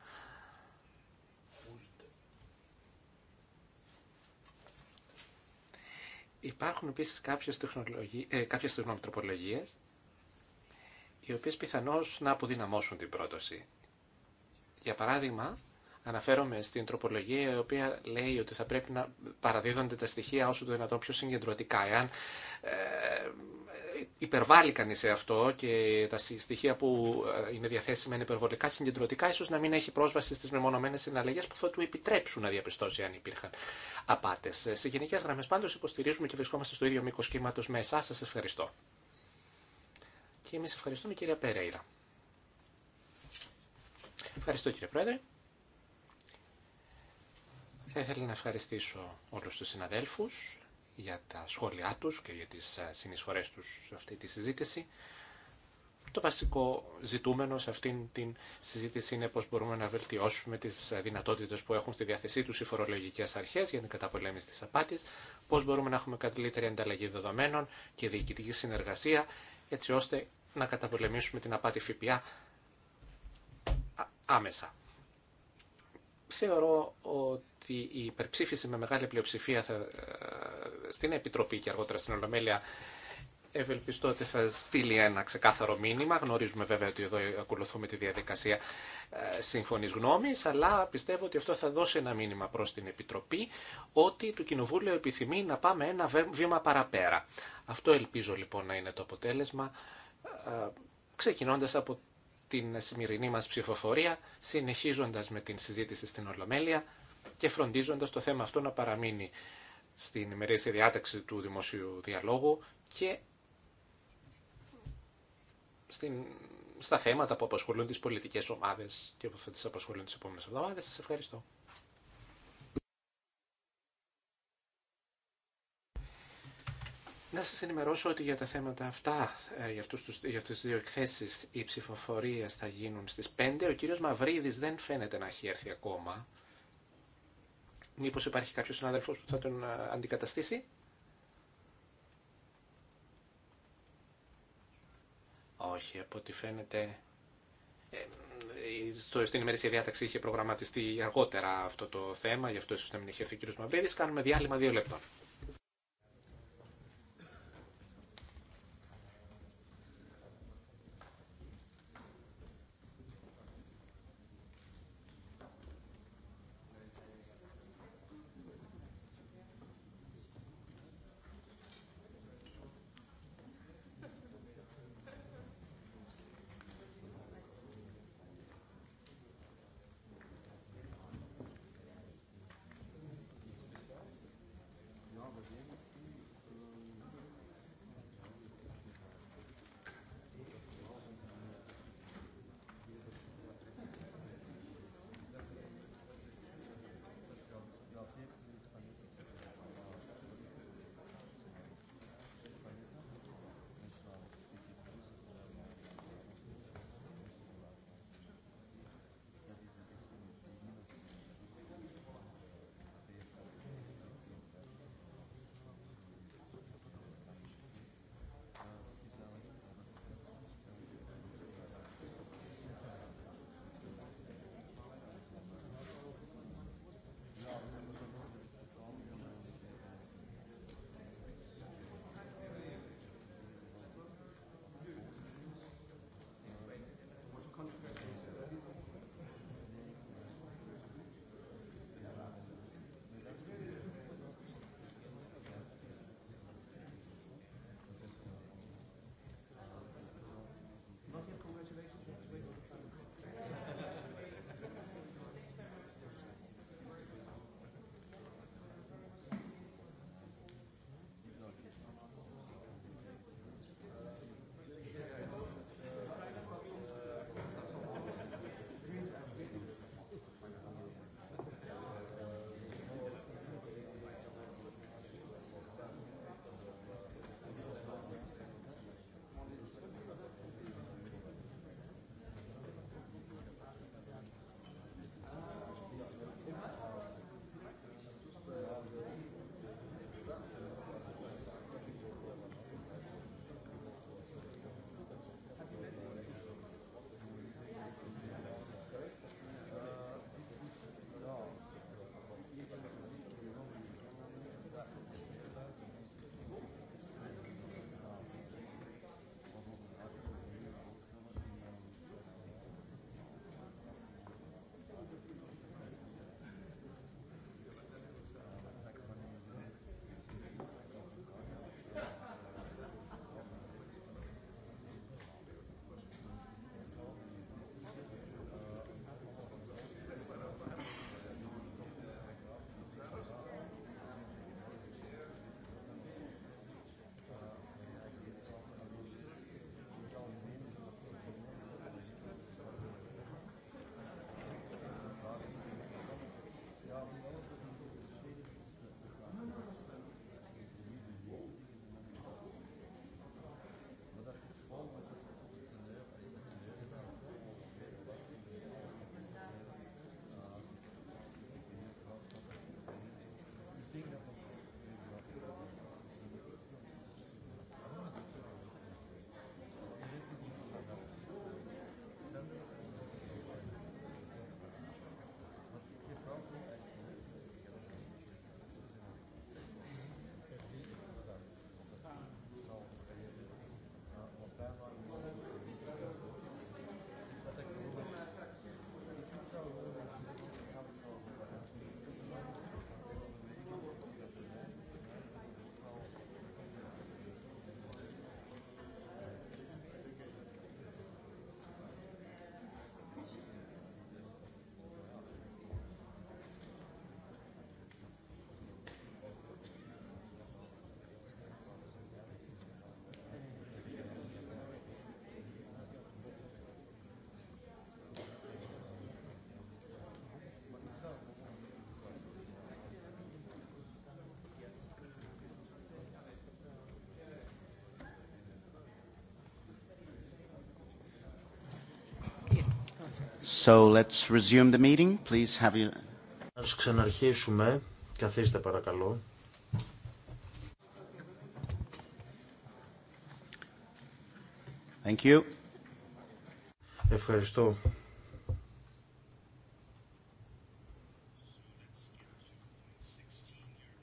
Speaker 4: Υπάρχουν επίσης κάποιες, τεχνολογίες, κάποιες οι οποίες πιθανώς να αποδυναμώσουν την πρόταση. Για παράδειγμα, Αναφέρομαι στην τροπολογία η οποία λέει ότι θα πρέπει να παραδίδονται τα στοιχεία όσο το δυνατόν πιο συγκεντρωτικά. Εάν ε, υπερβάλλει κανεί σε αυτό και τα στοιχεία που ε, είναι διαθέσιμα είναι υπερβολικά συγκεντρωτικά, ίσω να μην έχει πρόσβαση στι μεμονωμένε συναλλαγέ που θα του επιτρέψουν να διαπιστώσει αν υπήρχαν απάτε. Ε, σε γενικέ γραμμέ πάντω υποστηρίζουμε και βρισκόμαστε στο ίδιο μήκο κύματο με εσά. Σα ευχαριστώ. Και εμεί ευχαριστούμε κυρία Περέιρα. Ευχαριστώ κύριε Πρόεδρε. Θα ήθελα να ευχαριστήσω όλους τους συναδέλφους για τα σχόλιά τους και για τις ε, συνεισφορές τους σε αυτή τη συζήτηση. Το βασικό ζητούμενο σε αυτή τη συζήτηση είναι πώς μπορούμε να βελτιώσουμε τις ε, δυνατότητες που έχουν στη διάθεσή τους οι φορολογικές αρχές για την καταπολέμηση της απάτης, πώς μπορούμε να έχουμε καλύτερη ανταλλαγή δεδομένων και διοικητική συνεργασία, έτσι ώστε να καταπολεμήσουμε την απάτη ΦΠΑ άμεσα θεωρώ ότι η υπερψήφιση με μεγάλη πλειοψηφία ε, στην Επιτροπή και αργότερα στην Ολομέλεια ευελπιστώ ότι θα στείλει ένα ξεκάθαρο μήνυμα. Γνωρίζουμε βέβαια ότι εδώ ακολουθούμε τη διαδικασία ε, σύμφωνη γνώμη, αλλά πιστεύω ότι αυτό θα δώσει ένα μήνυμα προ την Επιτροπή ότι το Κοινοβούλιο επιθυμεί να πάμε ένα βήμα παραπέρα. Αυτό ελπίζω λοιπόν να είναι το αποτέλεσμα, ε, ξεκινώντας από την σημερινή μας ψηφοφορία, συνεχίζοντας με την συζήτηση στην Ολομέλεια και φροντίζοντας το θέμα αυτό να παραμείνει στην ημερήσια διάταξη του δημοσίου διαλόγου και στα θέματα που απασχολούν τις πολιτικές ομάδες και που θα τις απασχολούν τις επόμενες εβδομάδες. Σας ευχαριστώ. Να σας ενημερώσω ότι για τα θέματα αυτά, ε, για, αυτούς τους, για αυτές τις δύο εκθέσεις, οι ψηφοφορίες θα γίνουν στις 5. Ο κύριος Μαυρίδης δεν φαίνεται να έχει έρθει ακόμα. Μήπως υπάρχει κάποιος συνάδελφος που θα τον ε, αντικαταστήσει. Όχι, από ό,τι φαίνεται... Ε, στο, στην ημερήσια διάταξη είχε προγραμματιστεί αργότερα αυτό το θέμα, γι' αυτό ίσως να μην έχει έρθει ο κύριος Μαυρίδης. Κάνουμε διάλειμμα δύο λεπτών.
Speaker 5: let's
Speaker 3: Ας ξαναρχίσουμε. Καθίστε παρακαλώ. Ευχαριστώ.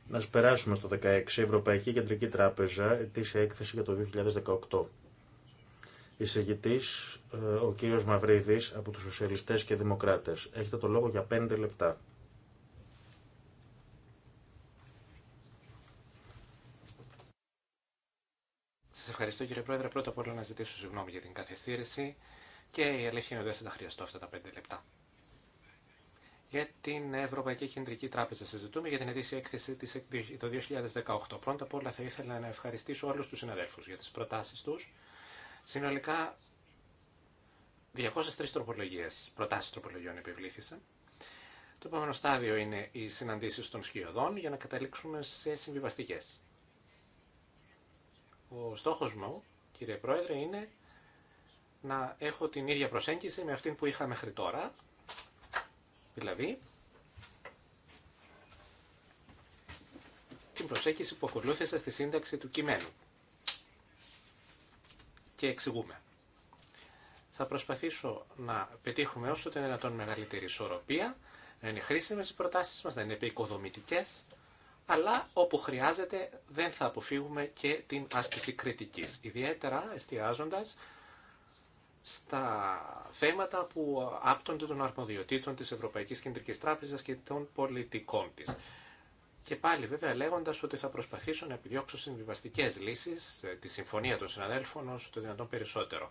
Speaker 3: Να περάσουμε στο 16 Ευρωπαϊκή Κεντρική Τράπεζα, ετήσια έκθεση για το 2018. Εισηγητή, ε, ο κύριο Μαυρίδη από του Σοσιαλιστές και Δημοκράτε. Έχετε το λόγο για πέντε λεπτά.
Speaker 4: Σα ευχαριστώ κύριε Πρόεδρε. Πρώτα απ' όλα να ζητήσω συγγνώμη για την καθυστήρηση και η αλήθεια είναι ότι δεν θα τα χρειαστώ αυτά τα πέντε λεπτά. Για την Ευρωπαϊκή Κεντρική Τράπεζα συζητούμε για την ετήσια έκθεση της το 2018. Πρώτα απ' όλα θα ήθελα να ευχαριστήσω όλους τους συναδέλφους για τις προτάσεις τους Συνολικά 203 τροπολογίες, προτάσεις τροπολογιών επιβλήθησαν. Το επόμενο στάδιο είναι οι συναντήσει των σκιωδών για να καταλήξουμε σε συμβιβαστικέ. Ο στόχος μου, κύριε Πρόεδρε, είναι να έχω την ίδια προσέγγιση με αυτή που είχα μέχρι τώρα. Δηλαδή, την προσέγγιση που ακολούθησα στη σύνταξη του κειμένου και εξηγούμε. Θα προσπαθήσω να πετύχουμε όσο το δυνατόν μεγαλύτερη ισορροπία, να είναι χρήσιμε οι προτάσει μα, να είναι επικοδομητικέ, αλλά όπου χρειάζεται δεν θα αποφύγουμε και την άσκηση κριτική. Ιδιαίτερα εστιάζοντα στα θέματα που άπτονται των αρμοδιοτήτων της Ευρωπαϊκής Κεντρικής Τράπεζας και των πολιτικών της. Και πάλι βέβαια λέγοντας ότι θα προσπαθήσω να επιδιώξω συμβιβαστικέ λύσεις, ε, τη συμφωνία των συναδέλφων όσο το δυνατόν περισσότερο.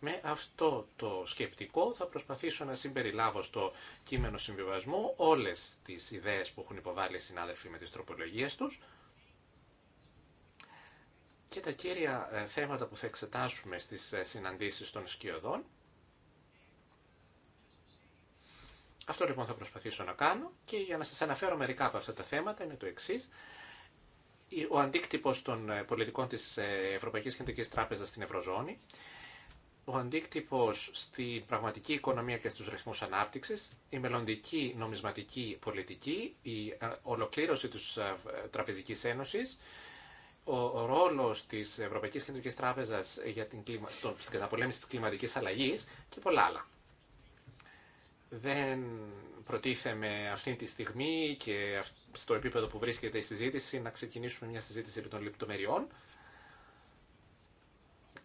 Speaker 4: Με αυτό το σκεπτικό θα προσπαθήσω να συμπεριλάβω στο κείμενο συμβιβασμού όλες τις ιδέες που έχουν υποβάλει οι συνάδελφοι με τις τροπολογίες τους και τα κύρια ε, θέματα που θα εξετάσουμε στις ε, συναντήσεις των σκιωδών Αυτό λοιπόν θα προσπαθήσω να κάνω και για να σας αναφέρω μερικά από αυτά τα θέματα είναι το εξή. ο αντίκτυπος των ε, πολιτικών της ε, Ευρωπαϊκής Κεντρικής Τράπεζας στην Ευρωζώνη, ο αντίκτυπος στην πραγματική οικονομία και στους ρυθμούς ανάπτυξης, η μελλοντική νομισματική πολιτική, η ε, ολοκλήρωση της Τραπεζικής Ένωσης, ο ρόλος της Ευρωπαϊκής Κεντρικής Τράπεζας για την, στην καταπολέμηση της κλιματικής αλλαγής και πολλά άλλα δεν προτίθεμαι αυτή τη στιγμή και στο επίπεδο που βρίσκεται η συζήτηση να ξεκινήσουμε μια συζήτηση επί των λεπτομεριών.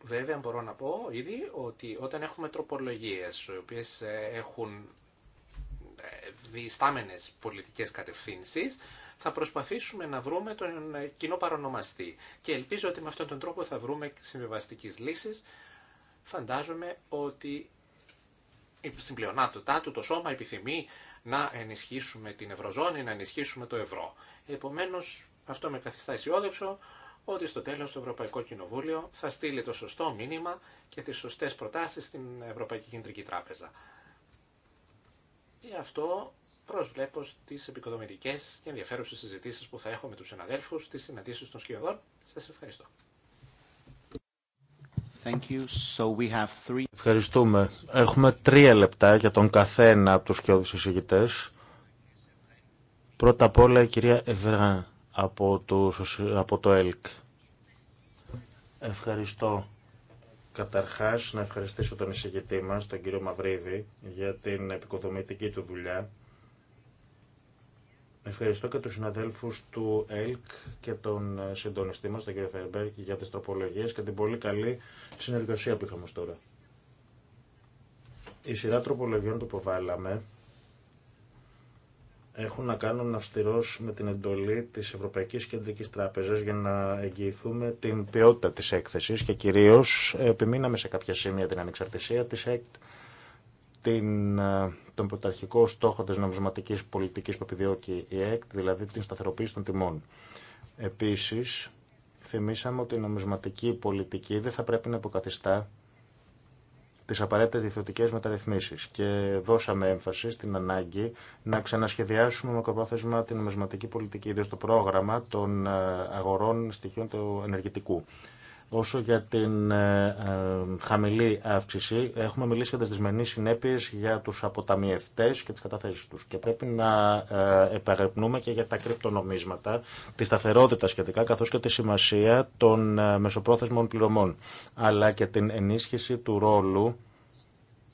Speaker 4: Βέβαια μπορώ να πω ήδη ότι όταν έχουμε τροπολογίες οι οποίες ε, έχουν ε, διστάμενες πολιτικές κατευθύνσεις θα προσπαθήσουμε να βρούμε τον ε, κοινό παρονομαστή και ελπίζω ότι με αυτόν τον τρόπο θα βρούμε συμβιβαστικές λύσεις. Φαντάζομαι ότι στην πλεονάτωτά του το σώμα επιθυμεί να ενισχύσουμε την Ευρωζώνη, να ενισχύσουμε το ευρώ. Επομένως, αυτό με καθιστά αισιόδοξο ότι στο τέλος το Ευρωπαϊκό Κοινοβούλιο θα στείλει το σωστό μήνυμα και τι σωστέ προτάσεις στην Ευρωπαϊκή Κεντρική Τράπεζα. Γι' αυτό προσβλέπω στις επικοδομητικέ και ενδιαφέρουσε συζητήσει που θα έχω με του συναδέλφου, στις συναντήσει των σκιωδών. Σα ευχαριστώ.
Speaker 3: Ευχαριστούμε. Έχουμε τρία λεπτά για τον καθένα από τους σκιώδους εισηγητές. Πρώτα απ' όλα η κυρία Ευρά από το, από το ΕΛΚ. Ευχαριστώ. Καταρχάς να ευχαριστήσω τον εισηγητή μας, τον κύριο Μαυρίδη, για την επικοδομητική του δουλειά Ευχαριστώ και τους συναδέλφους του ΕΛΚ και τον ε, συντονιστή μας, τον κύριο Φέρμπερ, για τις τροπολογίες και την πολύ καλή συνεργασία που είχαμε τώρα. Η σειρά τροπολογιών που υποβάλαμε έχουν να κάνουν αυστηρό με την εντολή τη Ευρωπαϊκή Κεντρική Τράπεζα για να εγγυηθούμε την ποιότητα τη έκθεση και κυρίω επιμείναμε σε κάποια σημεία την ανεξαρτησία τη ΕΚΤ την, ε, τον πρωταρχικό στόχο της νομισματικής πολιτικής που επιδιώκει η ΕΚΤ, δηλαδή την σταθεροποίηση των τιμών. Επίσης, θυμήσαμε ότι η νομισματική πολιτική δεν θα πρέπει να υποκαθιστά τις απαραίτητες διεθνωτικές μεταρρυθμίσεις και δώσαμε έμφαση στην ανάγκη να ξανασχεδιάσουμε μακροπρόθεσμα την νομισματική πολιτική, ιδίως το πρόγραμμα των ε, αγορών στοιχείων του ενεργητικού. Όσο για την ε, ε, χαμηλή αύξηση, έχουμε μιλήσει για τις δυσμενείς συνέπειε για τους αποταμιευτές και τις κατάθεσεις τους. Και πρέπει να ε, επαγρυπνούμε και για τα κρυπτονομίσματα, τη σταθερότητα σχετικά, καθώς και τη σημασία των ε, μεσοπρόθεσμων πληρωμών, αλλά και την ενίσχυση του ρόλου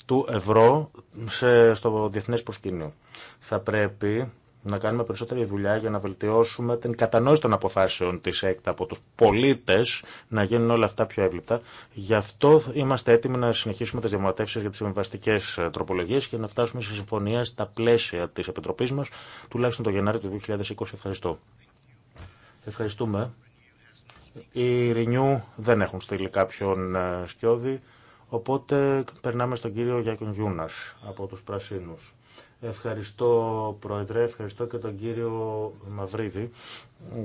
Speaker 3: του ευρώ σε, στο διεθνές προσκήνιο. Θα πρέπει να κάνουμε περισσότερη δουλειά για να βελτιώσουμε την κατανόηση των αποφάσεων τη ΕΚΤ από του πολίτε, να γίνουν όλα αυτά πιο εύληπτα. Γι' αυτό είμαστε έτοιμοι να συνεχίσουμε τι διαπραγματεύσει για τι συμβαστικέ ε, τροπολογίε και να φτάσουμε σε συμφωνία στα πλαίσια τη Επιτροπή μα, τουλάχιστον το Γενάρη του 2020. Ευχαριστώ. Ευχαριστούμε. Οι Ρινιού δεν έχουν στείλει κάποιον ε, σκιώδη, οπότε περνάμε στον κύριο Γιάκον Γιούνας από τους Πρασίνους. Ευχαριστώ Πρόεδρε, ευχαριστώ και τον κύριο Μαυρίδη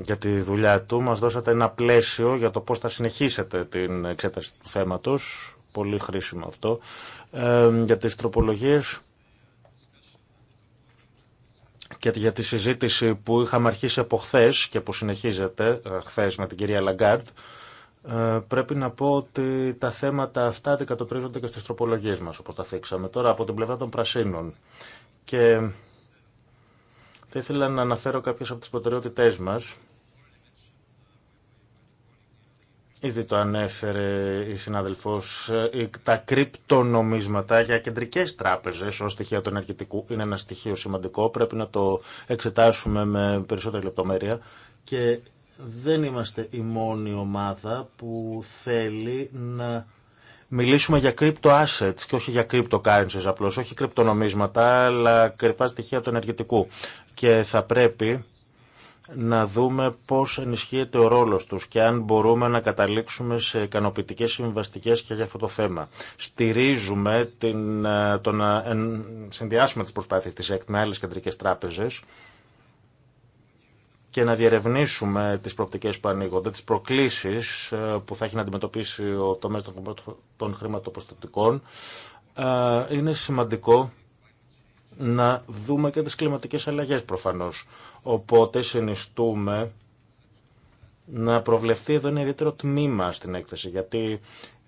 Speaker 3: για τη δουλειά του. Μας δώσατε ένα πλαίσιο για το πώς θα συνεχίσετε την εξέταση του θέματος. Πολύ χρήσιμο αυτό. Ε, για τις τροπολογίες και για τη συζήτηση που είχαμε αρχίσει από χθε και που συνεχίζεται ε, χθε με την κυρία Λαγκάρτ, ε, πρέπει να πω ότι τα θέματα αυτά δικατοπρίζονται και στις τροπολογίες μας, όπως τα θέξαμε Τώρα, από την πλευρά των πρασίνων, και θα ήθελα να αναφέρω κάποιες από τις προτεραιότητές μας. Ήδη το ανέφερε η συνάδελφος, ε, τα κρυπτονομίσματα για κεντρικές τράπεζες ως στοιχεία του ενεργητικού είναι ένα στοιχείο σημαντικό, πρέπει να το εξετάσουμε με περισσότερη λεπτομέρεια και δεν είμαστε η μόνη ομάδα που θέλει να μιλήσουμε για crypto assets και όχι για cryptocurrencies απλώς, όχι κρυπτονομίσματα, αλλά κρυφά στοιχεία του ενεργητικού. Και θα πρέπει να δούμε πώς ενισχύεται ο ρόλος τους και αν μπορούμε να καταλήξουμε σε ικανοποιητικές συμβαστικές και για αυτό το θέμα. Στηρίζουμε την, ε, το να συνδυάσουμε τις προσπάθειες της ΕΚΤ με άλλες κεντρικές τράπεζες και να διερευνήσουμε τις προοπτικέ που ανοίγονται, τι προκλήσεις ε, που θα έχει να αντιμετωπίσει ο τομέας των χρηματοπροστατικών, ε, είναι σημαντικό να δούμε και τις κλιματικές αλλαγές προφανώς. Οπότε συνιστούμε να προβλεφθεί εδώ ένα ιδιαίτερο τμήμα στην έκθεση, γιατί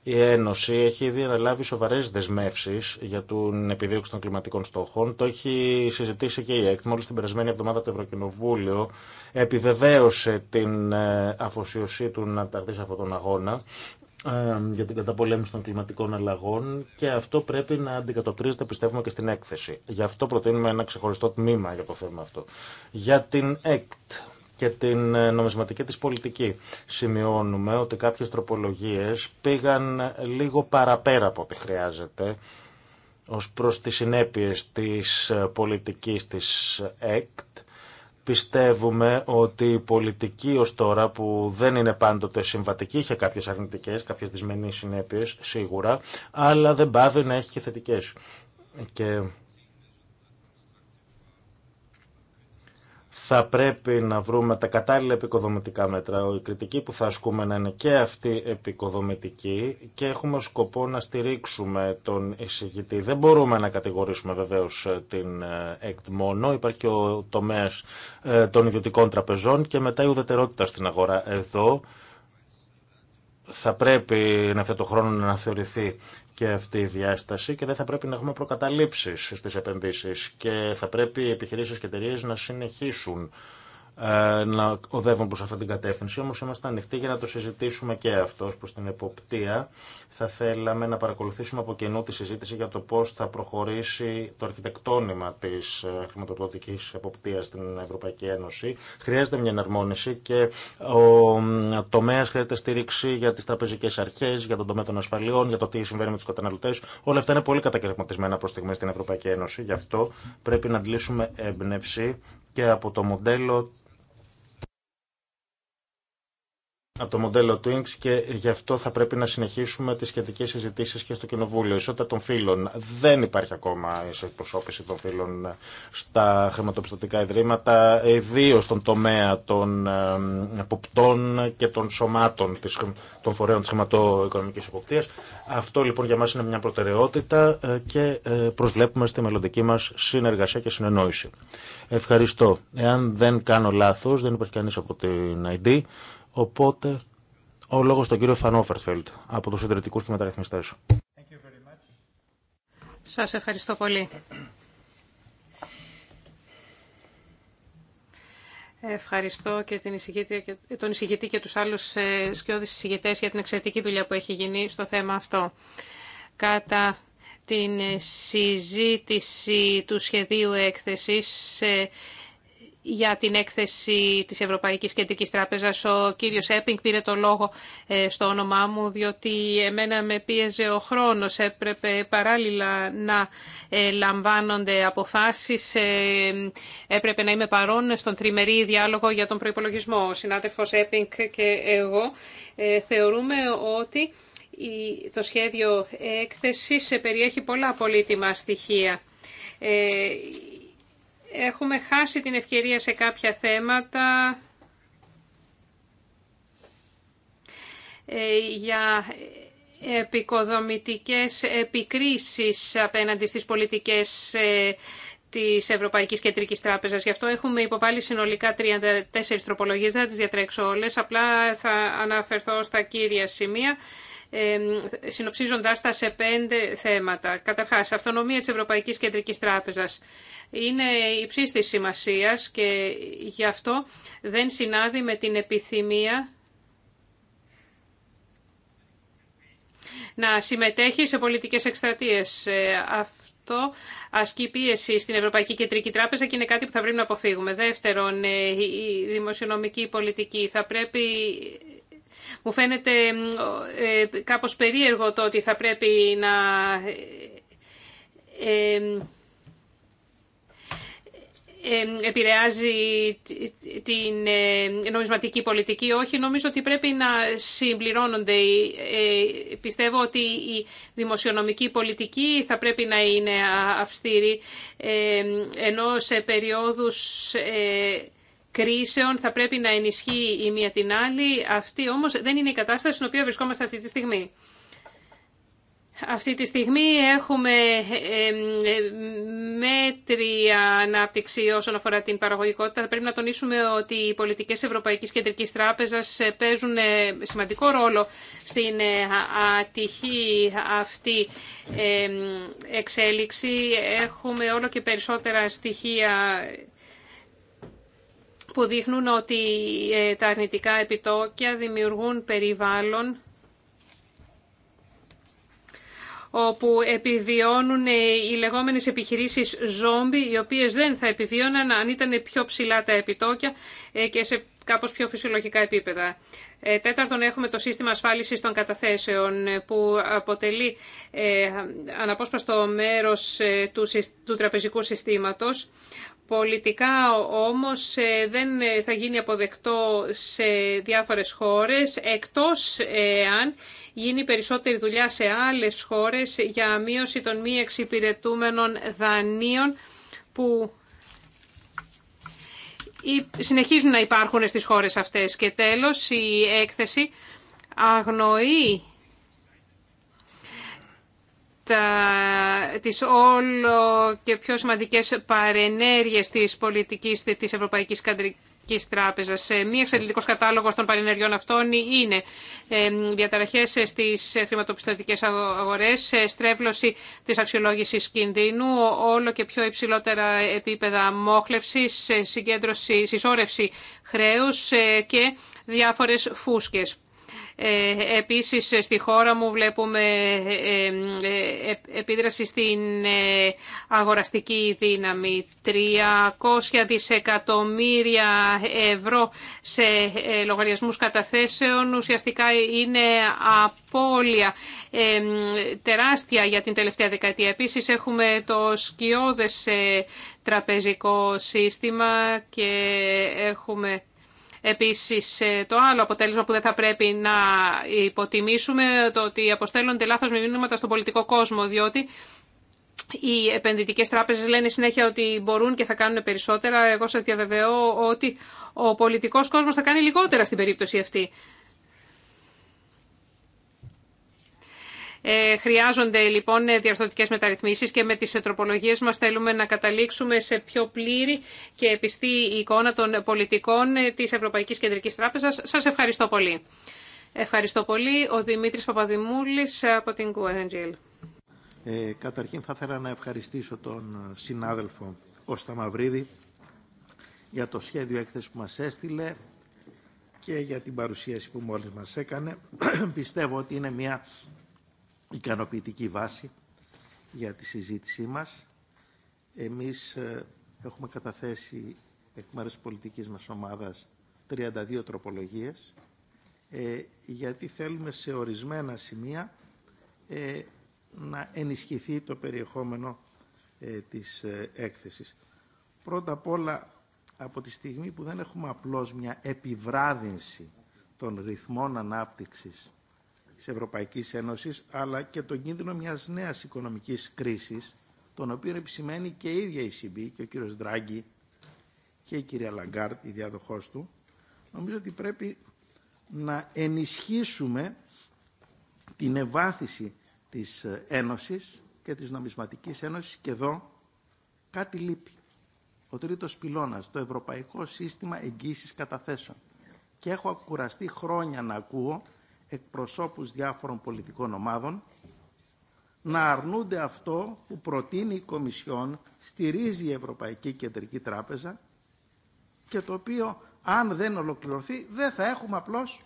Speaker 3: η Ένωση έχει ήδη αναλάβει σοβαρέ δεσμεύσει για την επιδίωξη των κλιματικών στόχων. Το έχει συζητήσει και η ΕΚΤ. Μόλι την περασμένη εβδομάδα το Ευρωκοινοβούλιο επιβεβαίωσε την ε, αφοσίωσή του να ταρθεί σε αυτόν τον αγώνα ε, για την καταπολέμηση των κλιματικών αλλαγών και αυτό πρέπει να αντικατοπτρίζεται πιστεύουμε και στην έκθεση. Γι' αυτό προτείνουμε ένα ξεχωριστό τμήμα για το θέμα αυτό. Για την ΕΚΤ και την ε, νομισματική της πολιτική. Σημειώνουμε ότι κάποιες τροπολογίες πήγαν ε, λίγο παραπέρα από ό,τι χρειάζεται ως προς τις συνέπειες της ε, πολιτικής της ΕΚΤ. Πιστεύουμε ότι η πολιτική ως τώρα που δεν είναι πάντοτε συμβατική, είχε κάποιες αρνητικές, κάποιες δυσμενείς συνέπειες σίγουρα, αλλά δεν πάβει να έχει και θετικές. Και θα πρέπει να βρούμε τα κατάλληλα επικοδομητικά μέτρα. Η κριτική που θα ασκούμε να είναι και αυτή επικοδομητική και έχουμε σκοπό να στηρίξουμε τον εισηγητή. Δεν μπορούμε να κατηγορήσουμε βεβαίως ε, την ε, ΕΚΤ μόνο. Υπάρχει και ο τομέα ε, των ιδιωτικών τραπεζών και μετά η ουδετερότητα στην αγορά εδώ θα πρέπει να αυτό το χρόνο να θεωρηθεί και αυτή η διάσταση και δεν θα πρέπει να έχουμε προκαταλήψεις στις επενδύσεις και θα πρέπει οι επιχειρήσεις και εταιρείε να συνεχίσουν ε, να οδεύουν προς αυτή την κατεύθυνση, όμως είμαστε ανοιχτοί για να το συζητήσουμε και αυτός προς την εποπτεία. Θα θέλαμε να παρακολουθήσουμε από κενού τη συζήτηση για το πώς θα προχωρήσει το αρχιτεκτόνημα της ε, χρηματοδοτικής εποπτείας στην Ευρωπαϊκή Ένωση. Χρειάζεται μια εναρμόνιση και ο ε, τομέα χρειάζεται στήριξη για τις τραπεζικές αρχές, για τον τομέα των ασφαλιών, για το τι συμβαίνει με τους καταναλωτές. Όλα αυτά είναι πολύ κατακαιρματισμένα προς στιγμή στην Ευρωπαϊκή Ένωση. Γι' αυτό πρέπει να αντλήσουμε έμπνευση και από το μοντέλο από το μοντέλο Twinks και γι' αυτό θα πρέπει να συνεχίσουμε τις σχετικές συζητήσεις και στο Κοινοβούλιο. Ισότητα των φύλων. Δεν υπάρχει ακόμα η εκπροσώπηση των φύλων στα χρηματοπιστωτικά ιδρύματα, ιδίω στον τομέα των εποπτών και των σωμάτων των φορέων της χρηματοοικονομικής εποπτείας. Αυτό λοιπόν για μας είναι μια προτεραιότητα ε, και ε, προσβλέπουμε στη μελλοντική μας συνεργασία και συνεννόηση. Ευχαριστώ. Εάν δεν κάνω λάθος, δεν υπάρχει κανείς από την ID, Οπότε, ο λόγο στον κύριο Φανόφερφελτ από του συντηρητικού και μεταρρυθμιστέ.
Speaker 2: Σα ευχαριστώ πολύ. Ευχαριστώ και τον εισηγητή και τους άλλους ε, σκιώδεις εισηγητές για την εξαιρετική δουλειά που έχει γίνει στο θέμα αυτό. Κατά την συζήτηση του σχεδίου έκθεσης ε, για την έκθεση της Ευρωπαϊκής Κεντρικής Τράπεζας. Ο κύριος Έπινγκ πήρε το λόγο ε, στο όνομά μου, διότι εμένα με πίεζε ο χρόνος. Έπρεπε παράλληλα να ε, λαμβάνονται αποφάσεις. Ε, έπρεπε να είμαι παρόν στον τριμερή διάλογο για τον προϋπολογισμό. Ο συνάδελφος Έπινγκ και εγώ θεωρούμε ότι το σχέδιο έκθεσης περιέχει πολλά πολύτιμα στοιχεία έχουμε χάσει την ευκαιρία σε κάποια θέματα ε, για επικοδομητικές επικρίσεις απέναντι στις πολιτικές ε, της Ευρωπαϊκής Κεντρικής Τράπεζας. Γι' αυτό έχουμε υποβάλει συνολικά 34 τροπολογίες, δεν θα τις διατρέξω όλες, απλά θα αναφερθώ στα κύρια σημεία συνοψίζοντάς τα σε πέντε θέματα. Καταρχάς, αυτονομία της Ευρωπαϊκής Κεντρικής Τράπεζας είναι υψίστης σημασίας και γι' αυτό δεν συνάδει με την επιθυμία να συμμετέχει σε πολιτικές εκστρατείες. Ε, αυτό ασκεί πίεση στην Ευρωπαϊκή Κεντρική Τράπεζα και είναι κάτι που θα πρέπει να αποφύγουμε. Δεύτερον, ε, η δημοσιονομική πολιτική θα πρέπει μου φαίνεται ε, κάπως περίεργο το ότι θα πρέπει να ε, ε, επηρεάζει την νομισματική πολιτική. Όχι, νομίζω ότι πρέπει να συμπληρώνονται. Πιστεύω ότι η δημοσιονομική πολιτική θα πρέπει να είναι αυστήρη, ενώ σε περιόδους κρίσεων θα πρέπει να ενισχύει η μία την άλλη. Αυτή όμως δεν είναι η κατάσταση στην οποία βρισκόμαστε αυτή τη στιγμή. Αυτή τη στιγμή έχουμε μέτρια ανάπτυξη όσον αφορά την παραγωγικότητα. Θα πρέπει να τονίσουμε ότι οι πολιτικές Ευρωπαϊκής Κεντρικής Τράπεζας παίζουν ε, σημαντικό ρόλο στην ε, ατυχή αυτή εξέλιξη. Έχουμε όλο και περισσότερα στοιχεία που δείχνουν ότι ε, τα αρνητικά επιτόκια δημιουργούν περιβάλλον όπου επιβιώνουν ε, οι λεγόμενες επιχειρήσεις ζόμπι, οι οποίες δεν θα επιβίωναν αν ήταν πιο ψηλά τα επιτόκια ε, και σε κάπως πιο φυσιολογικά επίπεδα. Τέταρτον, έχουμε το σύστημα ασφάλισης των καταθέσεων, που αποτελεί αναπόσπαστο μέρος του τραπεζικού συστήματος, Πολιτικά όμως ε, δεν ε, θα γίνει αποδεκτό σε διάφορες χώρες, εκτός ε, αν γίνει περισσότερη δουλειά σε άλλες χώρες για μείωση των μη εξυπηρετούμενων δανείων που συνεχίζουν να υπάρχουν στις χώρες αυτές. Και τέλος, η έκθεση αγνοεί τα, τις όλο και πιο σημαντικές παρενέργειες της πολιτικής της Ευρωπαϊκής Κεντρικής Τράπεζας. Ε, Μία εξαιρετικός κατάλογος των παρενεργειών αυτών είναι ε, διαταραχές στις χρηματοπιστωτικές αγορές, ε, στρέβλωση της αξιολόγησης κινδύνου, όλο και πιο υψηλότερα επίπεδα μόχλευσης, συγκέντρωση, συσσόρευση χρέους και διάφορες φούσκες. Ε, επίσης, ε, στη χώρα μου βλέπουμε ε, επίδραση στην αγοραστική δύναμη. 300 δισεκατομμύρια ευρώ σε λογαριασμούς καταθέσεων ουσιαστικά είναι απώλεια τεράστια για την τελευταία δεκαετία. Επίσης, έχουμε το σκιώδες τραπεζικό σύστημα και έχουμε Επίσης, ε, το άλλο αποτέλεσμα που δεν θα πρέπει να υποτιμήσουμε το ότι αποστέλλονται λάθος μηνύματα στον πολιτικό κόσμο, διότι οι επενδυτικές τράπεζες λένε συνέχεια ότι μπορούν και θα κάνουν περισσότερα. Εγώ σας διαβεβαιώ ότι ο πολιτικός κόσμος θα κάνει λιγότερα στην περίπτωση αυτή. Ε, χρειάζονται λοιπόν διαρθρωτικές μεταρρυθμίσεις και με τις τροπολογίες μας θέλουμε να καταλήξουμε σε πιο πλήρη και επιστή εικόνα των πολιτικών της Ευρωπαϊκής Κεντρικής Τράπεζας. Σας ευχαριστώ πολύ. Ευχαριστώ πολύ. Ο Δημήτρης Παπαδημούλης από την QNGL.
Speaker 5: Ε, καταρχήν θα ήθελα να ευχαριστήσω τον συνάδελφο Κώστα Μαυρίδη για το σχέδιο έκθεση που μας έστειλε και για την παρουσίαση που μόλις μας έκανε. [CLEARS THROAT] Πιστεύω ότι είναι μια ικανοποιητική βάση για τη συζήτησή μας. Εμείς ε, έχουμε καταθέσει εκ μέρους της πολιτικής μας ομάδας 32 τροπολογίες ε, γιατί θέλουμε σε ορισμένα σημεία ε, να ενισχυθεί το περιεχόμενο της έκθεσης. Πρώτα απ' όλα, από τη στιγμή που δεν έχουμε απλώς μια επιβράδυνση των ρυθμών ανάπτυξης της Ευρωπαϊκής Ένωσης αλλά και τον κίνδυνο μιας νέας οικονομικής κρίσης τον οποίο επισημαίνει και η ίδια η ΣΥΜΠΗ και ο κύριος Ντράγκη και η κυρία Λαγκάρτ, η διαδοχός του, νομίζω ότι πρέπει να ενισχύσουμε την ευάθυση της Ένωσης και της Νομισματικής Ένωσης και εδώ κάτι λείπει. Ο τρίτος πυλώνας, το Ευρωπαϊκό Σύστημα Εγγύησης Καταθέσεων. Και έχω ακουραστεί χρόνια να ακούω εκπροσώπους διάφορων πολιτικών ομάδων να αρνούνται αυτό που προτείνει η Κομισιόν, στηρίζει η Ευρωπαϊκή Κεντρική Τράπεζα και το οποίο αν δεν ολοκληρωθεί δεν θα έχουμε απλώς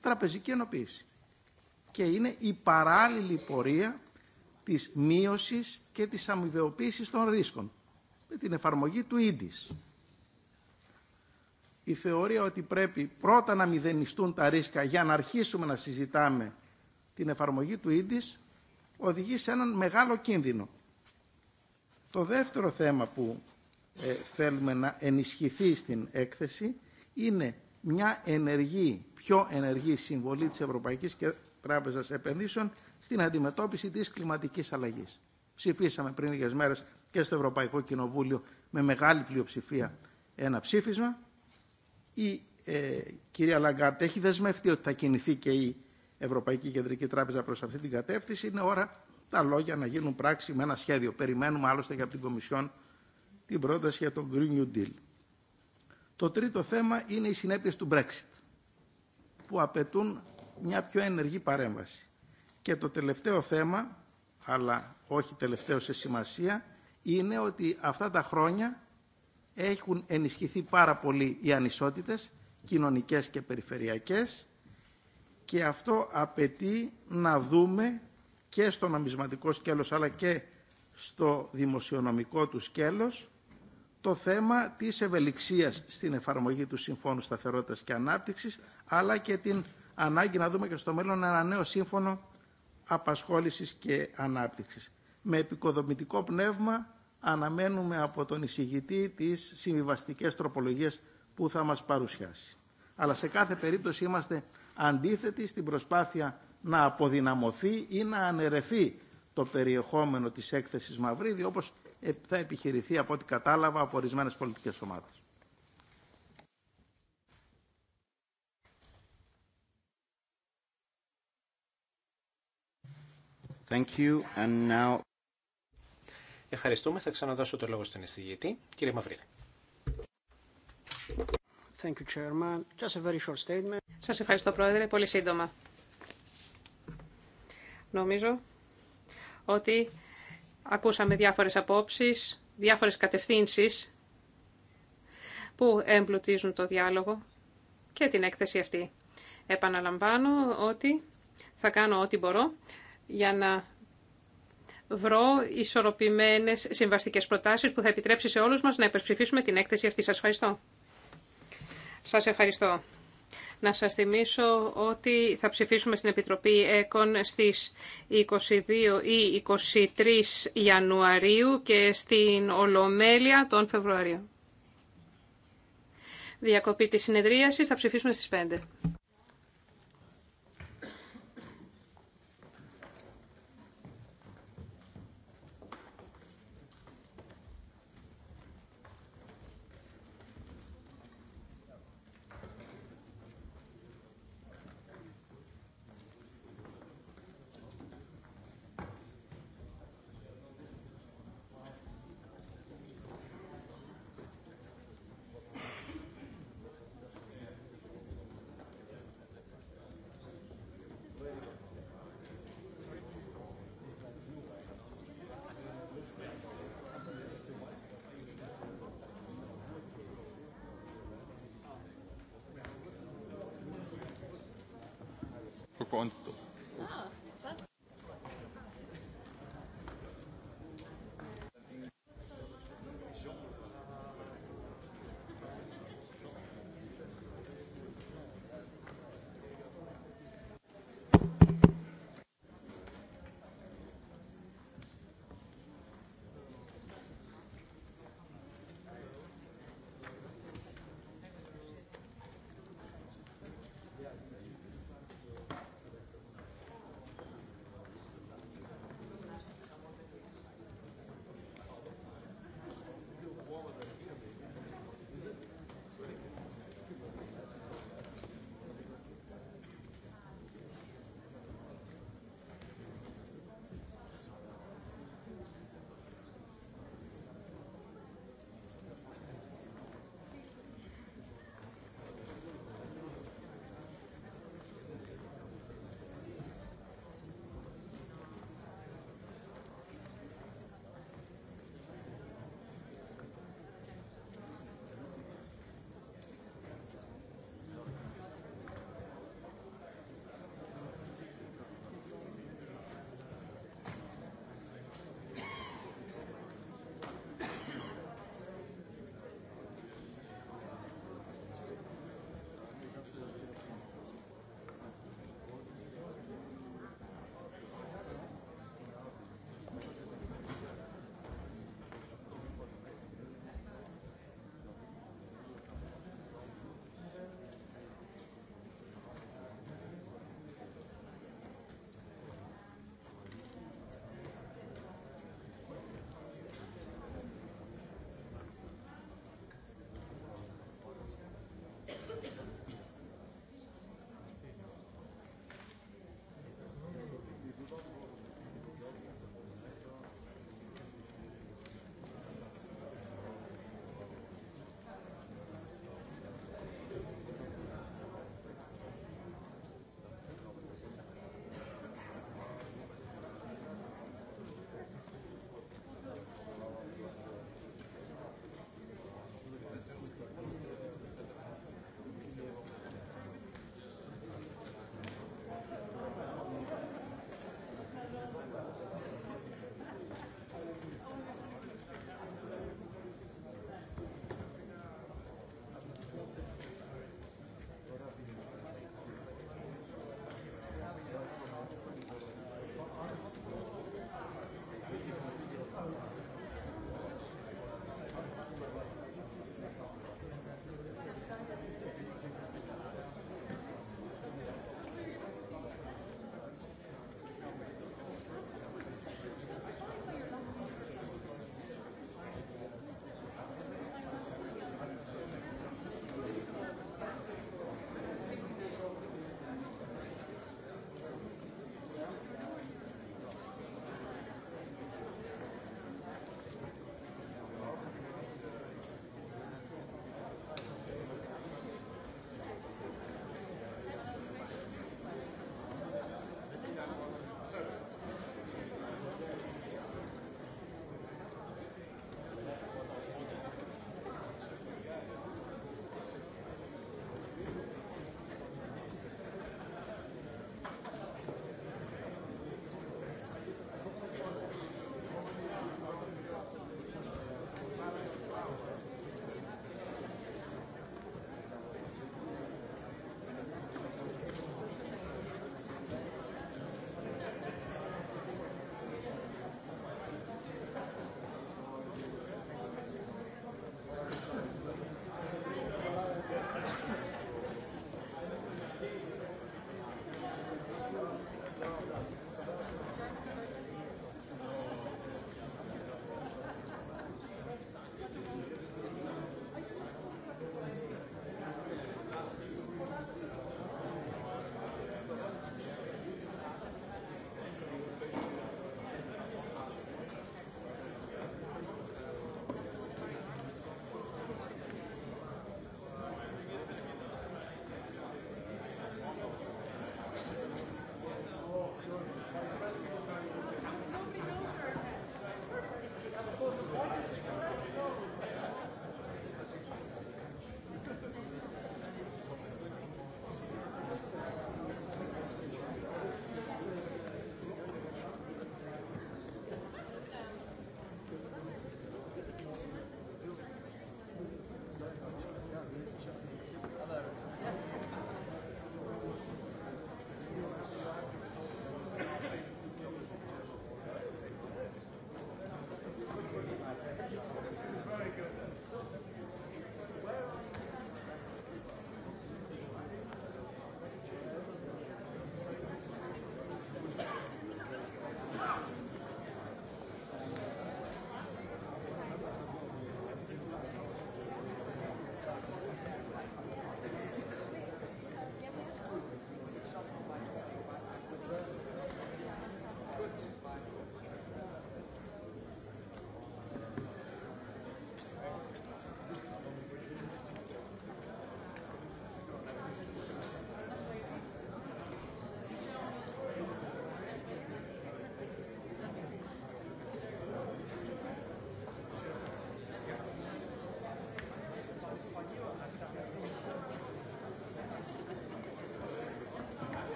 Speaker 5: τραπεζική ενοποίηση. Και είναι η παράλληλη πορεία της μείωσης και της αμοιβεοποίησης των ρίσκων με την εφαρμογή του ίντις η θεωρία ότι πρέπει πρώτα να μηδενιστούν τα ρίσκα για να αρχίσουμε να συζητάμε την εφαρμογή του ίντις οδηγεί σε έναν μεγάλο κίνδυνο. Το δεύτερο θέμα που ε, θέλουμε να ενισχυθεί στην έκθεση είναι μια ενεργή, πιο ενεργή συμβολή της Ευρωπαϊκής Τράπεζας Επενδύσεων στην αντιμετώπιση της κλιματικής αλλαγής. Ψηφίσαμε πριν λίγες μέρες και στο Ευρωπαϊκό Κοινοβούλιο με μεγάλη πλειοψηφία ένα ψήφισμα η ε, κυρία Λαγκάρτ έχει δεσμευτεί ότι θα κινηθεί και η Ευρωπαϊκή Κεντρική Τράπεζα προς αυτή την κατεύθυνση. Είναι ώρα τα λόγια να γίνουν πράξη με ένα σχέδιο. Περιμένουμε άλλωστε και από την Κομισιόν την πρόταση για τον Green New Deal. Το τρίτο θέμα είναι οι συνέπειες του Brexit που απαιτούν μια πιο ενεργή παρέμβαση. Και το τελευταίο θέμα, αλλά όχι τελευταίο σε σημασία, είναι ότι αυτά τα χρόνια έχουν ενισχυθεί πάρα πολύ οι ανισότητες, κοινωνικές και περιφερειακές, και αυτό απαιτεί να δούμε και στο νομισματικό σκέλος αλλά και στο δημοσιονομικό του σκέλος το θέμα της ευελιξίας στην εφαρμογή του Συμφώνου Σταθερότητας και Ανάπτυξης αλλά και την ανάγκη να δούμε και στο μέλλον ένα νέο σύμφωνο απασχόλησης και ανάπτυξης. Με επικοδομητικό πνεύμα αναμένουμε από τον εισηγητή τις συμβιβαστικές τροπολογίες που θα μας παρουσιάσει. Αλλά σε κάθε περίπτωση είμαστε αντίθετοι στην προσπάθεια να αποδυναμωθεί ή να αναιρεθεί το περιεχόμενο της έκθεσης Μαυρίδη, όπως ε, θα επιχειρηθεί από ό,τι κατάλαβα από ορισμένε πολιτικές ομάδες.
Speaker 4: Thank Ευχαριστούμε. Θα ξαναδώσω το λόγο στον εισηγητή. Κύριε Μαυρίδη.
Speaker 2: Thank Σας ευχαριστώ, Πρόεδρε. Πολύ σύντομα. Νομίζω ότι ακούσαμε διάφορες απόψεις, διάφορες κατευθύνσεις που εμπλουτίζουν το διάλογο και την έκθεση αυτή. Επαναλαμβάνω ότι θα κάνω ό,τι μπορώ για να βρω ισορροπημένες συμβαστικέ προτάσεις που θα επιτρέψει σε όλους μας να υπερψηφίσουμε την έκθεση αυτή. Σα ευχαριστώ. Σας ευχαριστώ. Να σας θυμίσω ότι θα ψηφίσουμε στην Επιτροπή ΕΚΟΝ στις 22 ή 23 Ιανουαρίου και στην Ολομέλεια τον Φεβρουαρίο. Διακοπή της συνεδρίασης θα ψηφίσουμε στις 5.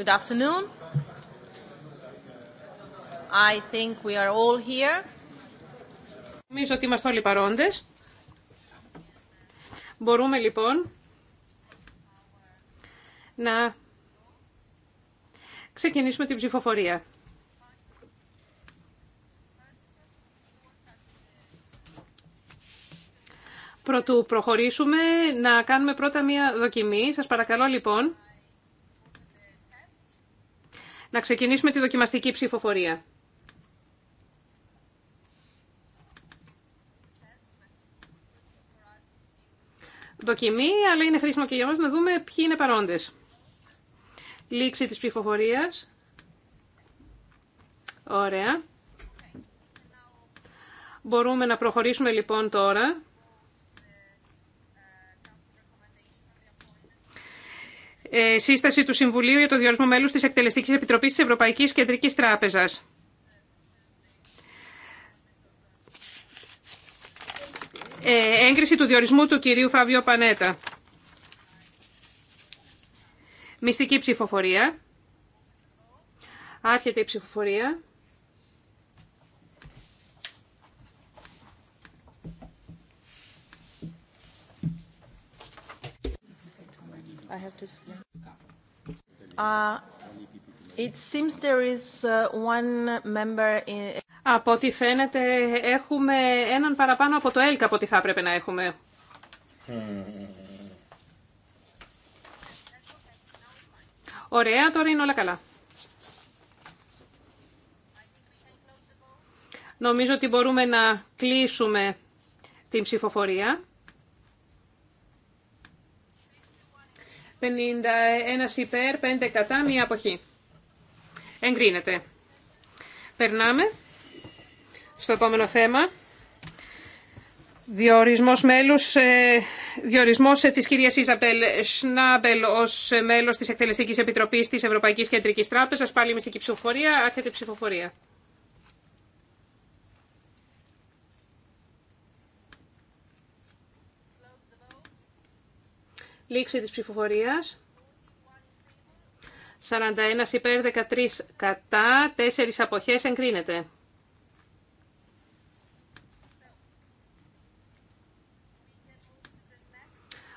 Speaker 2: Good afternoon. I think we are all here. Νομίζω ότι είμαστε όλοι παρόντες. Μπορούμε λοιπόν να ξεκινήσουμε την ψηφοφορία. Πρωτού προχωρήσουμε, να κάνουμε πρώτα μία δοκιμή. Σας παρακαλώ λοιπόν ξεκινήσουμε τη δοκιμαστική ψηφοφορία. Δοκιμή, αλλά είναι χρήσιμο και για μας να δούμε ποιοι είναι παρόντες. Λήξη της ψηφοφορίας. Ωραία. Μπορούμε να προχωρήσουμε λοιπόν τώρα Ε, σύσταση του Συμβουλίου για το διορισμό μέλους της Εκτελεστικής Επιτροπής της Ευρωπαϊκής Κεντρικής Τράπεζας. Ε, έγκριση του διορισμού του κυρίου Φάβιο Πανέτα. Μυστική ψηφοφορία. Άρχεται η ψηφοφορία. I uh, it uh, one Από ό,τι φαίνεται έχουμε έναν παραπάνω από το ΕΛΚ από ό,τι θα έπρεπε να έχουμε. Ωραία, τώρα είναι όλα καλά. Νομίζω ότι μπορούμε να κλείσουμε την ψηφοφορία. 51 υπέρ, 5 κατά, μία αποχή. Εγκρίνεται. Περνάμε στο επόμενο θέμα. Διορισμός μέλους, ε, διορισμός ε, της κυρίας Ιζαμπέλ Σνάμπελ ως μέλος της Εκτελεστικής Επιτροπής της Ευρωπαϊκής Κεντρικής Τράπεζας. Πάλι μυστική ψηφοφορία, άρχεται ψηφοφορία. Λήξη της ψηφοφορίας. 41 υπέρ 13 κατά, 4 αποχές εγκρίνεται.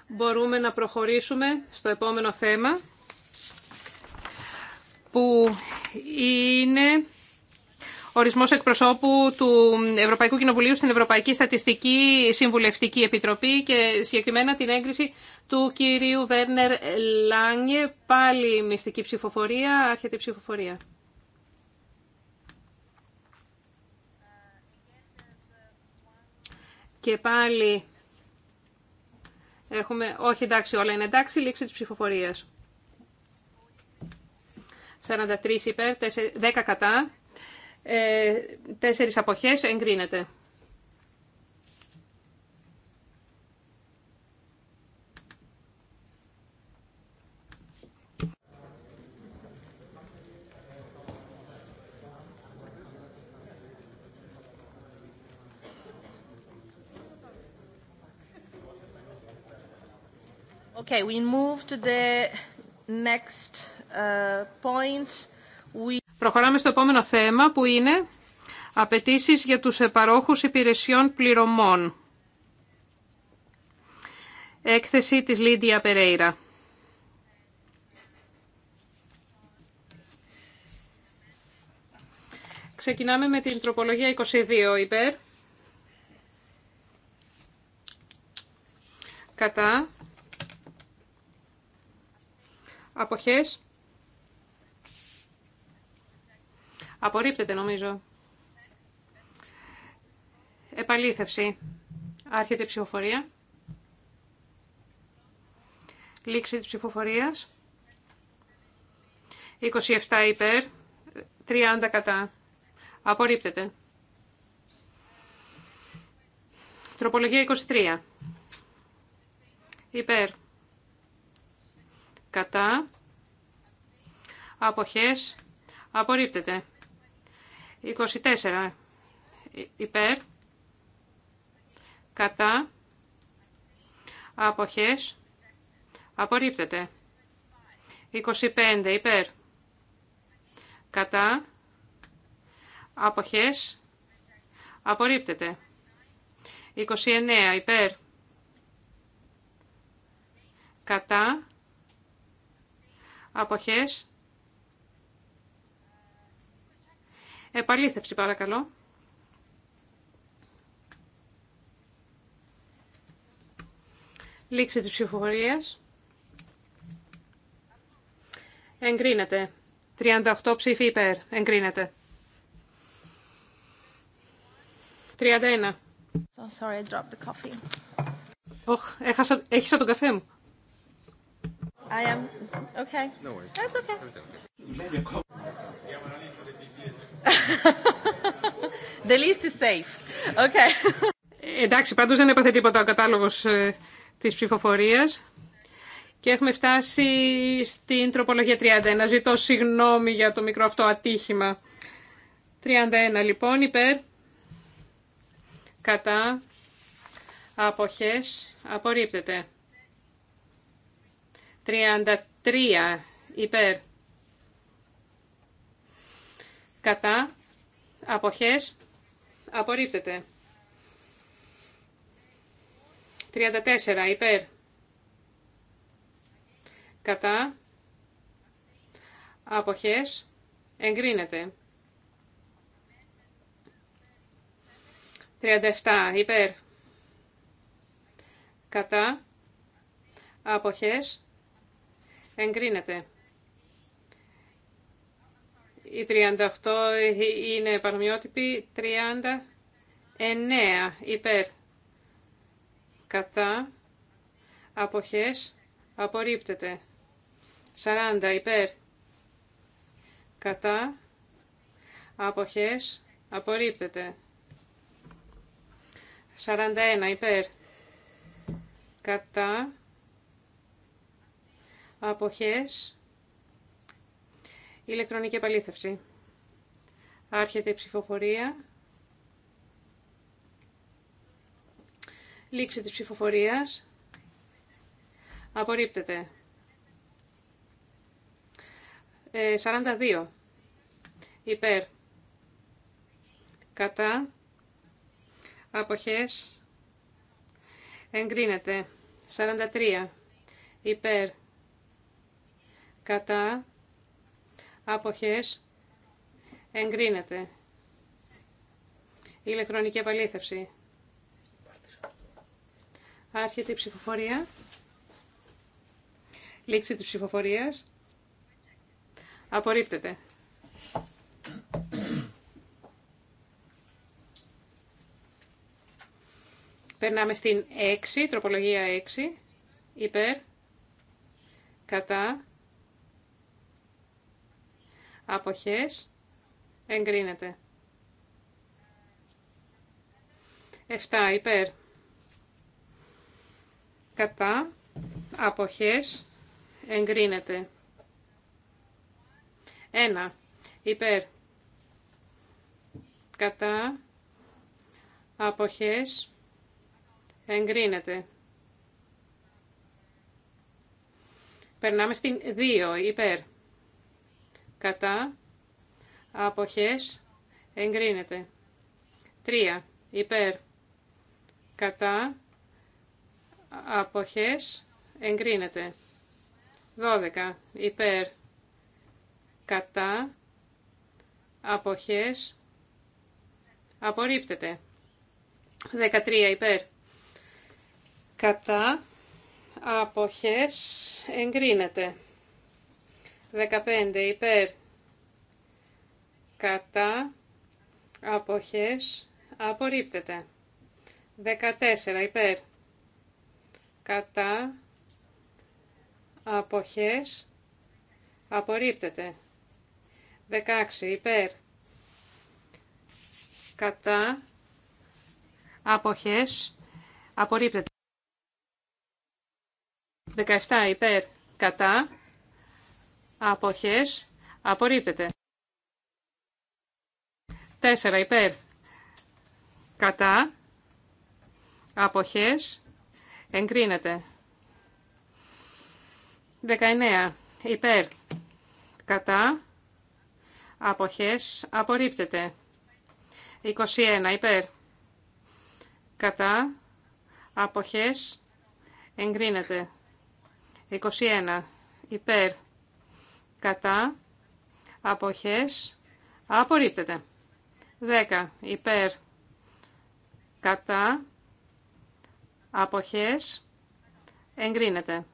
Speaker 2: Μπορούμε να προχωρήσουμε στο επόμενο θέμα που είναι ορισμός εκπροσώπου του Ευρωπαϊκού Κοινοβουλίου στην Ευρωπαϊκή Στατιστική Συμβουλευτική Επιτροπή και συγκεκριμένα την έγκριση του κυρίου Βέρνερ Λάνιε. Πάλι μυστική ψηφοφορία, άρχεται η ψηφοφορία. Και πάλι έχουμε... Όχι, εντάξει, όλα είναι εντάξει. Λήξη της ψηφοφορίας. 43 υπέρ, 10 κατά ε, τέσσερις αποχές εγκρίνεται. Okay, we move to the next uh, point. We... Προχωράμε στο επόμενο θέμα που είναι απαιτήσει για τους παρόχους υπηρεσιών πληρωμών. Έκθεση της Λίδια Περέιρα. Ξεκινάμε με την τροπολογία 22 υπέρ. Κατά. Αποχές. Απορρίπτεται νομίζω. Επαλήθευση. Άρχεται η ψηφοφορία. Λήξη της ψηφοφορίας. 27 υπέρ, 30 κατά. Απορρίπτεται. Τροπολογία 23. Υπέρ. Κατά. Αποχές. Απορρίπτεται. 24 ε, υπέρ, κατά, αποχές, απορρίπτεται. 25 υπέρ, κατά, αποχές, απορρίπτεται. 29 υπέρ, κατά, αποχές, Επαλήθευση παρακαλώ. Λήξη της ψηφοφορίας. Εγκρίνεται. 38 ψήφι υπέρ. Εγκρίνεται. 31. So sorry, I dropped the coffee. έχασα, έχισα τον καφέ μου. I am
Speaker 1: okay. No worries. That's okay.
Speaker 2: The list is safe. Okay. Εντάξει, πάντως δεν έπαθε τίποτα ο κατάλογος ε, της ψηφοφορίας. Και έχουμε φτάσει στην τροπολογία 31. ζητώ συγγνώμη για το μικρό αυτό ατύχημα. 31 λοιπόν, υπέρ, κατά, αποχές, απορρίπτεται. 33 υπέρ, κατά, αποχές, απορρίπτεται. 34 υπέρ, κατά, αποχές, εγκρίνεται. 37 υπέρ, κατά, αποχές, εγκρίνεται. Οι 38 είναι παρομοιότυποι. 39 υπέρ. Κατά. Αποχές. Απορρίπτεται. 40 υπέρ. Κατά. Αποχές. Απορρίπτεται. 41 υπέρ. Κατά. Αποχές. Ηλεκτρονική επαλήθευση. Άρχεται η ψηφοφορία. Λήξη της ψηφοφορίας. Απορρίπτεται. 42. Ε, Υπέρ. Κατά. Αποχές. Εγκρίνεται. 43. Υπέρ. Κατά αποχές εγκρίνεται. Η ηλεκτρονική επαλήθευση. Άρχεται η ψηφοφορία. Λήξη της ψηφοφορίας. Απορρίπτεται. Περνάμε στην 6, τροπολογία 6, υπέρ, κατά, αποχές, εγκρίνεται. 7 υπέρ, κατά, αποχές, εγκρίνεται. 1 υπέρ, κατά, αποχές, εγκρίνεται. Περνάμε στην 2 υπέρ κατά, αποχές, εγκρίνεται. 3. Υπέρ, κατά, αποχές, εγκρίνεται. 12. Υπέρ, κατά, αποχές, απορρίπτεται. 13. Υπέρ, κατά, αποχές, εγκρίνεται. 15 υπέρ κατά αποχές απορρίπτεται. 14 υπέρ κατά αποχές απορρίπτεται. 16 υπέρ κατά αποχές απορρίπτεται. 17 υπέρ κατά Αποχές. Απορρίπτεται. 4 υπέρ. Κατά. Αποχές. Εγκρίνεται. 19 υπέρ. Κατά. Αποχές. Απορρίπτεται. 21 υπέρ. Κατά. Αποχές. Εγκρίνεται. 21 υπέρ κατά, αποχές, απορρίπτεται. 10 υπέρ, κατά, αποχές, εγκρίνεται.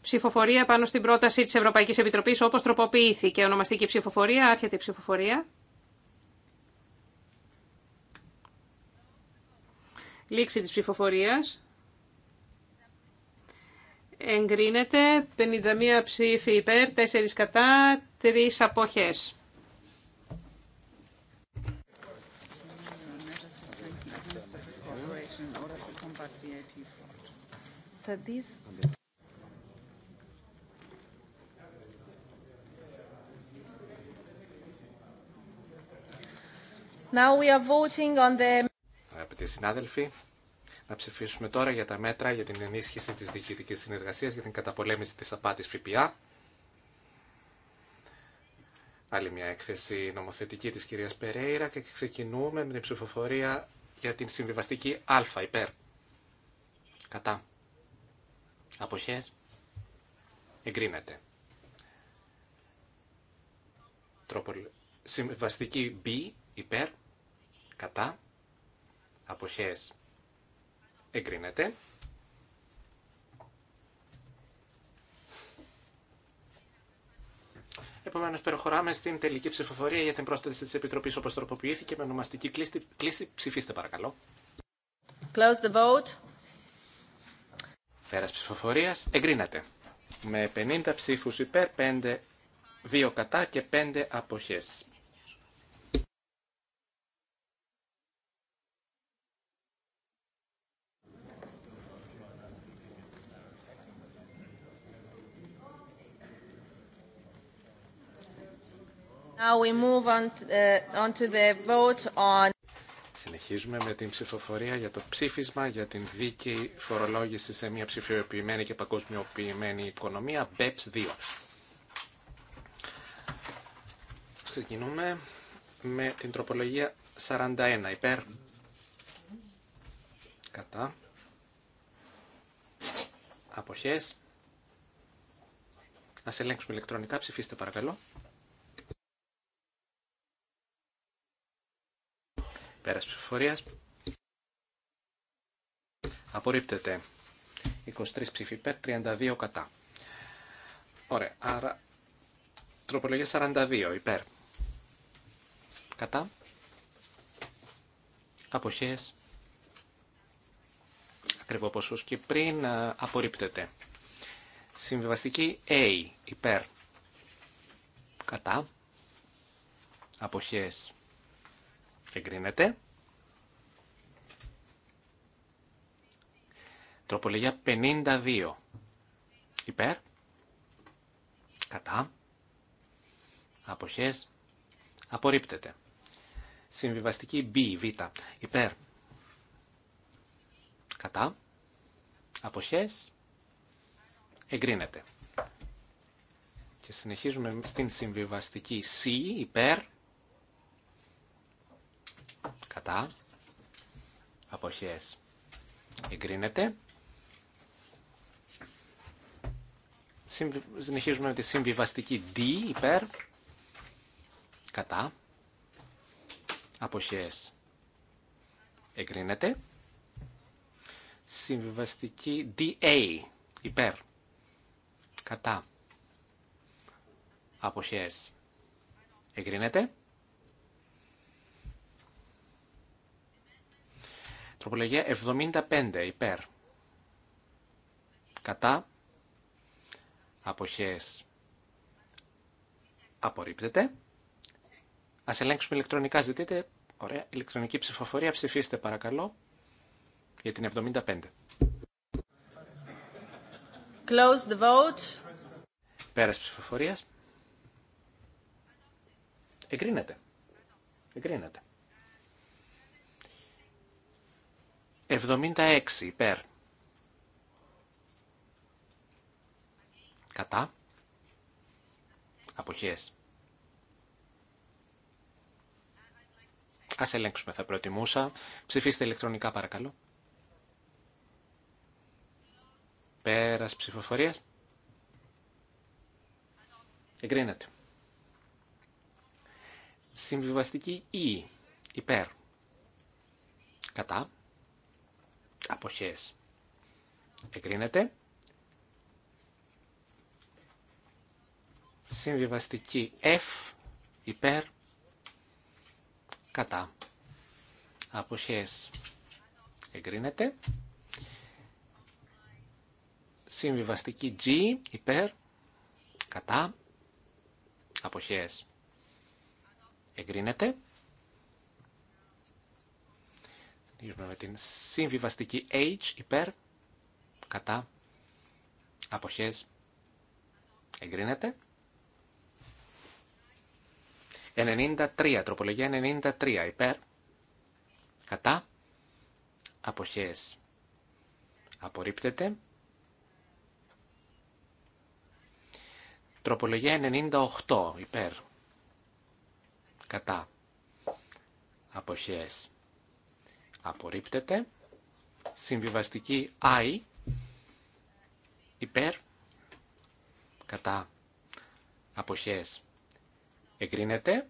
Speaker 2: Ψηφοφορία πάνω στην πρόταση της Ευρωπαϊκής Επιτροπής όπως τροποποιήθηκε. Ονομαστική ψηφοφορία, άρχεται η ψηφοφορία. Λήξη της ψηφοφορίας εγκρίνεται 51 ψήφοι υπέρ, 4 κατά, 3 αποχές. Now we are voting on the...
Speaker 4: Αγαπητοί συνάδελφοι, να ψηφίσουμε τώρα για τα μέτρα για την ενίσχυση της διοικητικής συνεργασίας για την καταπολέμηση της απάτης ΦΠΑ. Άλλη μια έκθεση νομοθετική της κυρίας Περέιρα και ξεκινούμε με την ψηφοφορία για την συμβιβαστική Α υπέρ. Κατά. Αποχές. Εγκρίνεται. Συμβιβαστική Β υπέρ. Κατά. Αποχές Εγκρίνεται. Επομένω, προχωράμε στην τελική ψηφοφορία για την πρόσθεση τη Επιτροπή όπω τροποποιήθηκε με ονομαστική κλίση. κλίση. Ψηφίστε, παρακαλώ. Close the vote. Πέρα ψηφοφορία. Εγκρίνεται. Με 50 ψήφου υπέρ, 5 2 κατά και 5 αποχές. Συνεχίζουμε με την ψηφοφορία για το ψήφισμα για την δίκαιη φορολόγηση σε μια ψηφιοποιημένη και παγκοσμιοποιημένη οικονομία, BEPS 2. Ξεκινούμε με την τροπολογία 41 υπέρ κατά αποχές. Ας ελέγξουμε ηλεκτρονικά, ψηφίστε παρακαλώ. Πέρας ψηφοφορίας. Απορρίπτεται. 23 ψήφοι υπέρ, 32 κατά. Ωραία, άρα τροπολογία 42 υπέρ. Κατά. Αποχές. Ακριβό ποσός και πριν απορρίπτεται. Συμβιβαστική A υπέρ. Κατά. Αποχές Εγκρίνεται. Τροπολογία 52. Υπέρ. Κατά. Αποχές. Απορρίπτεται. Συμβιβαστική B, Β. Υπέρ. Κατά. Αποχές. Εγκρίνεται. Και συνεχίζουμε στην συμβιβαστική C, υπέρ. Κατά. Αποχές. Εγκρίνεται. Συνεχίζουμε με τη συμβιβαστική D υπέρ. Κατά. Αποχές. Εγκρίνεται. Συμβιβαστική DA υπέρ. Κατά. Αποχές. Εγκρίνεται. Τροπολογία 75 υπέρ. Κατά. Αποχές. Απορρίπτεται. Ας ελέγξουμε ηλεκτρονικά. Ζητείτε. Ωραία. Ηλεκτρονική ψηφοφορία. Ψηφίστε παρακαλώ. Για την 75. Close the vote. Πέρας ψηφοφορίας. Εγκρίνεται. Εγκρίνεται. 76 υπέρ. Κατά. Αποχές. Ας ελέγξουμε θα προτιμούσα. Ψηφίστε ηλεκτρονικά παρακαλώ. Πέρας ψηφοφορίας. Εγκρίνεται. Συμβιβαστική Ι. E, υπέρ. Κατά αποχές εγκρίνεται. Συμβιβαστική F υπέρ κατά αποχές εγκρίνεται. Συμβιβαστική G υπέρ κατά αποχές εγκρίνεται. δείχνουμε με την συμβιβαστική H υπέρ κατά αποχές εγκρίνεται. 93, τροπολογία 93 υπέρ κατά αποχές απορρίπτεται. Τροπολογία 98 υπέρ κατά αποχές απορρίπτεται. Συμβιβαστική I υπέρ κατά αποχές εγκρίνεται.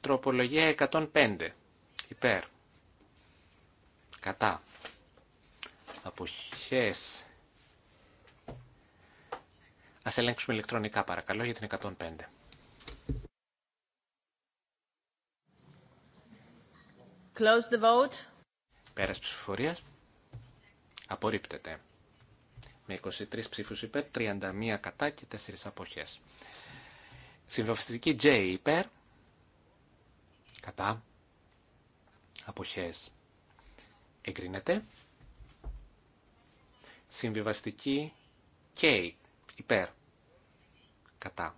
Speaker 4: Τροπολογία 105 υπέρ κατά αποχές Ας ελέγξουμε ηλεκτρονικά παρακαλώ για την 105.
Speaker 1: Close the vote.
Speaker 4: Πέρας ψηφοφορίας. Απορρίπτεται. Με 23 ψήφους υπέρ, 31 κατά και 4 αποχές. Συμβαστική J υπέρ. Κατά. Αποχές. Εγκρίνεται. Συμβιβαστική K υπέρ. Κατά.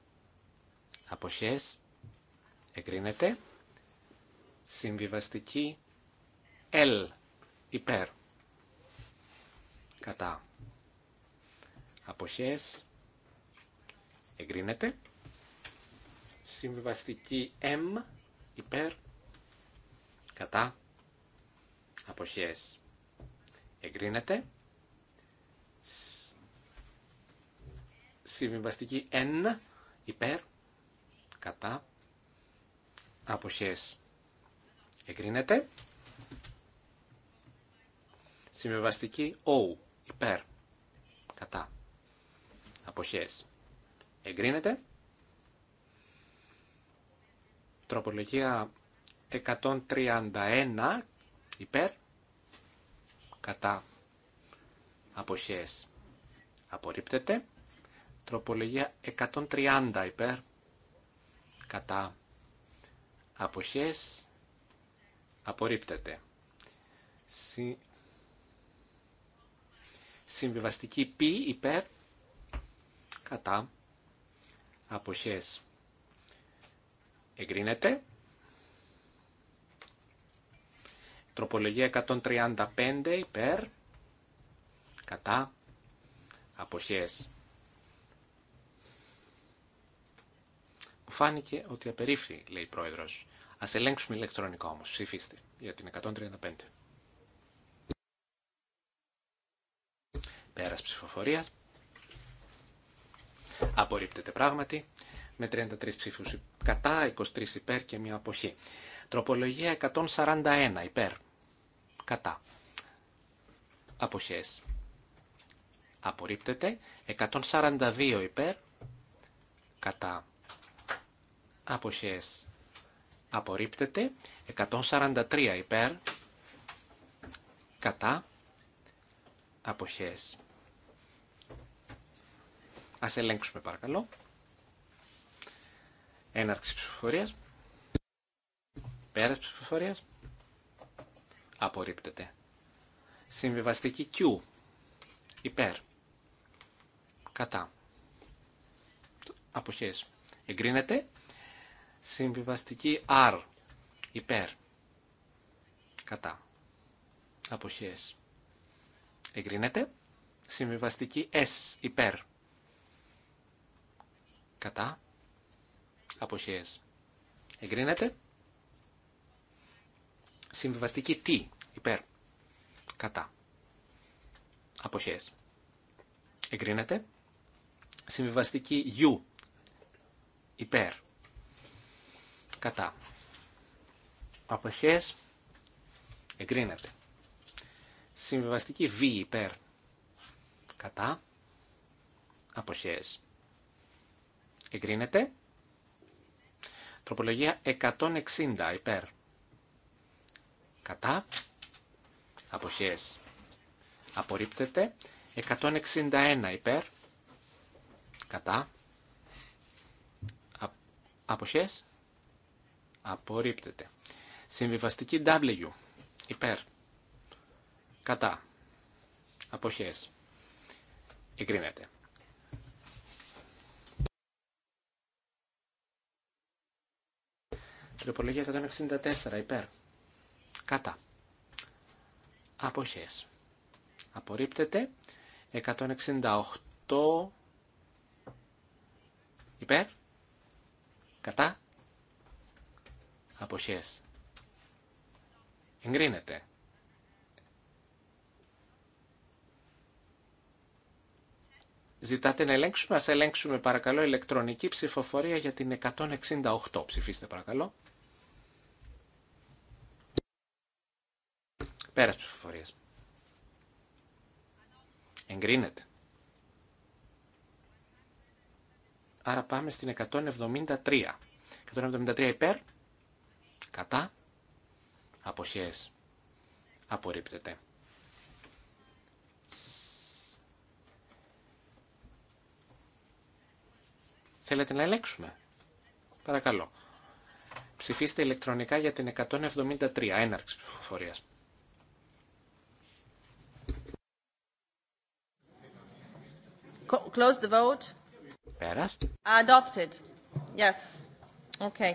Speaker 4: Αποχές. Εγκρίνεται. Συμβιβαστική L υπέρ. Κατά. Αποχές. Εγκρίνεται. Συμβιβαστική M υπέρ. Κατά. Αποχές. Εγκρίνεται. Συμβιβαστική N υπέρ. Κατά. Αποχές Εγκρίνεται. Συμβεβαστική O. Υπέρ. Κατά. Αποχές. Εγκρίνεται. Τροπολογία 131. Υπέρ. Κατά. Αποχές. Απορρίπτεται. Τροπολογία 130. Υπέρ. Κατά. Αποχές απορρίπτεται. Συμβιβαστική πι υπέρ κατά αποχές εγκρίνεται. Τροπολογία 135 υπέρ κατά αποχές. φάνηκε ότι απερίφθη, λέει η πρόεδρος. Ας ελέγξουμε ηλεκτρονικά όμως. Ψηφίστε για την 135. Πέρας ψηφοφορίας. Απορρίπτεται πράγματι με 33 ψήφους κατά, 23 υπέρ και μια αποχή. Τροπολογία 141 υπέρ, κατά. Αποχές. Απορρίπτεται. 142 υπέρ, κατά. Αποχές απορρίπτεται 143 υπέρ κατά αποχές. Ας ελέγξουμε παρακαλώ. Έναρξη ψηφοφορίας. Πέρας ψηφοφορίας. Απορρίπτεται. Συμβιβαστική Q. Υπέρ. Κατά. Αποχές. Εγκρίνεται. Συμβιβαστική R. Υπέρ. Κατά. Αποχές. Εγκρίνεται. Συμβιβαστική S. Υπέρ. Κατά. Αποχές. Εγκρίνεται. Συμβιβαστική T. Υπέρ. Κατά. Αποχές. Εγκρίνεται. Συμβιβαστική U. Υπέρ κατά. Αποχές εγκρίνεται. Συμβιβαστική β υπέρ κατά. Αποχές εγκρίνεται. Τροπολογία 160 υπέρ κατά. Αποχές απορρίπτεται. 161 υπέρ κατά. Αποχές απορρίπτεται. Συμβιβαστική W, υπέρ, κατά, αποχές, εγκρίνεται. Τροπολογία 164, υπέρ, κατά, αποχές, απορρίπτεται. 168, υπέρ, κατά, αποχές. Εγκρίνεται. Ζητάτε να ελέγξουμε, ας ελέγξουμε παρακαλώ ηλεκτρονική ψηφοφορία για την 168. Ψηφίστε παρακαλώ. Πέρας ψηφοφορίας. Εγκρίνεται. Άρα πάμε στην 173. 173 υπέρ, Κατά. Αποχές. Απορρίπτεται. Θέλετε να ελέγξουμε. Παρακαλώ. Ψηφίστε ηλεκτρονικά για την 173, έναρξη ψηφοφορίας.
Speaker 1: Close the vote. Πέρας. Adopted. Yes. Okay.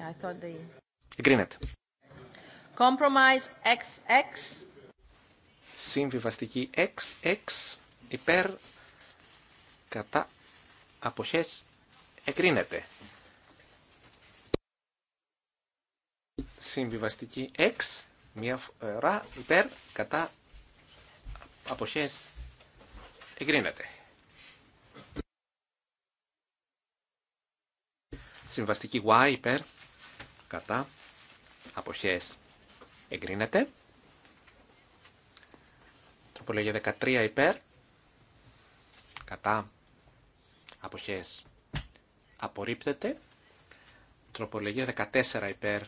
Speaker 1: Yeah, I they...
Speaker 4: Εγκρίνεται.
Speaker 2: Compromise XX.
Speaker 4: Συμβιβαστική XX υπέρ κατά αποχές εγκρίνεται. Συμβιβαστική X μία φορά ε, υπέρ κατά αποχές εγκρίνεται. Συμβαστική Y υπέρ κατά αποχές εγκρίνεται. Τροπολογία 13 υπέρ κατά αποχές απορρίπτεται. Τροπολογία 14 υπέρ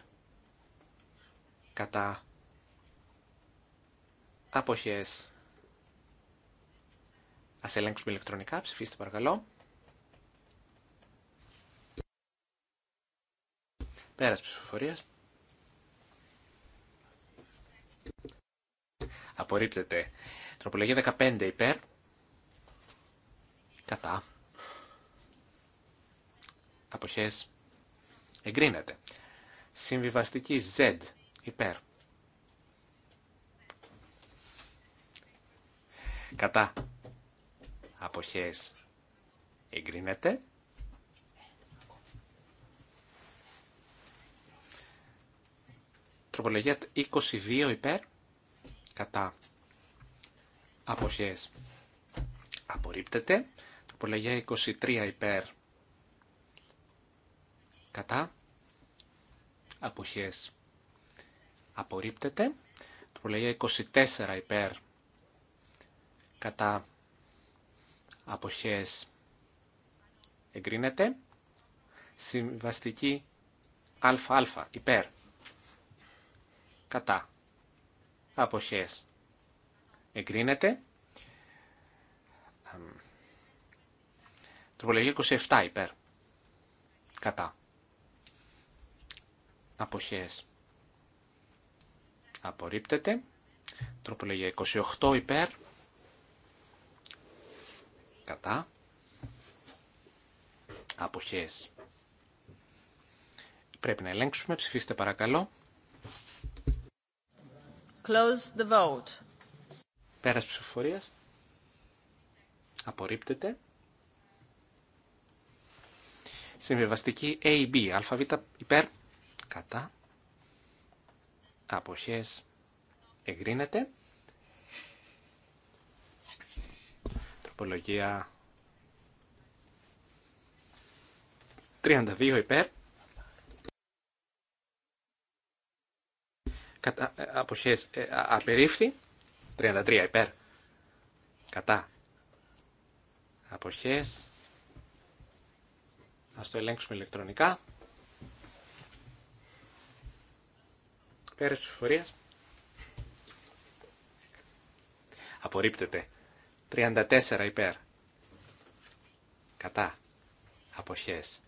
Speaker 4: κατά αποχές. Ας ελέγξουμε ηλεκτρονικά, ψηφίστε παρακαλώ. Πέρας ψηφοφορίας. Απορρίπτεται. Τροπολογία 15 υπέρ. Κατά. Αποχές. Εγκρίνεται. Συμβιβαστική Z υπέρ. Κατά. Αποχές. Εγκρίνεται. Τροπολογία 22 υπέρ. Κατά. Αποχές. Απορρίπτεται. Τροπολογία 23 υπέρ. Κατά. Αποχές. Απορρίπτεται. Τροπολογία 24 υπέρ. Κατά. Αποχές. Εγκρίνεται. Συμβαστική ΑΑ υπέρ κατά αποχές εγκρίνεται. Τροπολογία 27 υπέρ κατά αποχές απορρίπτεται. Τροπολογία 28 υπέρ κατά αποχές. Πρέπει να ελέγξουμε. Ψηφίστε παρακαλώ.
Speaker 1: Close the
Speaker 4: Πέρας ψηφοφορίας. Απορρίπτεται. Συμβιβαστική AB. ΑΒ υπέρ. Κατά. Αποχές. Εγκρίνεται. Τροπολογία 32 υπέρ. κατά, ε, αποχές ε, απερίφθη, 33 υπέρ, κατά, αποχές, ας το ελέγξουμε ηλεκτρονικά, Πέρε της ψηφορίας, απορρίπτεται, 34 υπέρ, κατά, αποχές,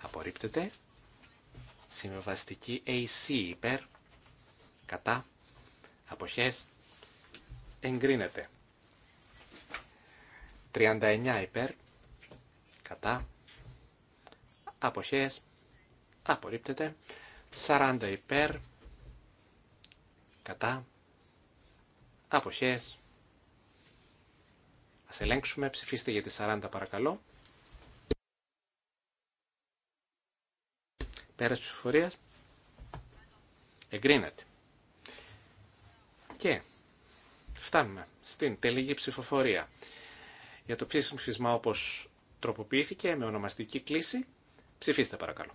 Speaker 4: απορρίπτεται, συμβαστική AC υπέρ, κατά, αποχές, εγκρίνεται. 39 υπέρ, κατά, αποχές, απορρίπτεται. 40 υπέρ, κατά, αποχές. Ας ελέγξουμε, ψηφίστε για τη 40 παρακαλώ. Πέρας ψηφοφορίας, εγκρίνεται. Και φτάνουμε στην τελική ψηφοφορία για το ψήφισμα όπως τροποποιήθηκε με ονομαστική κλίση. Ψηφίστε παρακαλώ.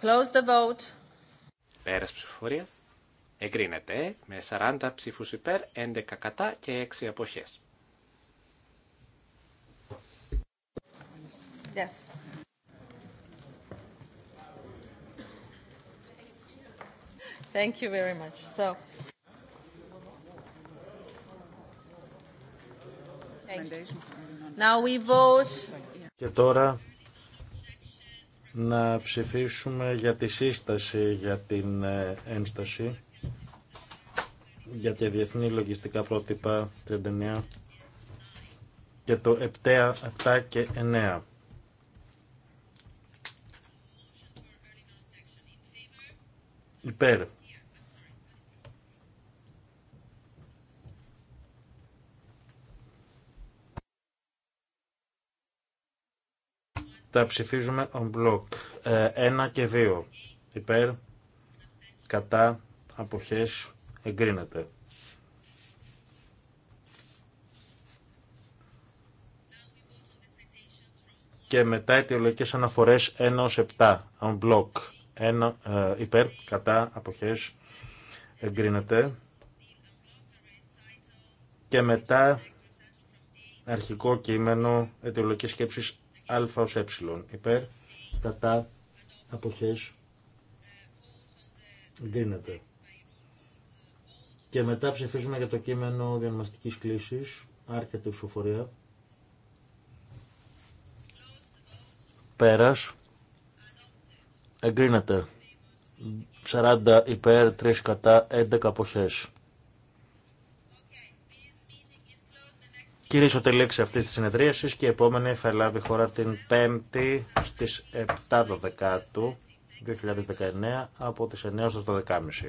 Speaker 1: Close the vote.
Speaker 4: Πέρας ψηφοφορίας. Εγκρίνεται με 40 ψήφους υπέρ, 11 κατά και 6 αποχές.
Speaker 2: Yes. Thank you very much. So, now we vote.
Speaker 3: Και τώρα να ψηφίσουμε για τη σύσταση για την ε, ένσταση για τα διεθνή λογιστικά πρότυπα 39 και το 7, 7 και 9. Υπέρ. Τα ψηφίζουμε on block. 1 ε, και 2. Υπέρ, κατά, αποχές, εγκρίνεται. Και μετά αιτιολογικές αναφορές 1 ως 7. On block. 1, ε, υπέρ, κατά, αποχές, εγκρίνεται. Και μετά αρχικό κείμενο αιτιολογικής σκέψης α ως ε. Υπέρ, κατά, αποχές, εγκρίνεται. Και μετά ψηφίζουμε για το κείμενο διανομαστικής κλίσης, άρχεται η ψηφοφορία. Πέρας, εγκρίνεται. 40 υπέρ, 3 κατά, 11 αποχές. Κυρίσω τη λέξη αυτή τη συνεδρίαση και η επόμενη θα λάβει χώρα την 5η στι 7 Δεκάτου 2019 από τι 9 ω 12.30.